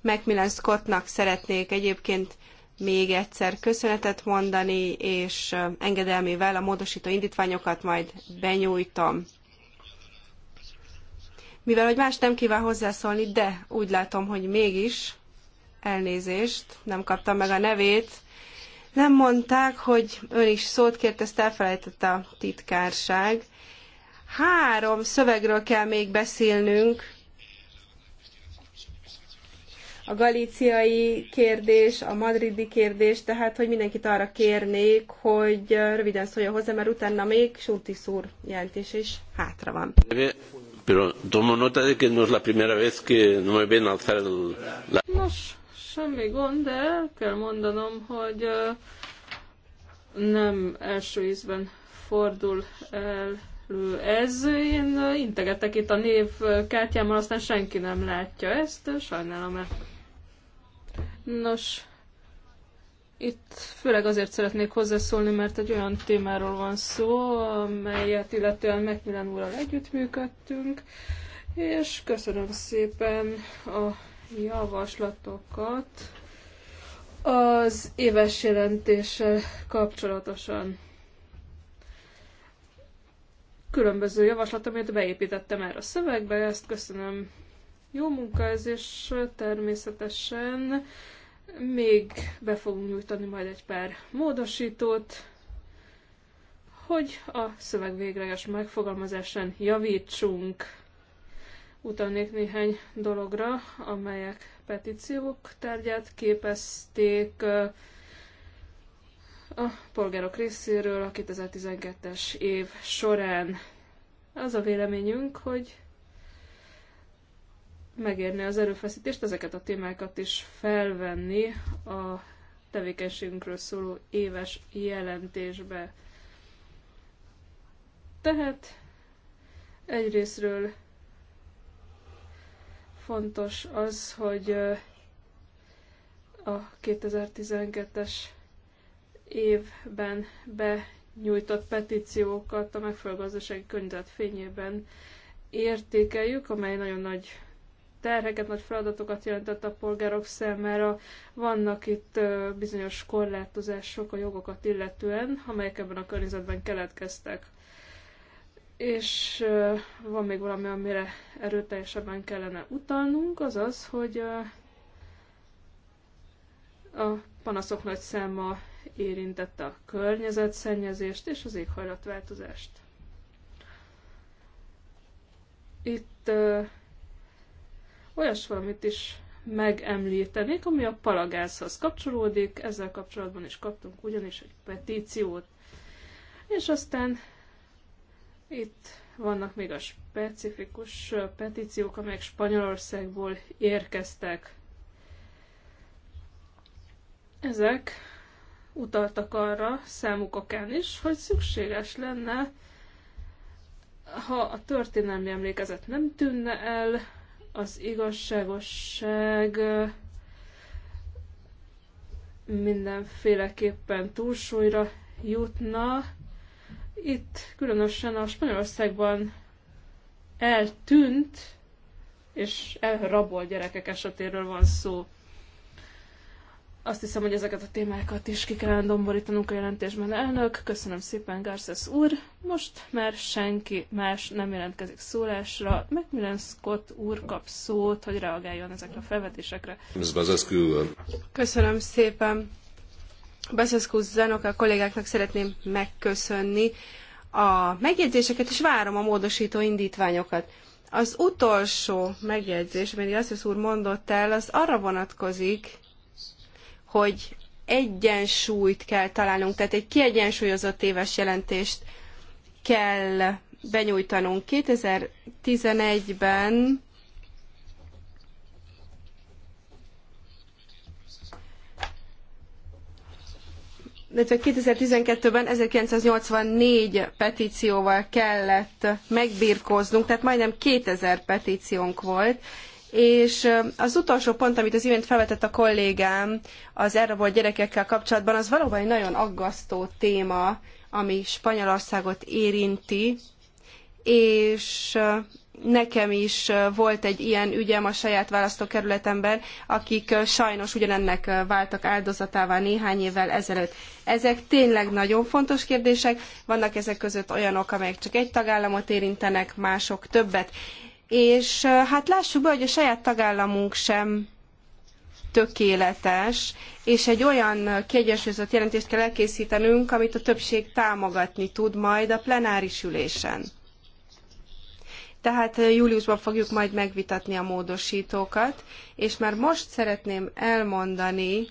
Macmillan Scottnak szeretnék egyébként még egyszer köszönetet mondani, és engedelmével a módosító indítványokat majd benyújtom. Mivel, hogy más nem kíván hozzászólni, de úgy látom, hogy mégis elnézést, nem kaptam meg a nevét, nem mondták, hogy ön is szót kért, ezt elfelejtett a titkárság. Három szövegről kell még beszélnünk. A galíciai kérdés, a madridi kérdés, tehát hogy mindenkit arra kérnék, hogy röviden szólja hozzá, mert utána még Surtis úr jelentés is hátra van. Pero tomo nota de que no es la primera vez que no me ven alzar el... La... Nos, semmi gond, de kell mondanom, hogy nem első ízben fordul el ez. Én integetek itt a név kártyámmal, aztán senki nem látja ezt, sajnálom-e. Nos, itt főleg azért szeretnék hozzászólni, mert egy olyan témáról van szó, amelyet illetően Macmillan úrral együttműködtünk, és köszönöm szépen a javaslatokat az éves jelentéssel kapcsolatosan. Különböző javaslat, amit beépítettem erre a szövegbe, ezt köszönöm. Jó munka ez, és természetesen még be fogunk nyújtani majd egy pár módosítót, hogy a szöveg végleges megfogalmazásán javítsunk. Utalnék néhány dologra, amelyek petíciók tárgyát képezték a polgárok részéről a 2012-es év során. Az a véleményünk, hogy megérni az erőfeszítést, ezeket a témákat is felvenni a tevékenységünkről szóló éves jelentésbe. Tehát egyrésztről fontos az, hogy a 2012-es évben benyújtott petíciókat a megfelelő gazdasági környezet fényében értékeljük, amely nagyon nagy terheket, nagy feladatokat jelentett a polgárok számára. Vannak itt bizonyos korlátozások a jogokat illetően, amelyek ebben a környezetben keletkeztek. És van még valami, amire erőteljesebben kellene utalnunk, az az, hogy a panaszok nagy száma érintette a környezetszennyezést és az éghajlatváltozást. Itt olyas valamit is megemlítenék, ami a palagázhoz kapcsolódik, ezzel kapcsolatban is kaptunk ugyanis egy petíciót. És aztán itt vannak még a specifikus petíciók, amelyek Spanyolországból érkeztek. Ezek utaltak arra számuk okán is, hogy szükséges lenne, ha a történelmi emlékezet nem tűnne el, az igazságosság mindenféleképpen túlsúlyra jutna. Itt különösen a Spanyolországban eltűnt és elrabolt gyerekek esetéről van szó. Azt hiszem, hogy ezeket a témákat is ki kellene domborítanunk a jelentésben. Elnök, köszönöm szépen, Garces úr. Most már senki más nem jelentkezik szólásra. Macmillan Scott úr kap szót, hogy reagáljon ezekre a felvetésekre. Uh, köszönöm szépen. Beszeszkú Zenok, a kollégáknak szeretném megköszönni a megjegyzéseket, és várom a módosító indítványokat. Az utolsó megjegyzés, amit Jászlós úr mondott el, az arra vonatkozik, hogy egyensúlyt kell találnunk, tehát egy kiegyensúlyozott éves jelentést kell benyújtanunk. 2011-ben De 2012-ben 1984 petícióval kellett megbírkoznunk, tehát majdnem 2000 petíciónk volt, és az utolsó pont, amit az imént felvetett a kollégám az elrabolt gyerekekkel kapcsolatban, az valóban egy nagyon aggasztó téma, ami Spanyolországot érinti, és nekem is volt egy ilyen ügyem a saját választókerületemben, akik sajnos ugyanennek váltak áldozatává néhány évvel ezelőtt. Ezek tényleg nagyon fontos kérdések, vannak ezek között olyanok, amelyek csak egy tagállamot érintenek, mások többet és hát lássuk be, hogy a saját tagállamunk sem tökéletes, és egy olyan kiegyensúlyozott jelentést kell elkészítenünk, amit a többség támogatni tud majd a plenáris ülésen. Tehát júliusban fogjuk majd megvitatni a módosítókat, és már most szeretném elmondani,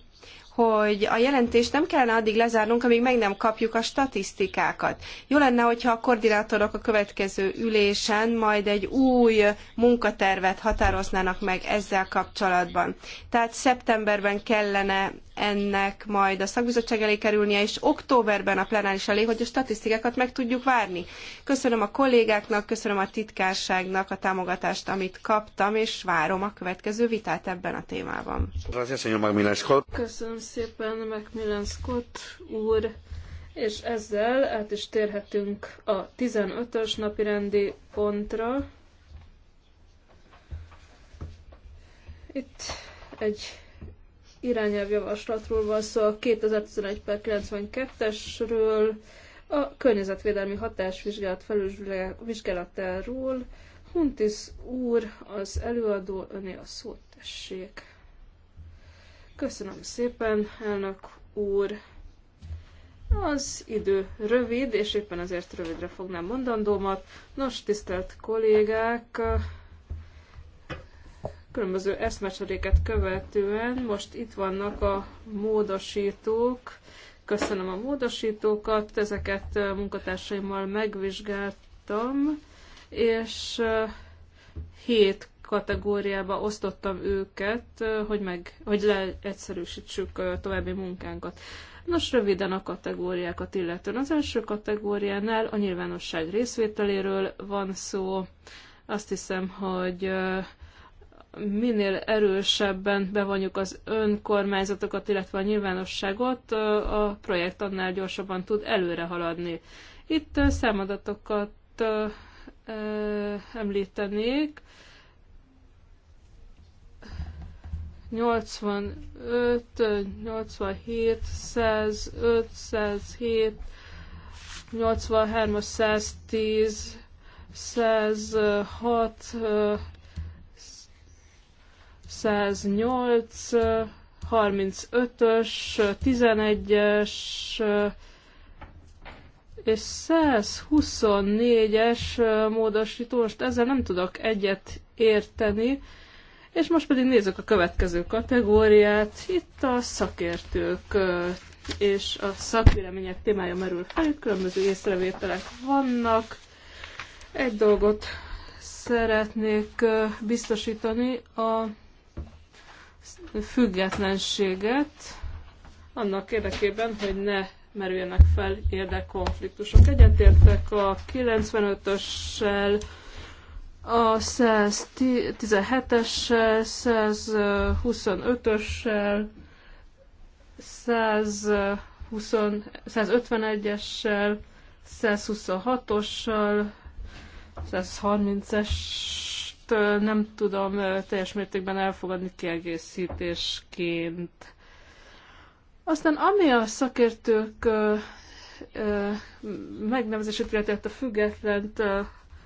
hogy a jelentést nem kellene addig lezárnunk, amíg meg nem kapjuk a statisztikákat. Jó lenne, hogyha a koordinátorok a következő ülésen majd egy új munkatervet határoznának meg ezzel kapcsolatban. Tehát szeptemberben kellene ennek majd a szakbizottság elé kerülnie, és októberben a plenáris elé, hogy a statisztikákat meg tudjuk várni. Köszönöm a kollégáknak, köszönöm a titkárságnak a támogatást, amit kaptam, és várom a következő vitát ebben a témában. Köszönöm szépen, Macmillan Scott úr. És ezzel át is térhetünk a 15-ös napirendi pontra. Itt egy irányelvjavaslatról van szó, a 2011 per 92-esről, a környezetvédelmi hatásvizsgálat felülvizsgálatáról. Huntis úr, az előadó, öné a szót tessék. Köszönöm szépen, elnök úr. Az idő rövid, és éppen azért rövidre fognám mondandómat. Nos, tisztelt kollégák, különböző eszmecseréket követően most itt vannak a módosítók. Köszönöm a módosítókat, ezeket munkatársaimmal megvizsgáltam, és hét kategóriába osztottam őket, hogy, meg, hogy leegyszerűsítsük további munkánkat. Nos, röviden a kategóriákat illetően. Az első kategóriánál a nyilvánosság részvételéről van szó. Azt hiszem, hogy minél erősebben bevonjuk az önkormányzatokat, illetve a nyilvánosságot, a projekt annál gyorsabban tud előre haladni. Itt számadatokat említenék. 85, 87, 105, 107, 83, 110, 106, 108, 35-ös, 11-es és 124-es módosító, most ezzel nem tudok egyet érteni, és most pedig nézzük a következő kategóriát. Itt a szakértők és a szakvélemények témája merül fel, különböző észrevételek vannak. Egy dolgot szeretnék biztosítani, a függetlenséget annak érdekében, hogy ne merüljenek fel érdekkonfliktusok. Egyetértek a 95-össel, a 117-essel, 125-össel, 151-essel, 126-ossal, 130 es ezt nem tudom teljes mértékben elfogadni kiegészítésként. Aztán ami a szakértők megnevezését illetve hát a függetlent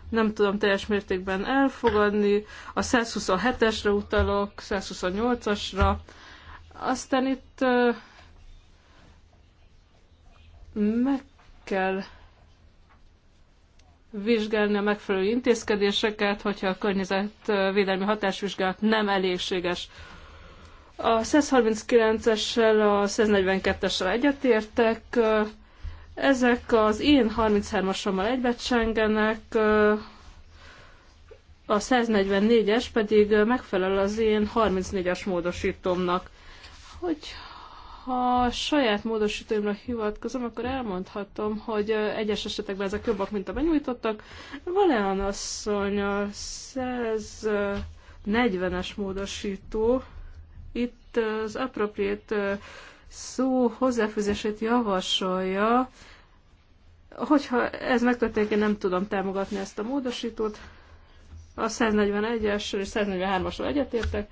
nem tudom teljes mértékben elfogadni. A 127-esre utalok, 128-asra. Aztán itt meg kell vizsgálni a megfelelő intézkedéseket, hogyha a környezetvédelmi hatásvizsgálat nem elégséges. A 139-essel, a 142-essel egyetértek, ezek az én 33-asommal egybecsengenek, a 144-es pedig megfelel az én 34-es módosítomnak. Hogy ha saját módosítóimra hivatkozom, akkor elmondhatom, hogy egyes esetekben ezek jobbak, mint a benyújtottak. Valéan asszony a 140-es módosító, itt az appropriate szó hozzáfűzését javasolja, hogyha ez megtörténik, én nem tudom támogatni ezt a módosítót. A 141-es és 143-asról egyetértek.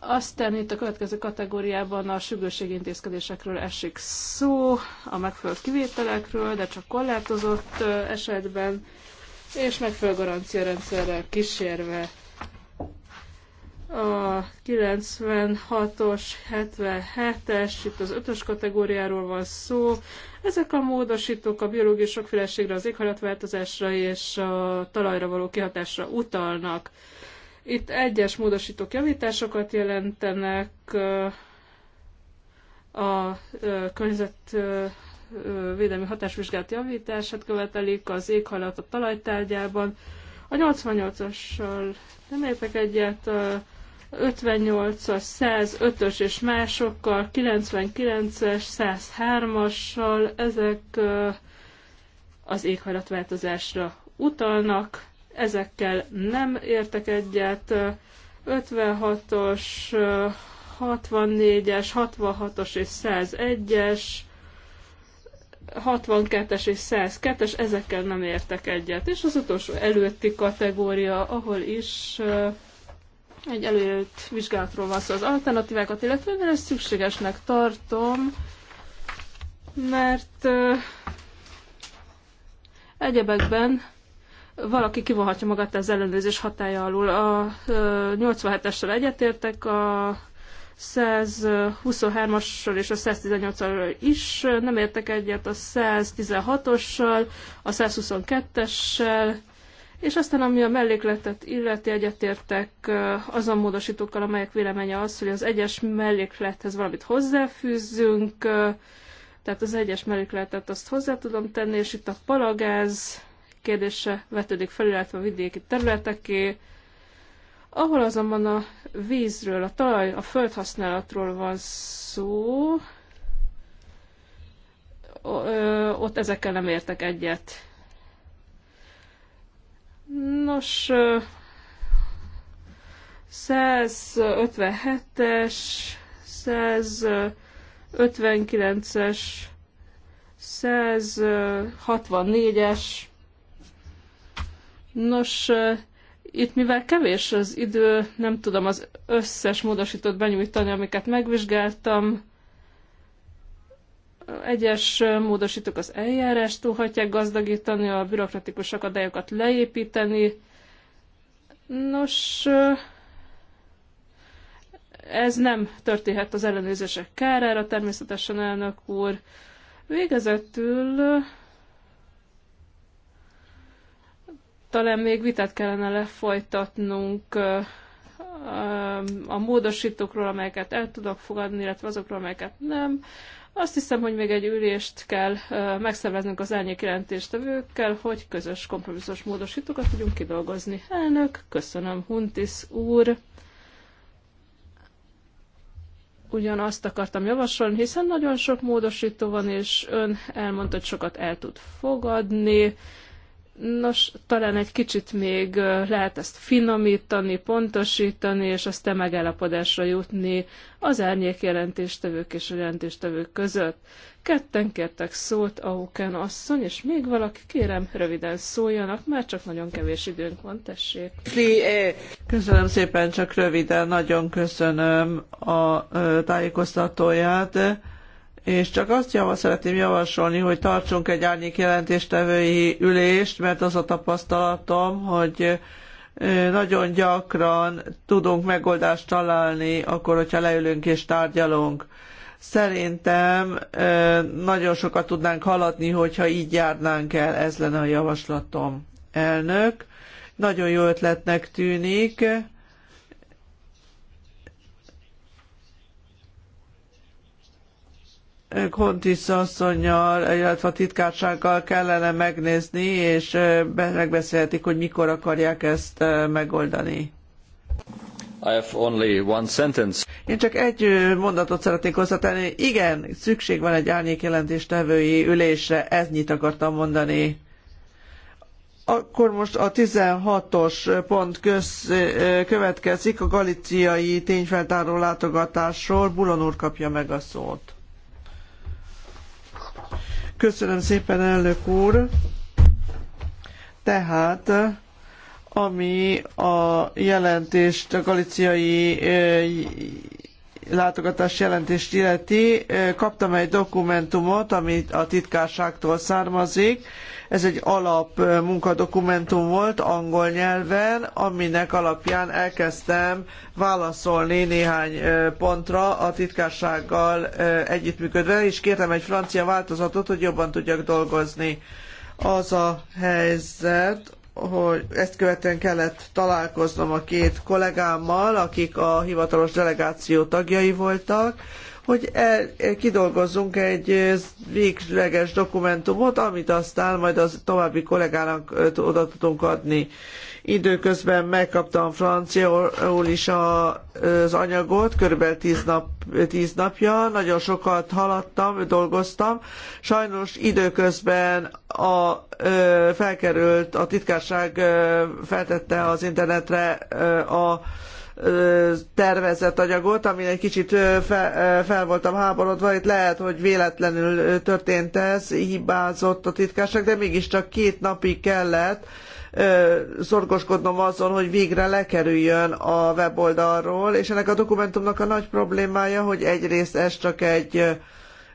Aztán itt a következő kategóriában a intézkedésekről esik szó, a megfelelő kivételekről, de csak korlátozott esetben, és megfelelő rendszerrel kísérve. A 96-os, 77-es, itt az 5-ös kategóriáról van szó. Ezek a módosítók a biológiai sokféleségre, az éghajlatváltozásra és a talajra való kihatásra utalnak. Itt egyes módosítók javításokat jelentenek a védelmi hatásvizsgálat javítását követelik az éghajlat a talajtárgyában. A 88-assal nem értek egyet, 58-as, 105-ös és másokkal, 99-es, 103-assal, ezek az éghajlatváltozásra utalnak, ezekkel nem értek egyet. 56-os, 64-es, 66-os és 101-es, 62-es és 102-es, ezekkel nem értek egyet. És az utolsó előtti kategória, ahol is egy előjött vizsgálatról van szó az alternatívákat, illetve én ezt szükségesnek tartom, mert egyebekben valaki kivonhatja magát az ellenőrzés hatája alul. A 87-essel egyetértek, a 123-assal és a 118-assal is nem értek egyet, a 116-ossal, a 122-essel, és aztán ami a mellékletet illeti, egyetértek azon módosítókkal, amelyek véleménye az, hogy az egyes melléklethez valamit hozzáfűzzünk, tehát az egyes mellékletet azt hozzá tudom tenni, és itt a palagáz, kérdése vetődik fel, illetve a vidéki területeké, ahol azonban a vízről, a talaj, a földhasználatról van szó, ott ezekkel nem értek egyet. Nos, 157-es, 159-es, 164-es, Nos, itt mivel kevés az idő, nem tudom az összes módosítót benyújtani, amiket megvizsgáltam. Egyes módosítók az eljárást tudhatják gazdagítani, a bürokratikus akadályokat leépíteni. Nos, ez nem történhet az ellenőrzések kárára, természetesen elnök úr. Végezetül talán még vitát kellene lefolytatnunk a módosítókról, amelyeket el tudok fogadni, illetve azokról, amelyeket nem. Azt hiszem, hogy még egy ülést kell megszerveznünk az elnyék jelentéstevőkkel, hogy közös kompromisszós módosítókat tudjunk kidolgozni. Elnök, köszönöm, Huntis úr. Ugyanazt akartam javasolni, hiszen nagyon sok módosító van, és ön elmondta, hogy sokat el tud fogadni Nos, talán egy kicsit még lehet ezt finomítani, pontosítani, és aztán megállapodásra jutni az árnyék jelentéstevők és a jelentéstevők között. Ketten kértek szót, Auken asszony, és még valaki, kérem, röviden szóljanak, már csak nagyon kevés időnk van, tessék. Köszönöm szépen, csak röviden, nagyon köszönöm a tájékoztatóját és csak azt java, szeretném javasolni, hogy tartsunk egy árnyék jelentéstevői ülést, mert az a tapasztalatom, hogy nagyon gyakran tudunk megoldást találni, akkor, hogyha leülünk és tárgyalunk. Szerintem nagyon sokat tudnánk haladni, hogyha így járnánk el, ez lenne a javaslatom. Elnök, nagyon jó ötletnek tűnik Kontis asszonynal, illetve a titkársággal kellene megnézni, és megbeszélhetik, hogy mikor akarják ezt megoldani. I have only one sentence. Én csak egy mondatot szeretnék hozzátenni. Igen, szükség van egy árnyékjelentéstevői ülésre, ez nyit akartam mondani. Akkor most a 16-os pont köz, következik a galiciai tényfeltáró látogatásról. bulon úr kapja meg a szót. Köszönöm szépen, elnök úr. Tehát ami a jelentést a galiciai eh, látogatás jelentést illeti, kaptam egy dokumentumot, ami a titkárságtól származik. Ez egy alap munkadokumentum volt angol nyelven, aminek alapján elkezdtem válaszolni néhány pontra a titkársággal együttműködve, és kértem egy francia változatot, hogy jobban tudjak dolgozni. Az a helyzet, hogy ezt követően kellett találkoznom a két kollégámmal, akik a hivatalos delegáció tagjai voltak, hogy el, e, kidolgozzunk egy e, végleges dokumentumot, amit aztán majd az további kollégának e, oda tudunk adni. Időközben megkaptam franciául is az anyagot, körülbelül 10, nap, tíz napja, nagyon sokat haladtam, dolgoztam. Sajnos időközben a, felkerült, a titkárság feltette az internetre a tervezett anyagot, amin egy kicsit fel, fel voltam háborodva. Itt lehet, hogy véletlenül történt ez, hibázott a titkárság, de mégiscsak két napig kellett szorgoskodnom azon, hogy végre lekerüljön a weboldalról, és ennek a dokumentumnak a nagy problémája, hogy egyrészt ez csak egy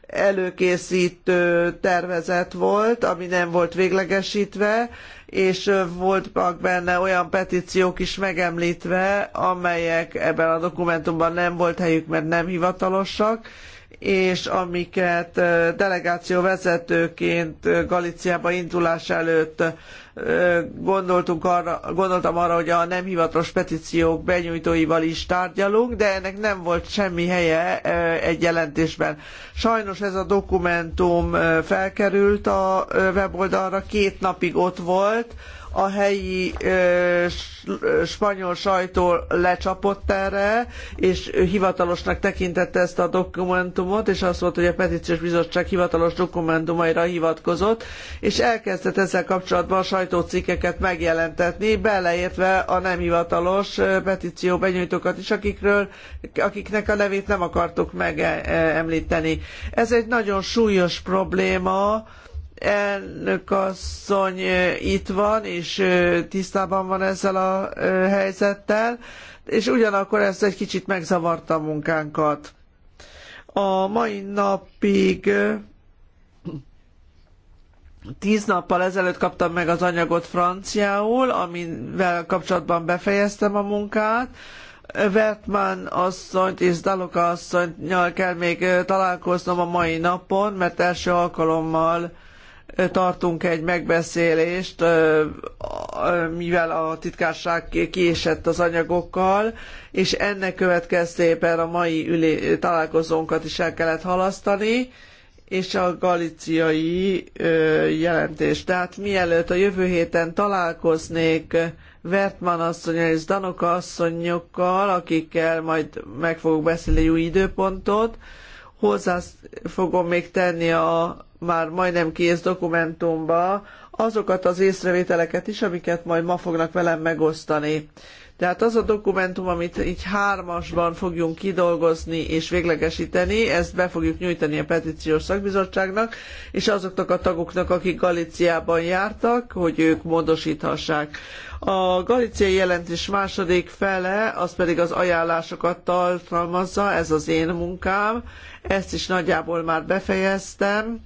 előkészítő tervezet volt, ami nem volt véglegesítve, és voltak benne olyan petíciók is megemlítve, amelyek ebben a dokumentumban nem volt helyük, mert nem hivatalosak, és amiket delegáció vezetőként Galiciába indulás előtt gondoltunk arra, gondoltam arra, hogy a nem hivatalos petíciók benyújtóival is tárgyalunk, de ennek nem volt semmi helye egy jelentésben. Sajnos ez a dokumentum felkerült a weboldalra, két napig ott volt, a helyi spanyol sajtó lecsapott erre, és hivatalosnak tekintette ezt a dokumentumot, és azt volt, hogy a petíciós bizottság hivatalos dokumentumaira hivatkozott, és elkezdett ezzel kapcsolatban a sajtócikkeket megjelentetni, beleértve a nem hivatalos petíció benyújtókat is, akikről, akiknek a nevét nem akartuk megemlíteni. Ez egy nagyon súlyos probléma, elnök asszony itt van, és tisztában van ezzel a helyzettel, és ugyanakkor ez egy kicsit megzavarta a munkánkat. A mai napig Tíz nappal ezelőtt kaptam meg az anyagot franciául, amivel kapcsolatban befejeztem a munkát. Vertman asszonyt és Daloka asszonynyal kell még találkoznom a mai napon, mert első alkalommal tartunk egy megbeszélést, mivel a titkárság kiesett az anyagokkal, és ennek következtében a mai ülé, találkozónkat is el kellett halasztani, és a galiciai jelentés. Tehát mielőtt a jövő héten találkoznék Vertman asszonyal és Danoka asszonyokkal, akikkel majd meg fogok beszélni új időpontot, hozzá fogom még tenni a már majdnem kész dokumentumba azokat az észrevételeket is, amiket majd ma fognak velem megosztani. Tehát az a dokumentum, amit így hármasban fogjunk kidolgozni és véglegesíteni, ezt be fogjuk nyújtani a petíciós szakbizottságnak, és azoknak a tagoknak, akik Galíciában jártak, hogy ők módosíthassák. A galiciai jelentés második fele, az pedig az ajánlásokat tartalmazza, ez az én munkám, ezt is nagyjából már befejeztem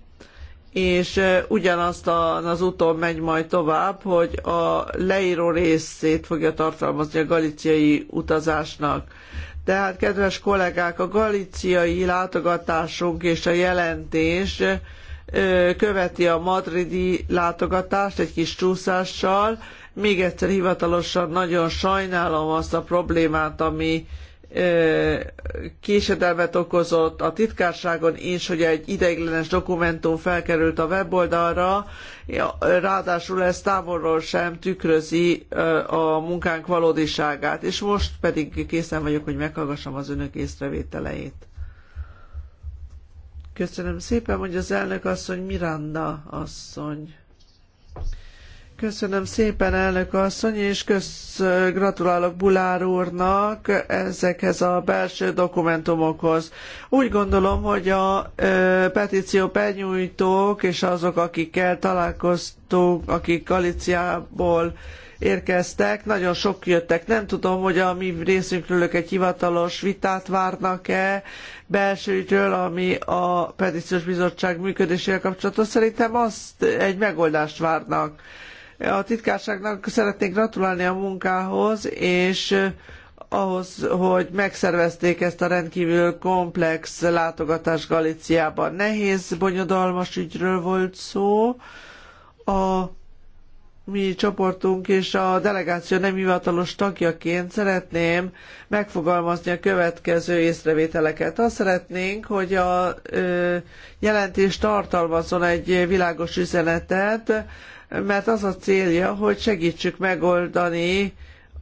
és ugyanazt az úton megy majd tovább, hogy a leíró részét fogja tartalmazni a galiciai utazásnak. Tehát, kedves kollégák, a galiciai látogatásunk és a jelentés követi a madridi látogatást egy kis csúszással. Még egyszer hivatalosan nagyon sajnálom azt a problémát, ami késedelmet okozott a titkárságon is, hogy egy ideiglenes dokumentum felkerült a weboldalra, ráadásul ez távolról sem tükrözi a munkánk valódiságát, és most pedig készen vagyok, hogy meghallgassam az önök észrevételeit. Köszönöm szépen, hogy az elnök asszony Miranda asszony. Köszönöm szépen, elnök asszony, és kösz, gratulálok Bulár úrnak ezekhez a belső dokumentumokhoz. Úgy gondolom, hogy a ö, petíció benyújtók és azok, akikkel találkoztunk, akik Galiciából érkeztek, nagyon sok jöttek. Nem tudom, hogy a mi részünkről ők egy hivatalos vitát várnak-e belső ügyről, ami a petíciós bizottság működésével kapcsolatos. Szerintem azt egy megoldást várnak a titkárságnak szeretnék gratulálni a munkához, és ahhoz, hogy megszervezték ezt a rendkívül komplex látogatást Galiciában. Nehéz, bonyodalmas ügyről volt szó. A mi csoportunk és a delegáció nem hivatalos tagjaként szeretném megfogalmazni a következő észrevételeket. Azt szeretnénk, hogy a jelentés tartalmazzon egy világos üzenetet, mert az a célja, hogy segítsük megoldani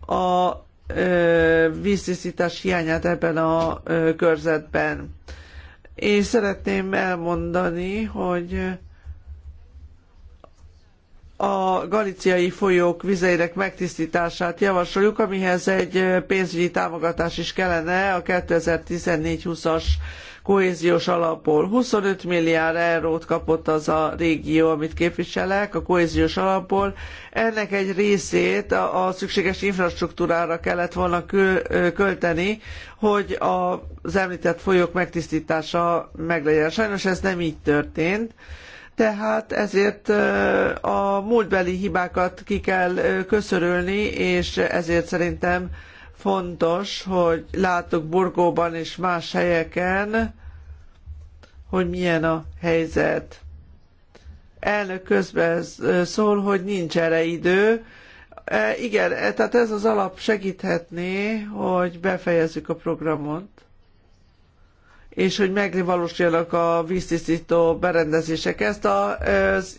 a víztisztítás hiányát ebben a körzetben. Én szeretném elmondani, hogy a galiciai folyók vizeinek megtisztítását javasoljuk, amihez egy pénzügyi támogatás is kellene a 2014-20-as kohéziós alapból. 25 milliárd eurót kapott az a régió, amit képviselek, a kohéziós alapból. Ennek egy részét a, a szükséges infrastruktúrára kellett volna költeni, hogy az említett folyók megtisztítása meglegyen. Sajnos ez nem így történt tehát ezért a múltbeli hibákat ki kell köszörülni, és ezért szerintem fontos, hogy látok Burgóban és más helyeken, hogy milyen a helyzet. Elnök közben szól, hogy nincs erre idő. E, igen, e, tehát ez az alap segíthetné, hogy befejezzük a programot és hogy megvalósuljanak a víztisztító berendezések. Ezt a, az,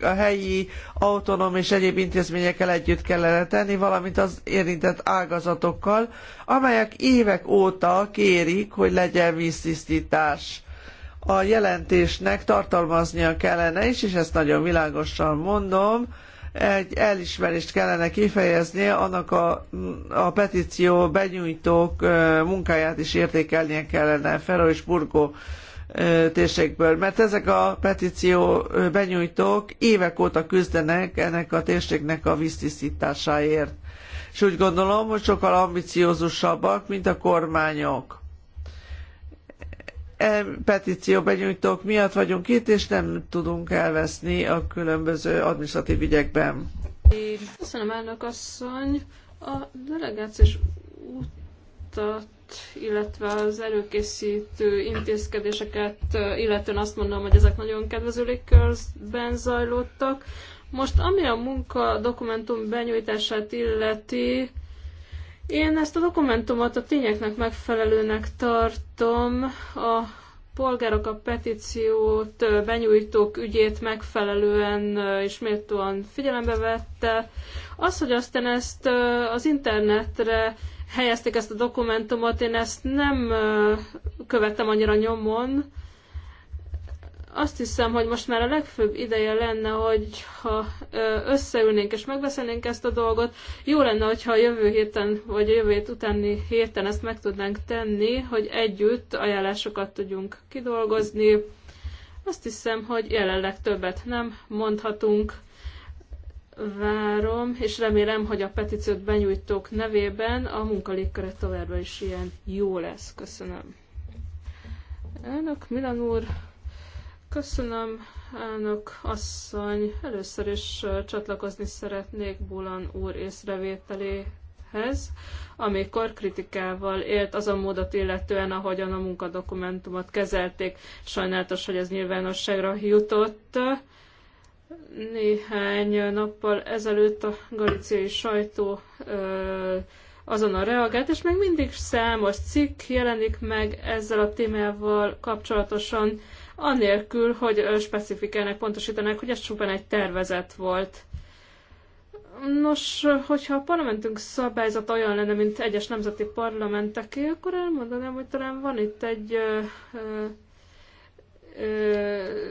a helyi autonóm és egyéb intézményekkel együtt kellene tenni, valamint az érintett ágazatokkal, amelyek évek óta kérik, hogy legyen víztisztítás. A jelentésnek tartalmaznia kellene is, és ezt nagyon világosan mondom, egy elismerést kellene kifejezni, annak a, a petíció benyújtók munkáját is értékelnie kellene Ferro és Burgó térségből, mert ezek a petíció benyújtók évek óta küzdenek ennek a térségnek a víztisztításáért. És úgy gondolom, hogy sokkal ambiciózusabbak, mint a kormányok E, petíció benyújtók miatt vagyunk itt, és nem tudunk elveszni a különböző administratív ügyekben. Köszönöm, elnök asszony. A delegációs utat, illetve az előkészítő intézkedéseket, e, illetően azt mondom, hogy ezek nagyon kedvező légkörben zajlottak. Most ami a munka dokumentum benyújtását illeti, én ezt a dokumentumot a tényeknek megfelelőnek tartom. A polgárok a petíciót benyújtók ügyét megfelelően és méltóan figyelembe vette. Az, hogy aztán ezt az internetre helyezték ezt a dokumentumot, én ezt nem követtem annyira nyomon, azt hiszem, hogy most már a legfőbb ideje lenne, hogy ha összeülnénk és megbeszélnénk ezt a dolgot, jó lenne, hogyha a jövő héten, vagy a jövő hét utáni héten ezt meg tudnánk tenni, hogy együtt ajánlásokat tudjunk kidolgozni. Azt hiszem, hogy jelenleg többet nem mondhatunk várom, és remélem, hogy a petíciót benyújtók nevében a munkalégköre továbbra is ilyen jó lesz. Köszönöm. Elnök Milan úr, Köszönöm, elnök asszony. Először is csatlakozni szeretnék Bulan úr észrevételéhez, amikor kritikával élt azon módot illetően, ahogyan a munkadokumentumot kezelték. Sajnálatos, hogy ez nyilvánosságra jutott. Néhány nappal ezelőtt a galiciai sajtó azon a reagált, és még mindig számos cikk jelenik meg ezzel a témával kapcsolatosan anélkül, hogy specifikálnak, pontosítanak, hogy ez csupán egy tervezet volt. Nos, hogyha a parlamentünk szabályzat olyan lenne, mint egyes nemzeti parlamenteké, akkor elmondanám, hogy talán van itt egy ö, ö, ö,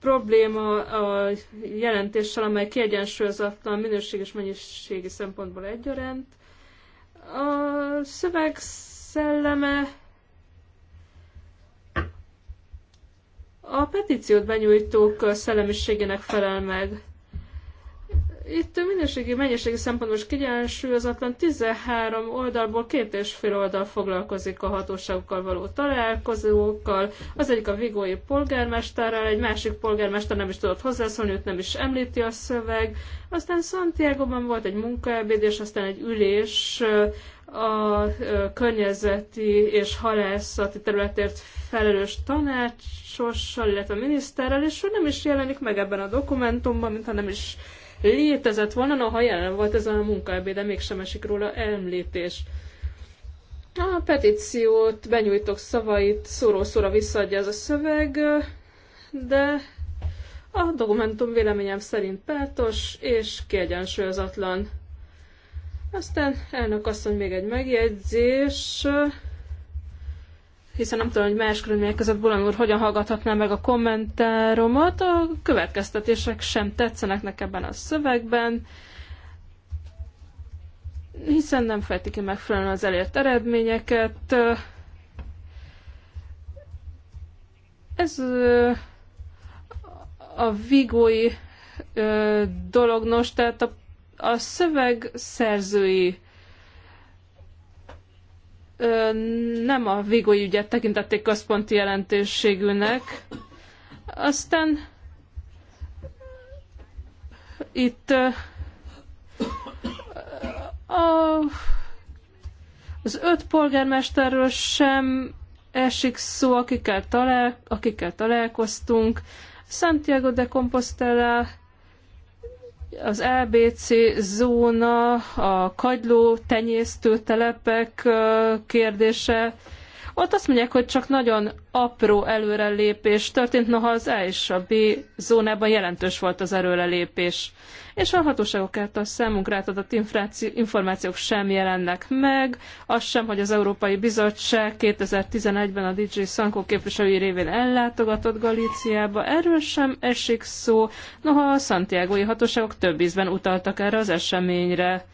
probléma a jelentéssel, amely kiegyensúlyozatlan minőség és mennyiségi szempontból egyaránt. A szöveg szelleme A petíciót benyújtók szellemiségének felel meg. Itt a minőségi, mennyiségi szempontból is kiegyensúlyozatlan, 13 oldalból két és fél oldal foglalkozik a hatóságokkal való találkozókkal. Az egyik a vigói polgármesterrel, egy másik polgármester nem is tudott hozzászólni, őt nem is említi a szöveg. Aztán santiago volt egy munkaebéd, és aztán egy ülés a környezeti és halászati területért felelős tanácsossal, illetve miniszterrel, és ő nem is jelenik meg ebben a dokumentumban, mintha nem is létezett volna, ha jelen volt ez a munkaebé, de mégsem esik róla említés. A petíciót, benyújtok szavait, szóró-szóra visszaadja ez a szöveg, de a dokumentum véleményem szerint pártos és kiegyensúlyozatlan. Aztán elnök asszony még egy megjegyzés hiszen nem tudom, hogy más körülmények között Bulan úr hogyan hallgathatná meg a kommentáromat. A következtetések sem tetszenek nekem ebben a szövegben, hiszen nem fejtik ki megfelelően az elért eredményeket. Ez a vigói dolognos, tehát a, a szöveg szerzői nem a Vigói ügyet tekintették központi jelentőségűnek. Aztán itt a, az öt polgármesterről sem esik szó, akikkel, talál, akikkel találkoztunk. Santiago de Compostela az LBC zóna, a kagyló tenyésztő telepek kérdése, ott azt mondják, hogy csak nagyon apró előrelépés történt, noha az E és a B zónában jelentős volt az előrelépés. És a hatóságok által számunkra átadott információk sem jelennek meg, az sem, hogy az Európai Bizottság 2011-ben a DJ Sankó képviselői révén ellátogatott Galíciába, erről sem esik szó, noha a Santiagói hatóságok több ízben utaltak erre az eseményre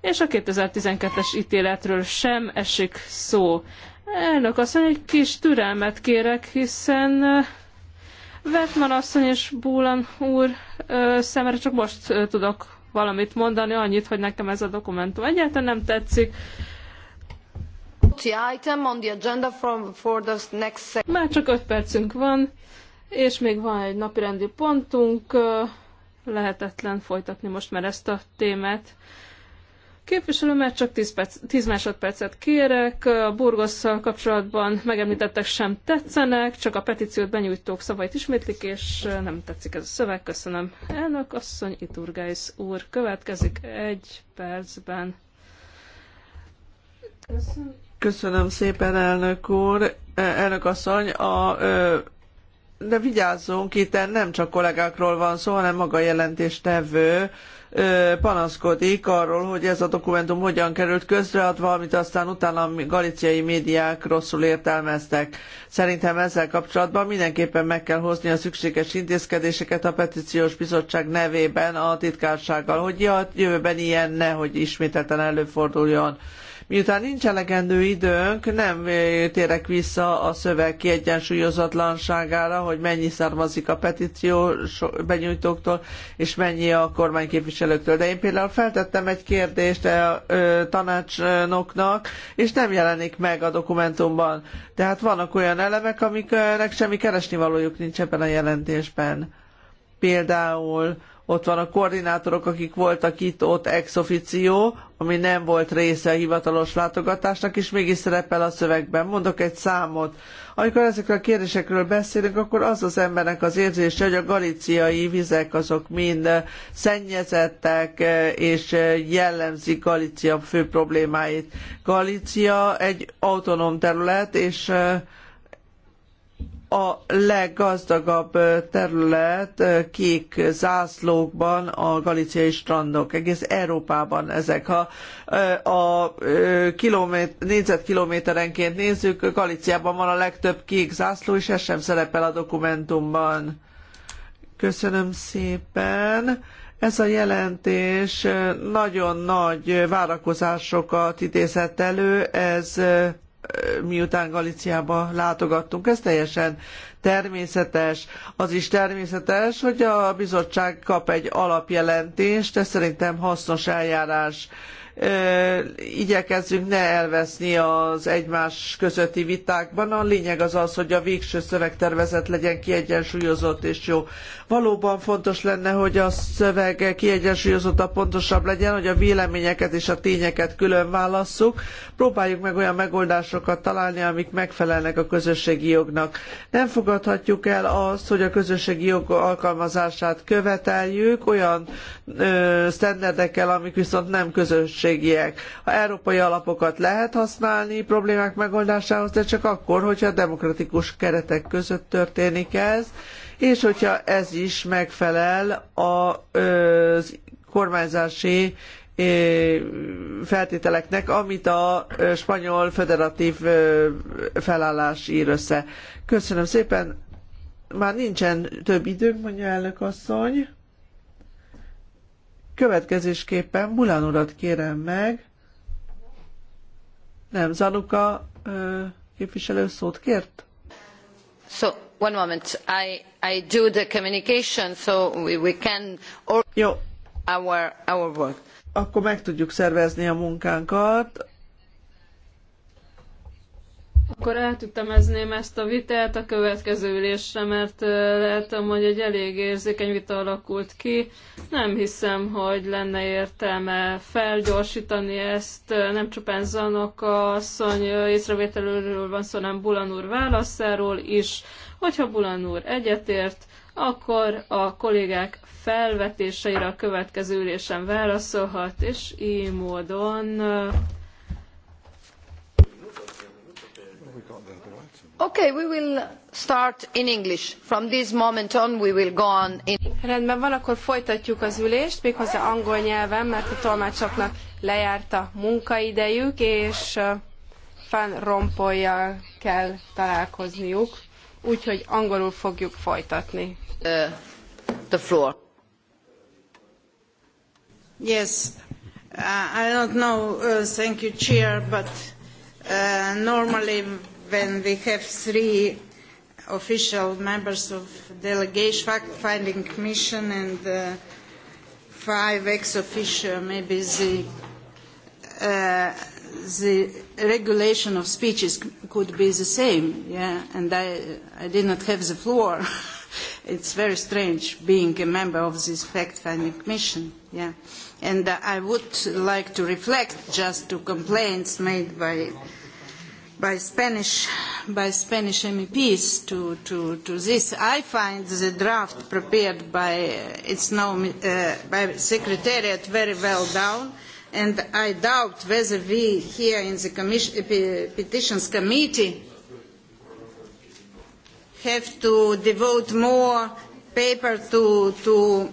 és a 2012-es ítéletről sem esik szó. Elnök asszony, egy kis türelmet kérek, hiszen Vetman eh, asszony és Búlan úr eh, szemre csak most eh, tudok valamit mondani, annyit, hogy nekem ez a dokumentum egyáltalán nem tetszik. Már csak öt percünk van, és még van egy napirendi pontunk. Lehetetlen folytatni most már ezt a témát. Képviselő, mert csak 10, perc, 10 másodpercet kérek, a Burgosszal kapcsolatban megemlítettek sem tetszenek, csak a petíciót benyújtók szavait ismétlik, és nem tetszik ez a szöveg. Köszönöm. Elnök asszony, Iturgáis úr, következik egy percben. Köszönöm. Köszönöm szépen, elnök úr. E, elnök asszony, a, de vigyázzunk, itt nem csak kollégákról van szó, hanem maga jelentéstevő, panaszkodik arról, hogy ez a dokumentum hogyan került közreadva, amit aztán utána a galiciai médiák rosszul értelmeztek. Szerintem ezzel kapcsolatban mindenképpen meg kell hozni a szükséges intézkedéseket a petíciós bizottság nevében a titkársággal, hogy a jövőben ilyen nehogy ismételten előforduljon. Miután nincs elegendő időnk, nem térek vissza a szöveg kiegyensúlyozatlanságára, hogy mennyi származik a petíció benyújtóktól, és mennyi a kormányképviselőktől. De én például feltettem egy kérdést a e, tanácsnoknak, és nem jelenik meg a dokumentumban. Tehát vannak olyan elemek, amiknek semmi keresnivalójuk nincs ebben a jelentésben. Például ott van a koordinátorok, akik voltak itt, ott ex officio, ami nem volt része a hivatalos látogatásnak, és mégis szerepel a szövegben. Mondok egy számot. Amikor ezekről a kérdésekről beszélünk, akkor az az embernek az érzése, hogy a galiciai vizek azok mind szennyezettek, és jellemzik Galícia fő problémáit. Galícia egy autonóm terület, és a leggazdagabb terület kék zászlókban a galiciai strandok. Egész Európában ezek. Ha a kilométer, négyzetkilométerenként nézzük, Galiciában van a legtöbb kék zászló, és ez sem szerepel a dokumentumban. Köszönöm szépen. Ez a jelentés nagyon nagy várakozásokat idézett elő, ez miután Galiciába látogattunk. Ez teljesen természetes. Az is természetes, hogy a bizottság kap egy alapjelentést, ez szerintem hasznos eljárás igyekezzünk ne elveszni az egymás közötti vitákban. A lényeg az az, hogy a végső szövegtervezet legyen kiegyensúlyozott és jó. Valóban fontos lenne, hogy a szöveg kiegyensúlyozottabb, pontosabb legyen, hogy a véleményeket és a tényeket külön válasszuk. Próbáljuk meg olyan megoldásokat találni, amik megfelelnek a közösségi jognak. Nem fogadhatjuk el azt, hogy a közösségi jog alkalmazását követeljük olyan ö, sztenderdekkel, amik viszont nem közös kisebbségiek. A európai alapokat lehet használni problémák megoldásához, de csak akkor, hogyha demokratikus keretek között történik ez, és hogyha ez is megfelel a kormányzási feltételeknek, amit a spanyol federatív felállás ír össze. Köszönöm szépen. Már nincsen több időnk, mondja elnök asszony. Következésképpen Mulán urat kérem meg, nem, Zanuka képviselő szót kért? So, one moment. I, I do the communication, so we, we can Jó. Our, our work. Akkor meg tudjuk szervezni a munkánkat. Akkor el tudtam ezt a vitát a következő ülésre, mert látom, hogy egy elég érzékeny vita alakult ki. Nem hiszem, hogy lenne értelme felgyorsítani ezt. Nem csupán Zanok asszony észrevételőről van szó, hanem Bulan úr válaszáról is. Hogyha Bulan úr egyetért, akkor a kollégák felvetéseire a következő ülésen válaszolhat, és így módon Rendben van, akkor folytatjuk az ülést, méghozzá angol nyelven, mert a tolmácsoknak lejárt a munkaidejük, és van Rompolyjal kell találkozniuk, úgyhogy angolul fogjuk folytatni. Uh, the floor. Yes, uh, I don't know, uh, thank you, Chair, but uh, normally when we have three official members of delegation, fact-finding commission and uh, five ex-officio, maybe the, uh, the regulation of speeches could be the same, yeah, and I, I did not have the floor. It's very strange being a member of this fact-finding commission. yeah. And uh, I would like to reflect just to complaints made by uh, by Spanish, by Spanish MEPs to, to, to this. I find the draft prepared by uh, its now uh, by Secretariat very well done, and I doubt whether we here in the commission, uh, Petitions Committee have to devote more paper to, to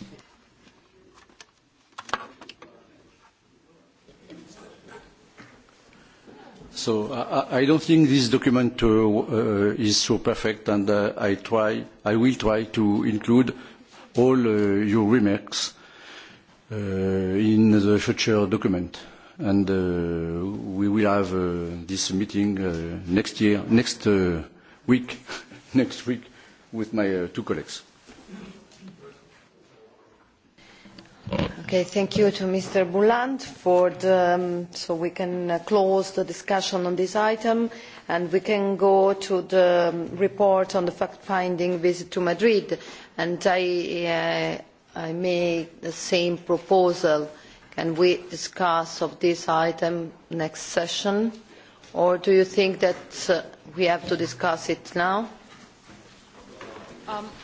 So I, I don't think this document uh, uh, is so perfect, and uh, I try, I will try to include all uh, your remarks uh, in the future document, and we will have this meeting next year, next week, next week, with my two colleagues. Okay, thank you to Mr. Bouland for the, um, so we can uh, close the discussion on this item and we can go to the um, report on the fact-finding visit to Madrid and I, uh, I made the same proposal. Can we discuss of this item next session or do you think that uh, we have to discuss it now? Um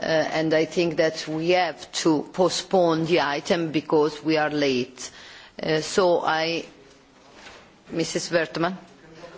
Uh, and I think that we have to postpone the item because we are late. Uh, so I, Mrs. Wertmann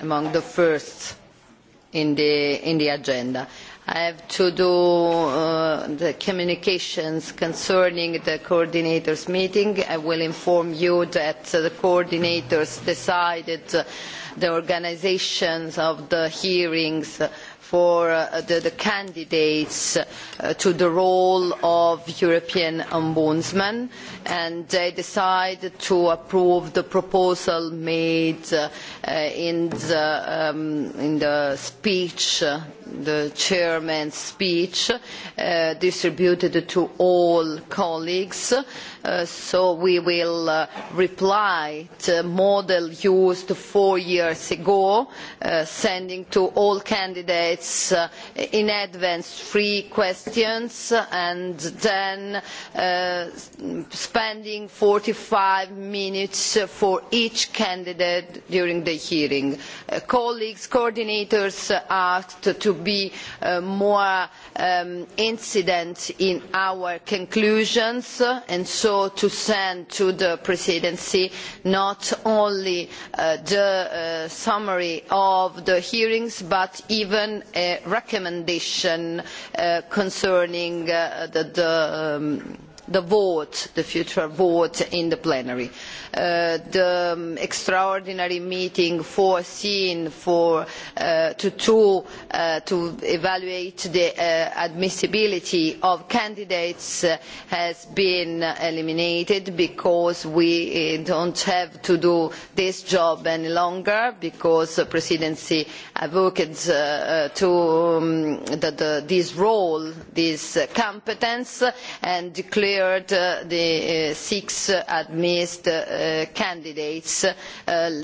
among the first in the, in the agenda. I have to do uh, the communications concerning the coordinators' meeting. I will inform you that the coordinators decided the organisations of the hearings for uh, the, candidates uh, to the role of European Ombudsman and they decide to approve the proposal made uh, in the, um, in the speech, the chairman's speech uh, distributed to all colleagues. Uh, Uh, so we will uh, reply to model used four years ago, uh, sending to all candidates in advance three questions and then spending 45 minutes for each candidate during the hearing. Colleagues, coordinators asked to be more um, incident in our conclusions and so to send to the presidency not only uh, the uh, summary of the hearings but even a recommendation uh, concerning the, the um, the vote, the future vote in the plenary. Uh, the um, extraordinary meeting foreseen for uh, to, to, uh, to evaluate the uh, admissibility of candidates uh, has been eliminated because we uh, don't have to do this job any longer because the presidency advocates to um, the, the, this role, this competence and declared cleared uh, the uh, six admitted uh, candidates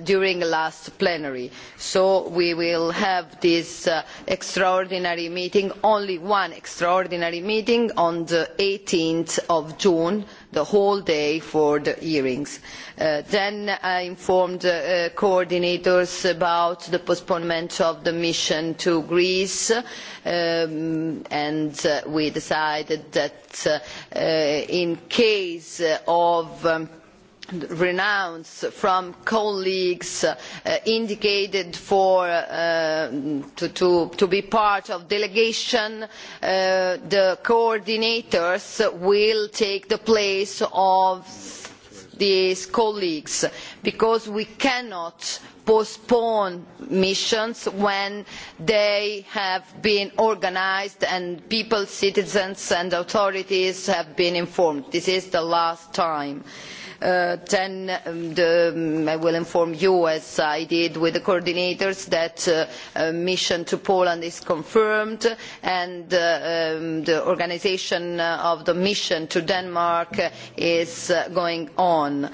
during the last plenary. So we will have this extraordinary meeting, only one extraordinary meeting on the 18th of June the whole day for the hearings. Uh, then I informed the uh, coordinators about the postponement of the mission to Greece um, and uh, we decided that in case of um, renounced from colleagues uh, indicated for, uh, to, to, to be part of delegation, uh, the coordinators will take the place of these colleagues because we cannot postpone missions when they have been organised and people citizens and authorities have been informed. this is the last time. Uh, Uh, then um, um, I will inform you, as I did with the coordinators, that uh, mission to Poland is confirmed and uh, um, the organisation of the mission to Denmark is uh, going on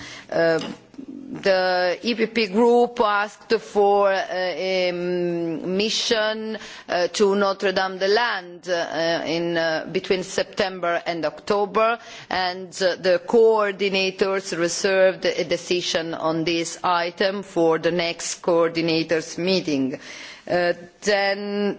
the epp group asked for uh, a mission uh, to notre dame des landes uh, in, between september and october and the coordinators reserved a decision on this item for the next coordinators meeting. Uh, then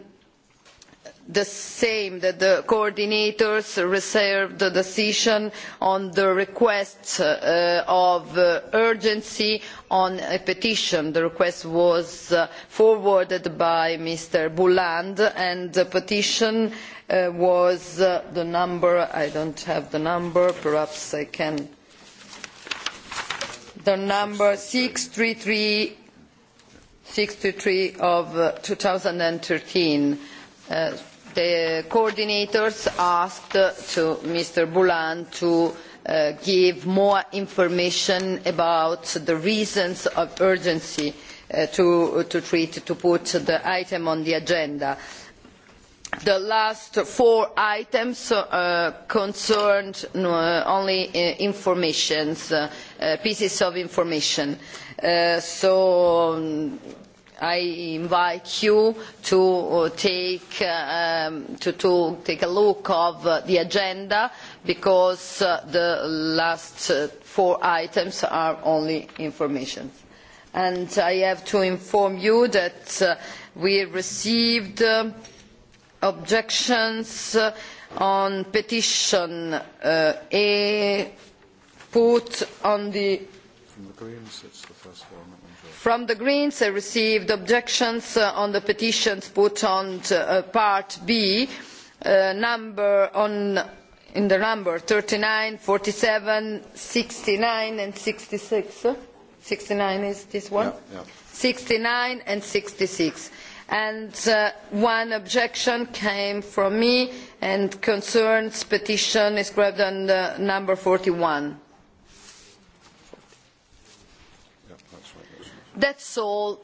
the same that the coordinators reserved the decision on the request uh, uh, of uh, urgency on a petition. the request was forwarded by mr boulland and the petition was the number i do not have the number perhaps i can the number six three three sixty three of two thousand and thirteen the coordinators asked Mr. boulland to uh, give more information about the reasons of urgency uh, to, treat, to put the item on the agenda. The last four items uh, concerned only uh, pieces of information. so um, I invite you to uh, take, uh, um, to, to take a look of uh, the agenda because the last four items are only information. And I have to inform you that we received objections on petition uh, A put on the from the greens i received objections uh, on the petitions put on uh, part b uh, number in the number thirty nine forty seven sixty nine and sixty six is this one yeah, and and one objection came from me and concerns petition described under number forty one That's all.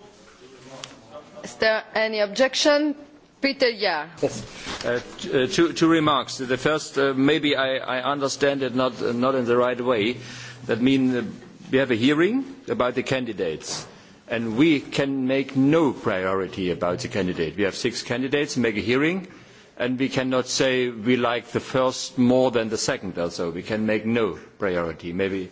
Is there any objection? Peter Jahr. Yes. Uh, uh, two, two remarks. The first, uh, maybe I, I understand it not, not in the right way. That means uh, we have a hearing about the candidates and we can make no priority about the candidate. We have six candidates, make a hearing, and we cannot say we like the first more than the second or so. We can make no priority. Maybe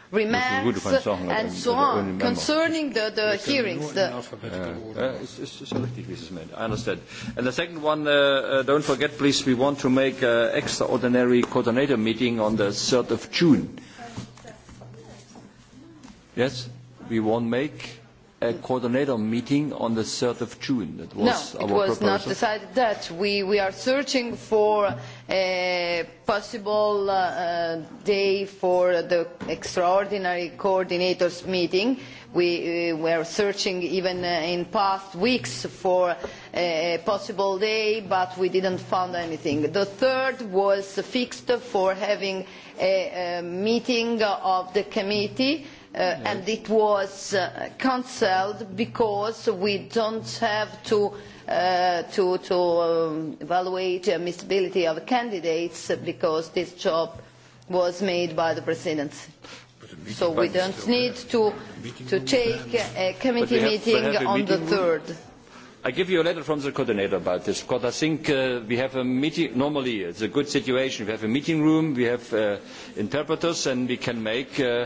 remarks and so on concerning the, the hearings. The uh, uh, I understand. And the second one, uh, uh, don't forget, please, we want to make an extraordinary coordinator meeting on the 3rd of June. Yes, we won't make a coordinator meeting on the 3rd of June. That was no, our it was proposal. not decided that. We, we are searching for possible uh, day for the extraordinary coordinators meeting. We uh, were searching even uh, in past weeks for a possible day, but we didn't find anything. The third was fixed for having a, a meeting of the committee Uh, and it was uh, cancelled because we don't have to uh, to, to um, evaluate the uh, admissibility of candidates because this job was made by the presidency. So we don't need to, to take a committee meeting on the third. I give you a letter from the coordinator about this because I think uh, we have a meeting. Normally, it's a good situation. We have a meeting room, we have uh, interpreters, and we can make uh,